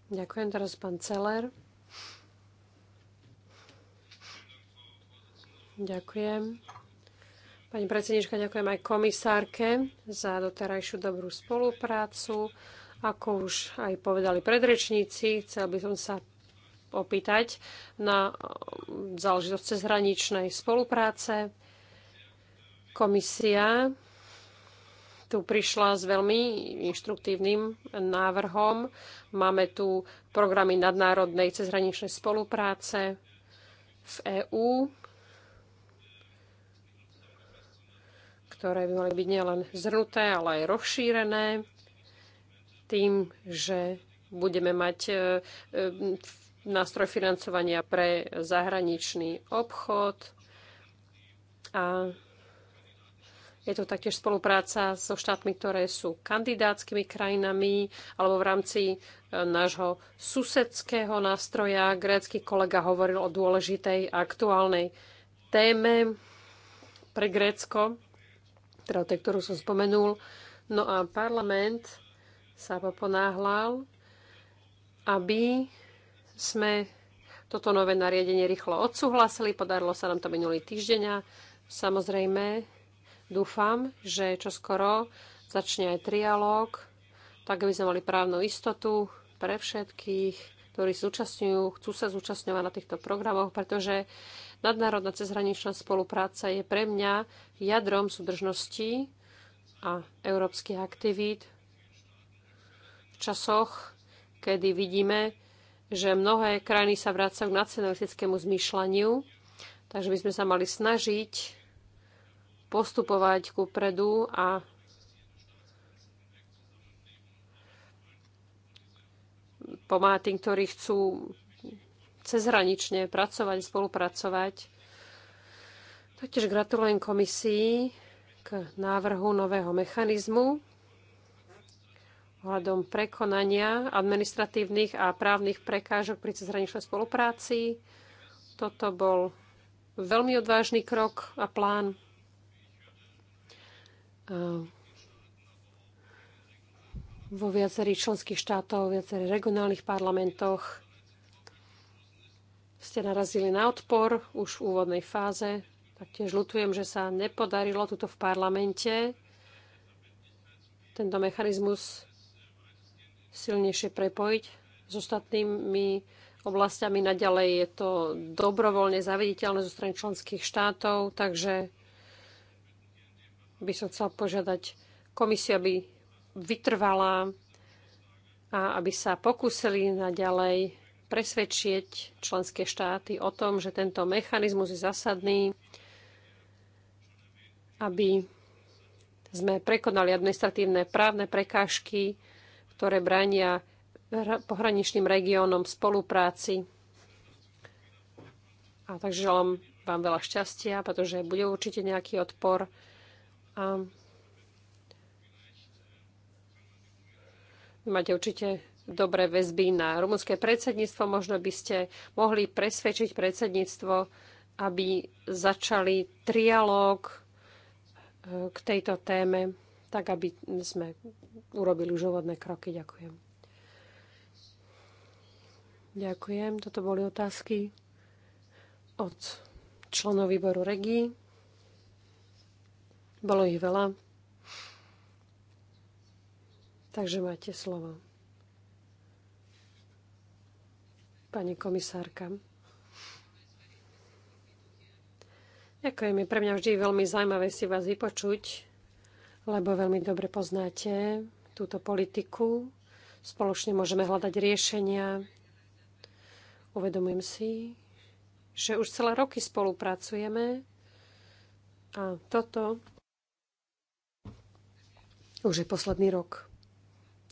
Ďakujem teraz pán Celer. Ďakujem. Pani predsednička, ďakujem aj komisárke za doterajšiu dobrú spoluprácu. Ako už aj povedali predrečníci, chcel by som sa opýtať na záležitosť cezhraničnej spolupráce. Komisia tu prišla s veľmi inštruktívnym návrhom. Máme tu programy nadnárodnej cezhraničnej spolupráce v EÚ, ktoré by mali byť nielen zhrnuté, ale aj rozšírené tým, že budeme mať e, e, nástroj financovania pre zahraničný obchod a je to taktiež spolupráca so štátmi, ktoré sú kandidátskymi krajinami alebo v rámci e, nášho susedského nástroja. Grécky kolega hovoril o dôležitej aktuálnej téme pre Grécko teda tej, ktorú som spomenul. No a parlament sa poponáhľal, aby sme toto nové nariadenie rýchlo odsúhlasili. Podarilo sa nám to minulý týždeň a samozrejme dúfam, že čoskoro začne aj trialóg, tak aby sme mali právnu istotu pre všetkých, ktorí zúčastňujú, chcú sa zúčastňovať na týchto programoch, pretože Nadnárodná cezhraničná spolupráca je pre mňa jadrom súdržnosti a európskych aktivít v časoch, kedy vidíme, že mnohé krajiny sa vracajú k nacionalistickému zmýšľaniu, takže by sme sa mali snažiť postupovať ku predu a pomáhať tým, ktorí chcú cezhranične pracovať, spolupracovať. Taktiež gratulujem komisii k návrhu nového mechanizmu ohľadom prekonania administratívnych a právnych prekážok pri cezhraničnej spolupráci. Toto bol veľmi odvážny krok a plán. Vo viacerých členských štátoch, viacerých regionálnych parlamentoch ste narazili na odpor už v úvodnej fáze. Taktiež ľutujem, že sa nepodarilo tuto v parlamente tento mechanizmus silnejšie prepojiť s ostatnými oblastiami. Naďalej je to dobrovoľne zavediteľné zo strany členských štátov, takže by som chcel požiadať komisiu, aby vytrvala a aby sa pokúsili naďalej presvedčiť členské štáty o tom, že tento mechanizmus je zásadný, aby sme prekonali administratívne právne prekážky, ktoré bránia pohraničným regiónom spolupráci. A takže želám vám veľa šťastia, pretože bude určite nejaký odpor. A máte určite dobré väzby na rumunské predsedníctvo. Možno by ste mohli presvedčiť predsedníctvo, aby začali trialóg e, k tejto téme, tak aby sme urobili už úvodné kroky. Ďakujem. Ďakujem. Toto boli otázky od členov výboru Regí. Bolo ich veľa. Takže máte slovo. pani komisárka. Ďakujem. Je pre mňa vždy veľmi zaujímavé si vás vypočuť, lebo veľmi dobre poznáte túto politiku. Spoločne môžeme hľadať riešenia. Uvedomujem si, že už celé roky spolupracujeme a toto už je posledný rok.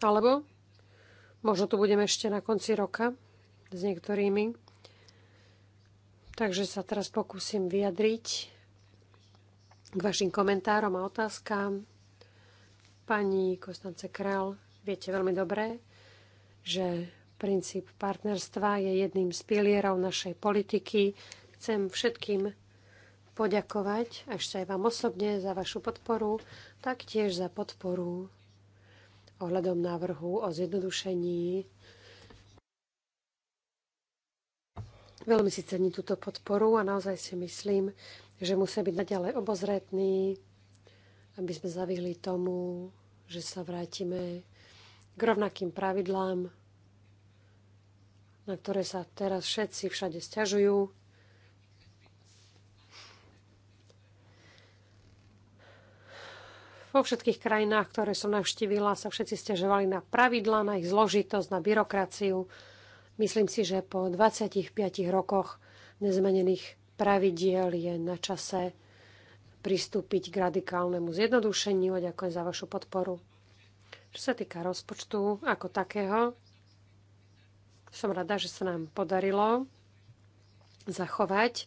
Alebo možno tu budeme ešte na konci roka s niektorými. Takže sa teraz pokúsim vyjadriť k vašim komentárom a otázkám. Pani Konstance Král, viete veľmi dobre, že princíp partnerstva je jedným z pilierov našej politiky. Chcem všetkým poďakovať, ešte aj vám osobne, za vašu podporu, taktiež za podporu ohľadom návrhu o zjednodušení Veľmi si cením túto podporu a naozaj si myslím, že musíme byť naďalej obozretní, aby sme zavihli tomu, že sa vrátime k rovnakým pravidlám, na ktoré sa teraz všetci všade stiažujú. Vo všetkých krajinách, ktoré som navštívila, sa všetci stiažovali na pravidlá, na ich zložitosť, na byrokraciu. Myslím si, že po 25 rokoch nezmenených pravidiel je na čase pristúpiť k radikálnemu zjednodušeniu a ďakujem za vašu podporu. Čo sa týka rozpočtu ako takého, som rada, že sa nám podarilo zachovať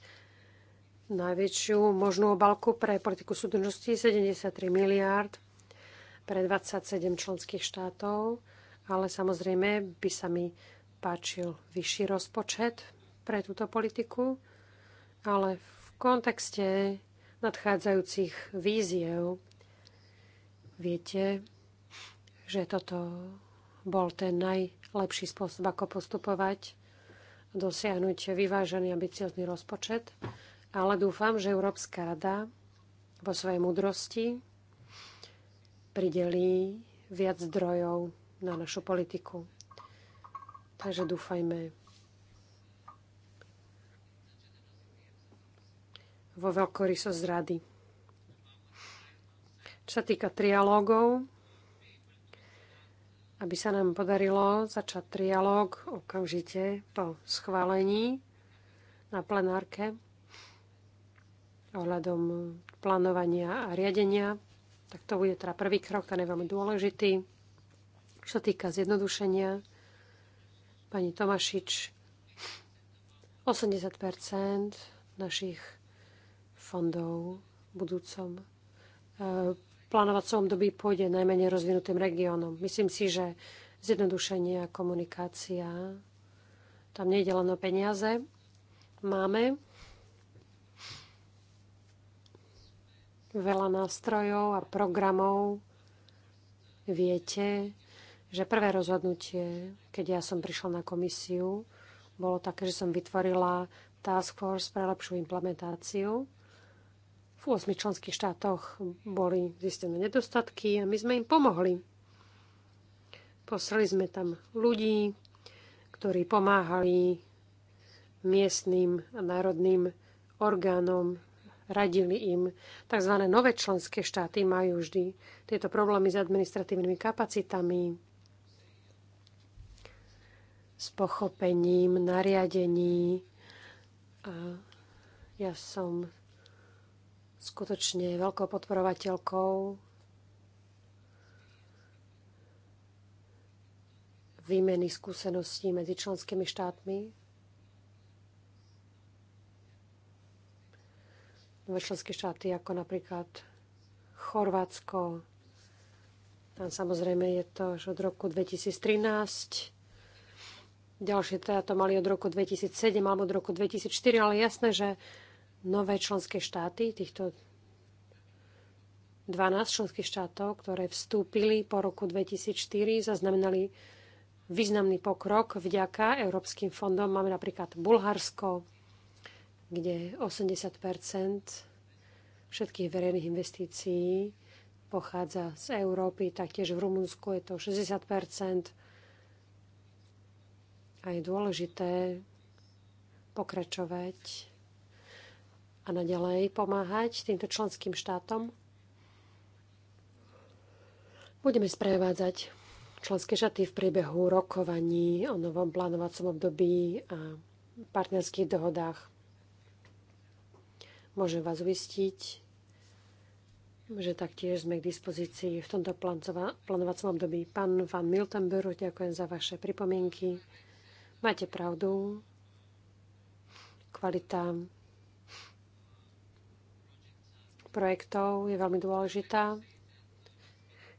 najväčšiu možnú obalku pre politiku súdržnosti 73 miliárd pre 27 členských štátov, ale samozrejme by sa mi páčil vyšší rozpočet pre túto politiku, ale v kontexte nadchádzajúcich víziev viete, že toto bol ten najlepší spôsob, ako postupovať, dosiahnuť vyvážený ambiciózny rozpočet. Ale dúfam, že Európska rada vo svojej múdrosti pridelí viac zdrojov na našu politiku. Takže dúfajme vo veľkoryso rady. Čo sa týka trialógov, aby sa nám podarilo začať trialóg okamžite po schválení na plenárke ohľadom plánovania a riadenia. Tak to bude teda prvý krok, ten je veľmi dôležitý. Čo sa týka zjednodušenia, pani Tomašič. 80 našich fondov v budúcom e, plánovacom doby pôjde najmenej rozvinutým regiónom. Myslím si, že zjednodušenie a komunikácia, tam nejde len o peniaze. Máme veľa nástrojov a programov. Viete, že prvé rozhodnutie keď ja som prišla na komisiu, bolo také, že som vytvorila Task Force pre lepšiu implementáciu. V 8 členských štátoch boli zistené nedostatky a my sme im pomohli. Poslali sme tam ľudí, ktorí pomáhali miestnym a národným orgánom, radili im. Takzvané nové členské štáty majú vždy tieto problémy s administratívnymi kapacitami, s pochopením, nariadení. A ja som skutočne veľkou podporovateľkou výmeny skúseností medzi členskými štátmi. Nové členské štáty ako napríklad Chorvátsko, tam samozrejme je to už od roku 2013 Ďalšie teda to mali od roku 2007 alebo od roku 2004, ale jasné, že nové členské štáty, týchto 12 členských štátov, ktoré vstúpili po roku 2004, zaznamenali významný pokrok vďaka európskym fondom. Máme napríklad Bulharsko, kde 80 všetkých verejných investícií pochádza z Európy, taktiež v Rumunsku je to 60 a je dôležité pokračovať a naďalej pomáhať týmto členským štátom. Budeme sprevádzať členské štáty v priebehu rokovaní o novom plánovacom období a partnerských dohodách. Môžem vás uistiť, že taktiež sme k dispozícii v tomto plánovacom období. Pán Van Miltenberg, ďakujem za vaše pripomienky. Máte pravdu. Kvalita projektov je veľmi dôležitá.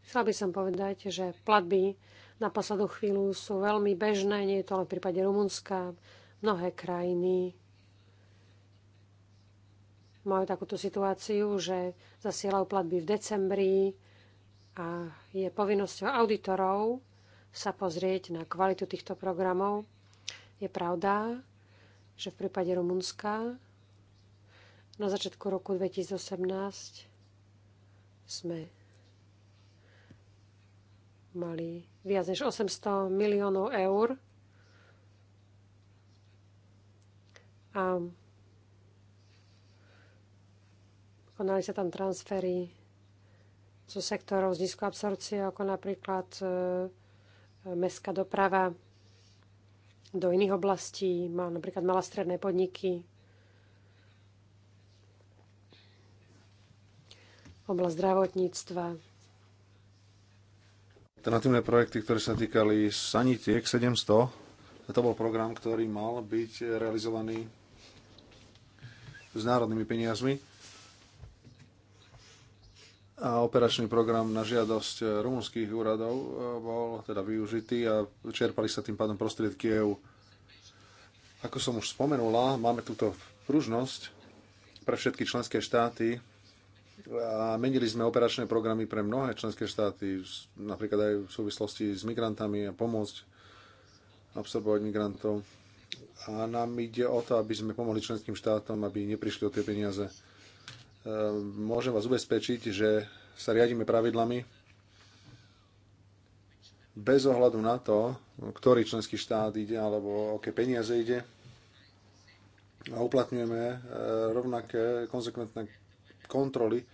Chcela by som povedať, že platby na poslednú chvíľu sú veľmi bežné, nie je to len v prípade Rumunska. Mnohé krajiny majú takúto situáciu, že zasielajú platby v decembri a je povinnosťou auditorov sa pozrieť na kvalitu týchto programov. Je pravda, že v prípade Rumunska na začiatku roku 2018 sme mali viac než 800 miliónov eur a konali sa tam transfery zo sektorov z nízkoabsorcie, ako napríklad e, mestská doprava, do iných oblastí, má napríklad malá stredné podniky, oblasť zdravotníctva. Alternatívne projekty, ktoré sa týkali sanitiek 700, to bol program, ktorý mal byť realizovaný s národnými peniazmi a operačný program na žiadosť e, rumunských úradov e, bol teda využitý a čerpali sa tým pádom prostriedky EU. Ako som už spomenula, máme túto pružnosť pre všetky členské štáty a menili sme operačné programy pre mnohé členské štáty, napríklad aj v súvislosti s migrantami a pomôcť absorbovať migrantov. A nám ide o to, aby sme pomohli členským štátom, aby neprišli o tie peniaze Ehm, môžem vás ubezpečiť, že sa riadíme pravidlami bez ohľadu na to, ktorý členský štát ide alebo o aké peniaze ide. A uplatňujeme ehm, rovnaké konsekventné kontroly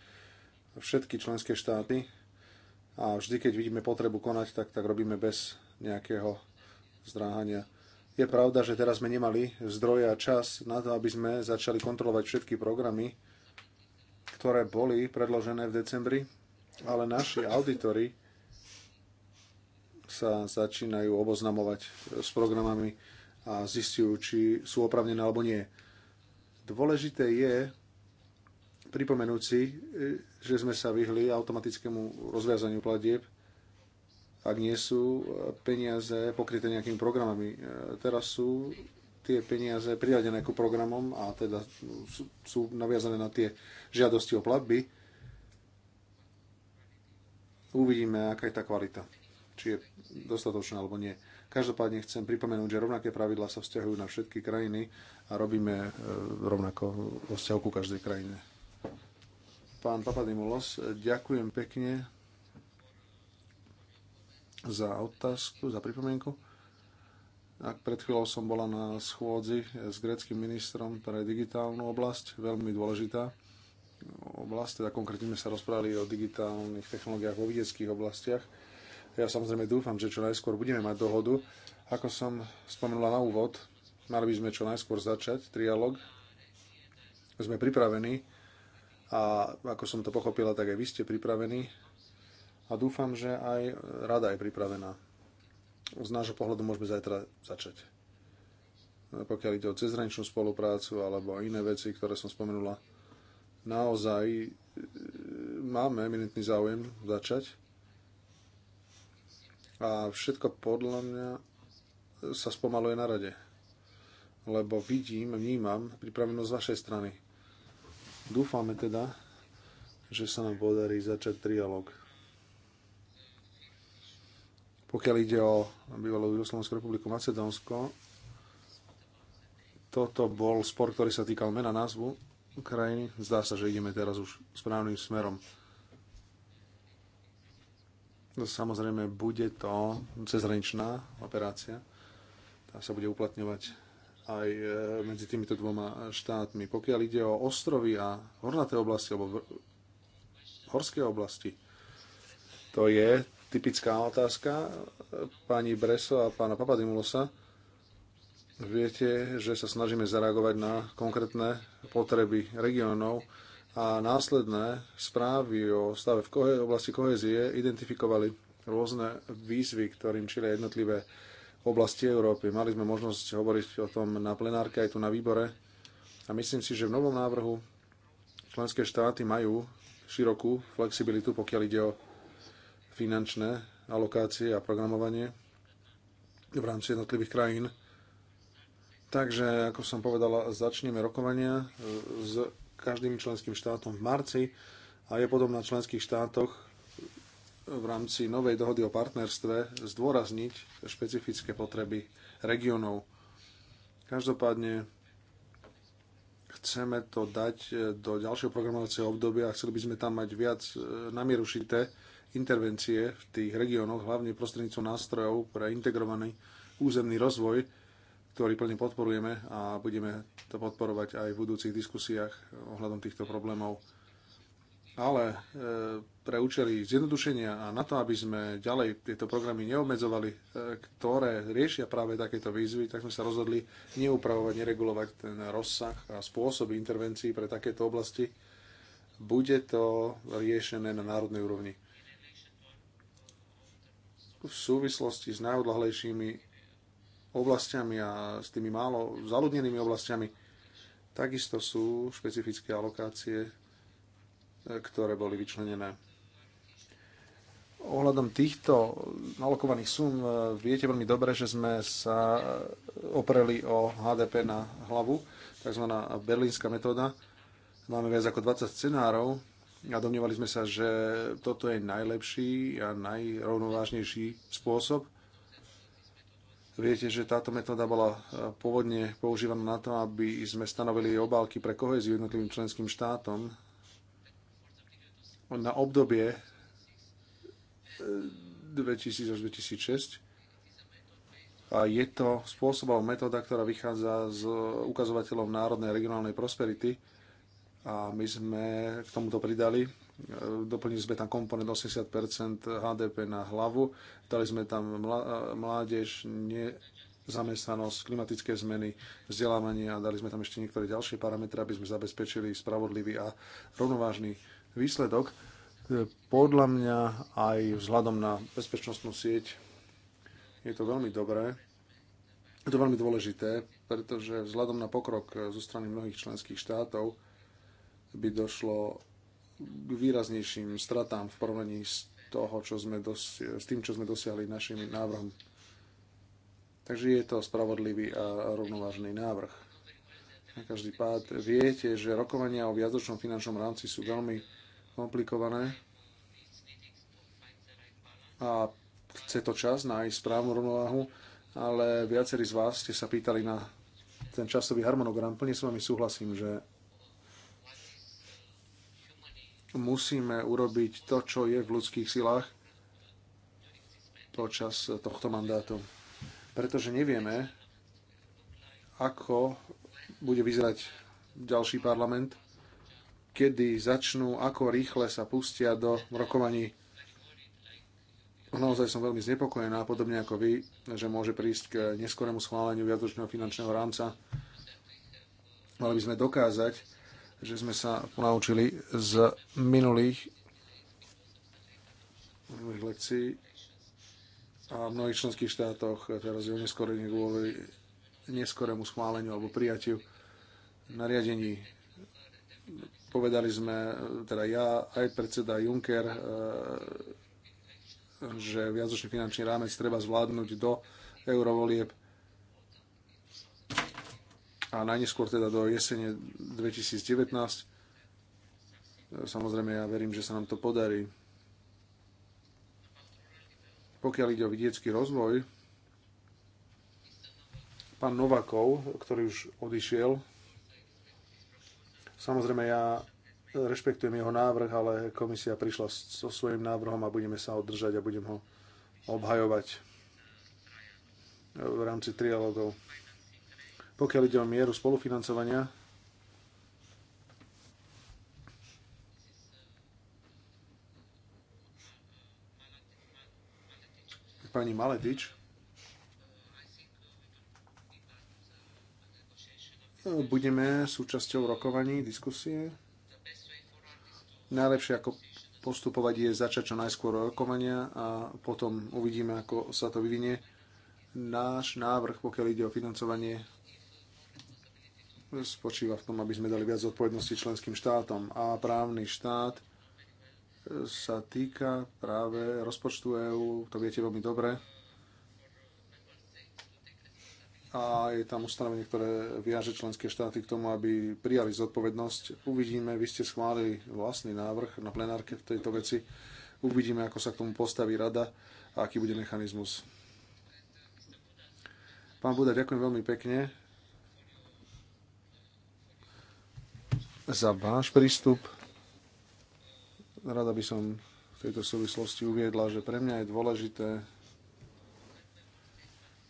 všetky členské štáty a vždy, keď vidíme potrebu konať, tak, tak robíme bez nejakého zdráhania. Je pravda, že teraz sme nemali zdroje a čas na to, aby sme začali kontrolovať všetky programy, ktoré boli predložené v decembri, ale naši auditory sa začínajú oboznamovať s programami a zistujú, či sú opravnené alebo nie. Dôležité je pripomenúť si, že sme sa vyhli automatickému rozviazaniu platieb, ak nie sú peniaze pokryté nejakými programami. Teraz sú tie peniaze priradené ku programom a teda sú naviazané na tie žiadosti o platby. Uvidíme, aká je tá kvalita. Či je dostatočná alebo nie. Každopádne chcem pripomenúť, že rovnaké pravidlá sa vzťahujú na všetky krajiny a robíme e, rovnako vo vzťahu ku každej krajine. Pán Papadimulos, ďakujem pekne za otázku, za pripomienku. Ak pred chvíľou som bola na schôdzi s greckým ministrom pre digitálnu oblasť, veľmi dôležitá oblasť, teda konkrétne sme sa rozprávali o digitálnych technológiách vo vedeckých oblastiach. Ja samozrejme dúfam, že čo najskôr budeme mať dohodu. Ako som spomenula na úvod, mali by sme čo najskôr začať trialog. Sme pripravení a ako som to pochopila, tak aj vy ste pripravení a dúfam, že aj rada je pripravená z nášho pohľadu môžeme zajtra začať. No, pokiaľ ide o cezhraničnú spoluprácu alebo iné veci, ktoré som spomenula, naozaj e, máme eminentný záujem začať. A všetko podľa mňa sa spomaluje na rade. Lebo vidím, vnímam pripravenosť z vašej strany. Dúfame teda, že sa nám podarí začať trialog pokiaľ ide o bývalú Jugoslovenskú republiku Macedónsko, toto bol spor, ktorý sa týkal mena názvu krajiny. Zdá sa, že ideme teraz už správnym smerom. No, samozrejme, bude to cezhraničná operácia. Tá sa bude uplatňovať aj e, medzi týmito dvoma štátmi. Pokiaľ ide o ostrovy a hornaté oblasti, alebo horské oblasti, to je typická otázka pani Breso a pána Papadimulosa. Viete, že sa snažíme zareagovať na konkrétne potreby regiónov a následné správy o stave v kohe, oblasti kohezie identifikovali rôzne výzvy, ktorým čili jednotlivé oblasti Európy. Mali sme možnosť hovoriť o tom na plenárke aj tu na výbore a myslím si, že v novom návrhu členské štáty majú širokú flexibilitu, pokiaľ ide o finančné alokácie a programovanie v rámci jednotlivých krajín. Takže, ako som povedala, začneme rokovania e, s každým členským štátom v marci a je potom na členských štátoch v rámci novej dohody o partnerstve zdôrazniť špecifické potreby regionov. Každopádne chceme to dať e, do ďalšieho programovacieho obdobia a chceli by sme tam mať viac e, namierušité intervencie v tých regiónoch, hlavne prostredníctvom nástrojov pre integrovaný územný rozvoj, ktorý plne podporujeme a budeme to podporovať aj v budúcich diskusiách ohľadom týchto problémov. Ale e, pre účely zjednodušenia a na to, aby sme ďalej tieto programy neobmedzovali, e, ktoré riešia práve takéto výzvy, tak sme sa rozhodli neupravovať, neregulovať ten rozsah a spôsoby intervencií pre takéto oblasti. Bude to riešené na národnej úrovni v súvislosti s najodlahlejšími oblastiami a s tými málo zaludnenými oblastiami. Takisto sú špecifické alokácie, e, ktoré boli vyčlenené. Ohľadom týchto alokovaných sum e, viete veľmi dobre, že sme sa e, opreli o HDP na hlavu, tzv. berlínska metóda. Máme viac ako 20 scenárov, a domnievali sme sa, že toto je najlepší a najrovnovážnejší spôsob. Viete, že táto metóda bola e, pôvodne používaná na to, aby sme stanovili obálky pre koheziu jednotlivým členským štátom na obdobie 2000 e, až 2006. A je to spôsobom metóda, ktorá vychádza z ukazovateľov národnej a regionálnej prosperity, a my sme k tomuto pridali, e, doplnili sme tam komponent 80% HDP na hlavu, dali sme tam e, mládež, nezamestnanosť, klimatické zmeny, vzdelávanie a dali sme tam ešte niektoré ďalšie parametre, aby sme zabezpečili spravodlivý a rovnovážny výsledok. E, podľa mňa aj vzhľadom na bezpečnostnú sieť je to veľmi dobré. Je to veľmi dôležité, pretože vzhľadom na pokrok zo strany mnohých členských štátov, by došlo k výraznejším stratám v porovnaní s, toho, čo sme dosi- s tým, čo sme dosiahli našim návrhom. Takže je to spravodlivý a rovnovážny návrh. Na každý pád viete, že rokovania o viacročnom finančnom rámci sú veľmi komplikované a chce to čas nájsť správnu rovnováhu, ale viacerí z vás ste sa pýtali na ten časový harmonogram. Plne s vami súhlasím, že musíme urobiť to, čo je v ľudských silách počas tohto mandátu. Pretože nevieme, ako bude vyzerať ďalší parlament, kedy začnú, ako rýchle sa pustia do rokovaní. Naozaj som veľmi znepokojená, podobne ako vy, že môže prísť k neskorému schváleniu viacročného finančného rámca. Mali by sme dokázať, že sme sa ponaučili z minulých, minulých lekcií a v mnohých členských štátoch teraz je uneskorenie kvôli neskorému schváleniu alebo prijatiu nariadení. Povedali sme, teda ja, aj predseda Juncker, e, že viacročný finančný rámec treba zvládnuť do eurovolieb a najneskôr teda do jesene 2019. Samozrejme, ja verím, že sa nám to podarí. Pokiaľ ide o vidiecký rozvoj, pán Novakov, ktorý už odišiel, samozrejme ja rešpektujem jeho návrh, ale komisia prišla so svojím návrhom a budeme sa održať a budem ho obhajovať v rámci trialogov. Pokiaľ ide o mieru spolufinancovania, pani Maletič budeme súčasťou rokovaní, diskusie. Najlepšie ako postupovať je začať čo najskôr rokovania a potom uvidíme, ako sa to vyvinie. Náš návrh, pokiaľ ide o financovanie spočíva v tom, aby sme dali viac zodpovednosti členským štátom. A právny štát e, sa týka práve rozpočtu EÚ, to viete veľmi dobre. A je tam ustanovenie, ktoré viaže členské štáty k tomu, aby prijali zodpovednosť. Uvidíme, vy ste schválili vlastný návrh na plenárke v tejto veci. Uvidíme, ako sa k tomu postaví rada a aký bude mechanizmus. Pán Buda, ďakujem veľmi pekne za váš prístup. Rada by som v tejto súvislosti uviedla, že pre mňa je dôležité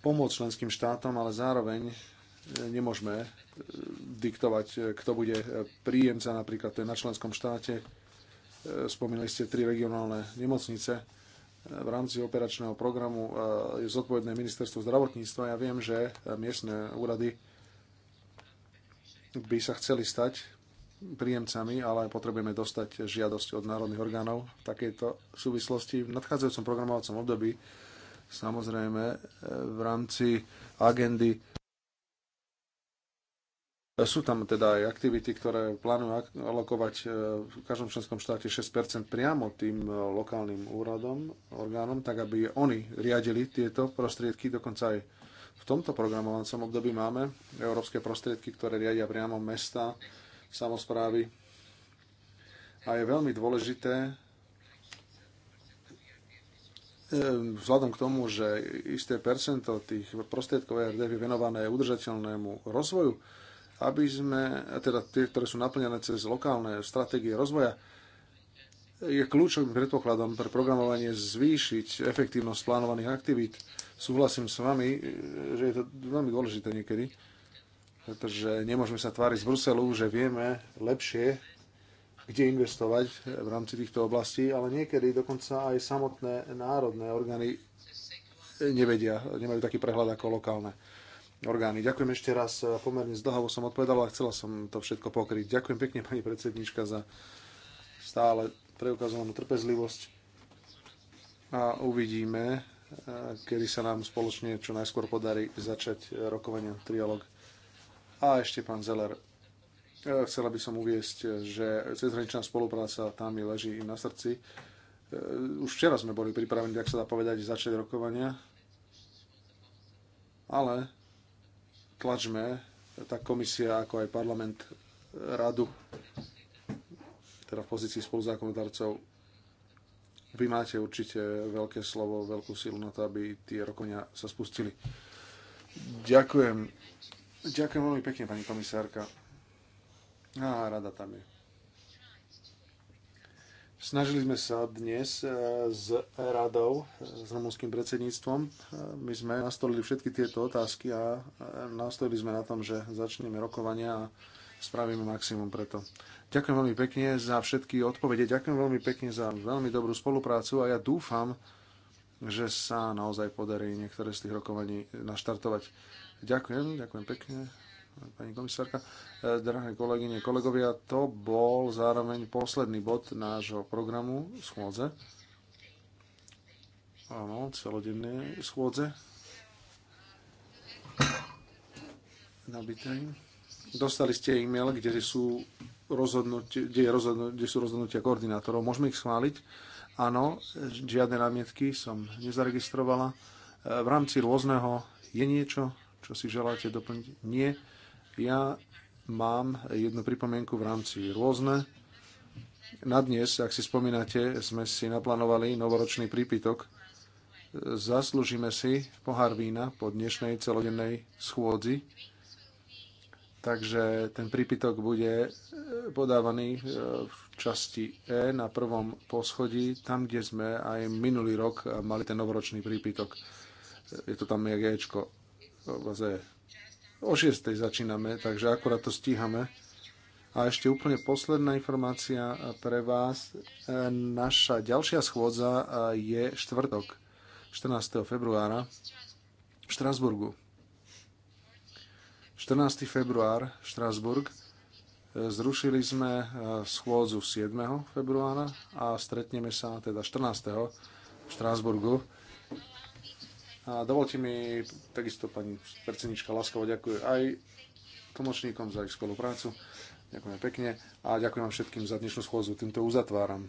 pomôcť členským štátom, ale zároveň e, nemôžeme e, diktovať, e, kto bude príjemca, napríklad to je na členskom štáte. Spomínali ste tri regionálne nemocnice. V rámci operačného programu je zodpovedné ministerstvo zdravotníctva. Ja viem, že miestne úrady by sa chceli stať príjemcami, ale potrebujeme dostať žiadosť od národných orgánov v takejto súvislosti. V nadchádzajúcom programovacom období samozrejme e, v rámci agendy sú tam teda aj aktivity, ktoré plánujú alokovať e, v každom členskom štáte 6 priamo tým e, lokálnym úradom, orgánom, tak aby oni riadili tieto prostriedky. Dokonca aj v tomto programovacom období máme európske prostriedky, ktoré riadia priamo mesta, samozprávy. A je veľmi dôležité, ehm, vzhľadom k tomu, že isté percento tých prostriedkov ERDF je venované udržateľnému rozvoju, aby sme, teda tie, ktoré sú naplnené cez lokálne stratégie rozvoja, je kľúčovým predpokladom pre programovanie zvýšiť efektívnosť plánovaných aktivít. Súhlasím s vami, že je to veľmi dôležité niekedy pretože nemôžeme sa tváriť z Bruselu, že vieme lepšie, kde investovať v rámci týchto oblastí, ale niekedy dokonca aj samotné národné orgány nevedia, nemajú taký prehľad ako lokálne orgány. Ďakujem ešte raz, pomerne zdlhavo som odpovedal a chcela som to všetko pokryť. Ďakujem pekne pani predsednička za stále preukazovanú trpezlivosť a uvidíme, kedy sa nám spoločne čo najskôr podarí začať rokovanie trialog. A ešte pán Zeller, e, chcela by som uviesť, e, že cezhraničná spolupráca tam mi leží na srdci. E, už včera sme boli pripravení, ak sa dá povedať, začať rokovania, ale tlačme tak komisia ako aj parlament radu, teda v pozícii spoluzákonodarcov, vy máte určite veľké slovo, veľkú silu na to, aby tie rokovania sa spustili. Ďakujem. Ďakujem veľmi pekne, pani komisárka. Á, rada tam je. Snažili sme sa dnes e, s radou, e, s rumúnským predsedníctvom. E, my sme nastolili všetky tieto otázky a nastolili sme na tom, že začneme rokovania a spravíme maximum preto. Ďakujem veľmi pekne za všetky odpovede, ďakujem veľmi pekne za veľmi dobrú spoluprácu a ja dúfam, že sa naozaj podarí niektoré z tých rokovaní naštartovať. Ďakujem, ďakujem pekne, pani komisárka. E, drahé kolegyne, kolegovia, to bol zároveň posledný bod nášho programu schôdze. Áno, celodenné schôdze. Nabitej. Dostali ste e-mail, kde sú, rozhodnutie, kde, je kde sú rozhodnutia koordinátorov. Môžeme ich schváliť? Áno, žiadne námietky som nezaregistrovala. E, v rámci rôzneho je niečo, čo si želáte doplniť? Nie. Ja mám jednu pripomienku v rámci rôzne. Na dnes, ak si spomínate, sme si naplánovali novoročný prípitok. Zaslúžime si pohár vína po dnešnej celodennej schôdzi. Takže ten prípitok bude e, podávaný e, v časti E na prvom poschodí, tam, kde sme aj minulý rok mali ten novoročný prípitok. E, je to tam jak ječko. Vlastne o 6. začíname, takže akurát to stíhame. A ešte úplne posledná informácia pre vás. E, naša ďalšia schôdza e, je štvrtok, 14. februára v Štrasburgu. 14. február, Štrasburg. E, zrušili sme schôdzu 7. februára a stretneme sa teda 14. v Štrasburgu. A dovolte mi takisto pani predsednička Laskova ďakujem aj tlmočníkom za ich spoluprácu. Ďakujem pekne a ďakujem vám všetkým za dnešnú schôzu. Týmto uzatváram.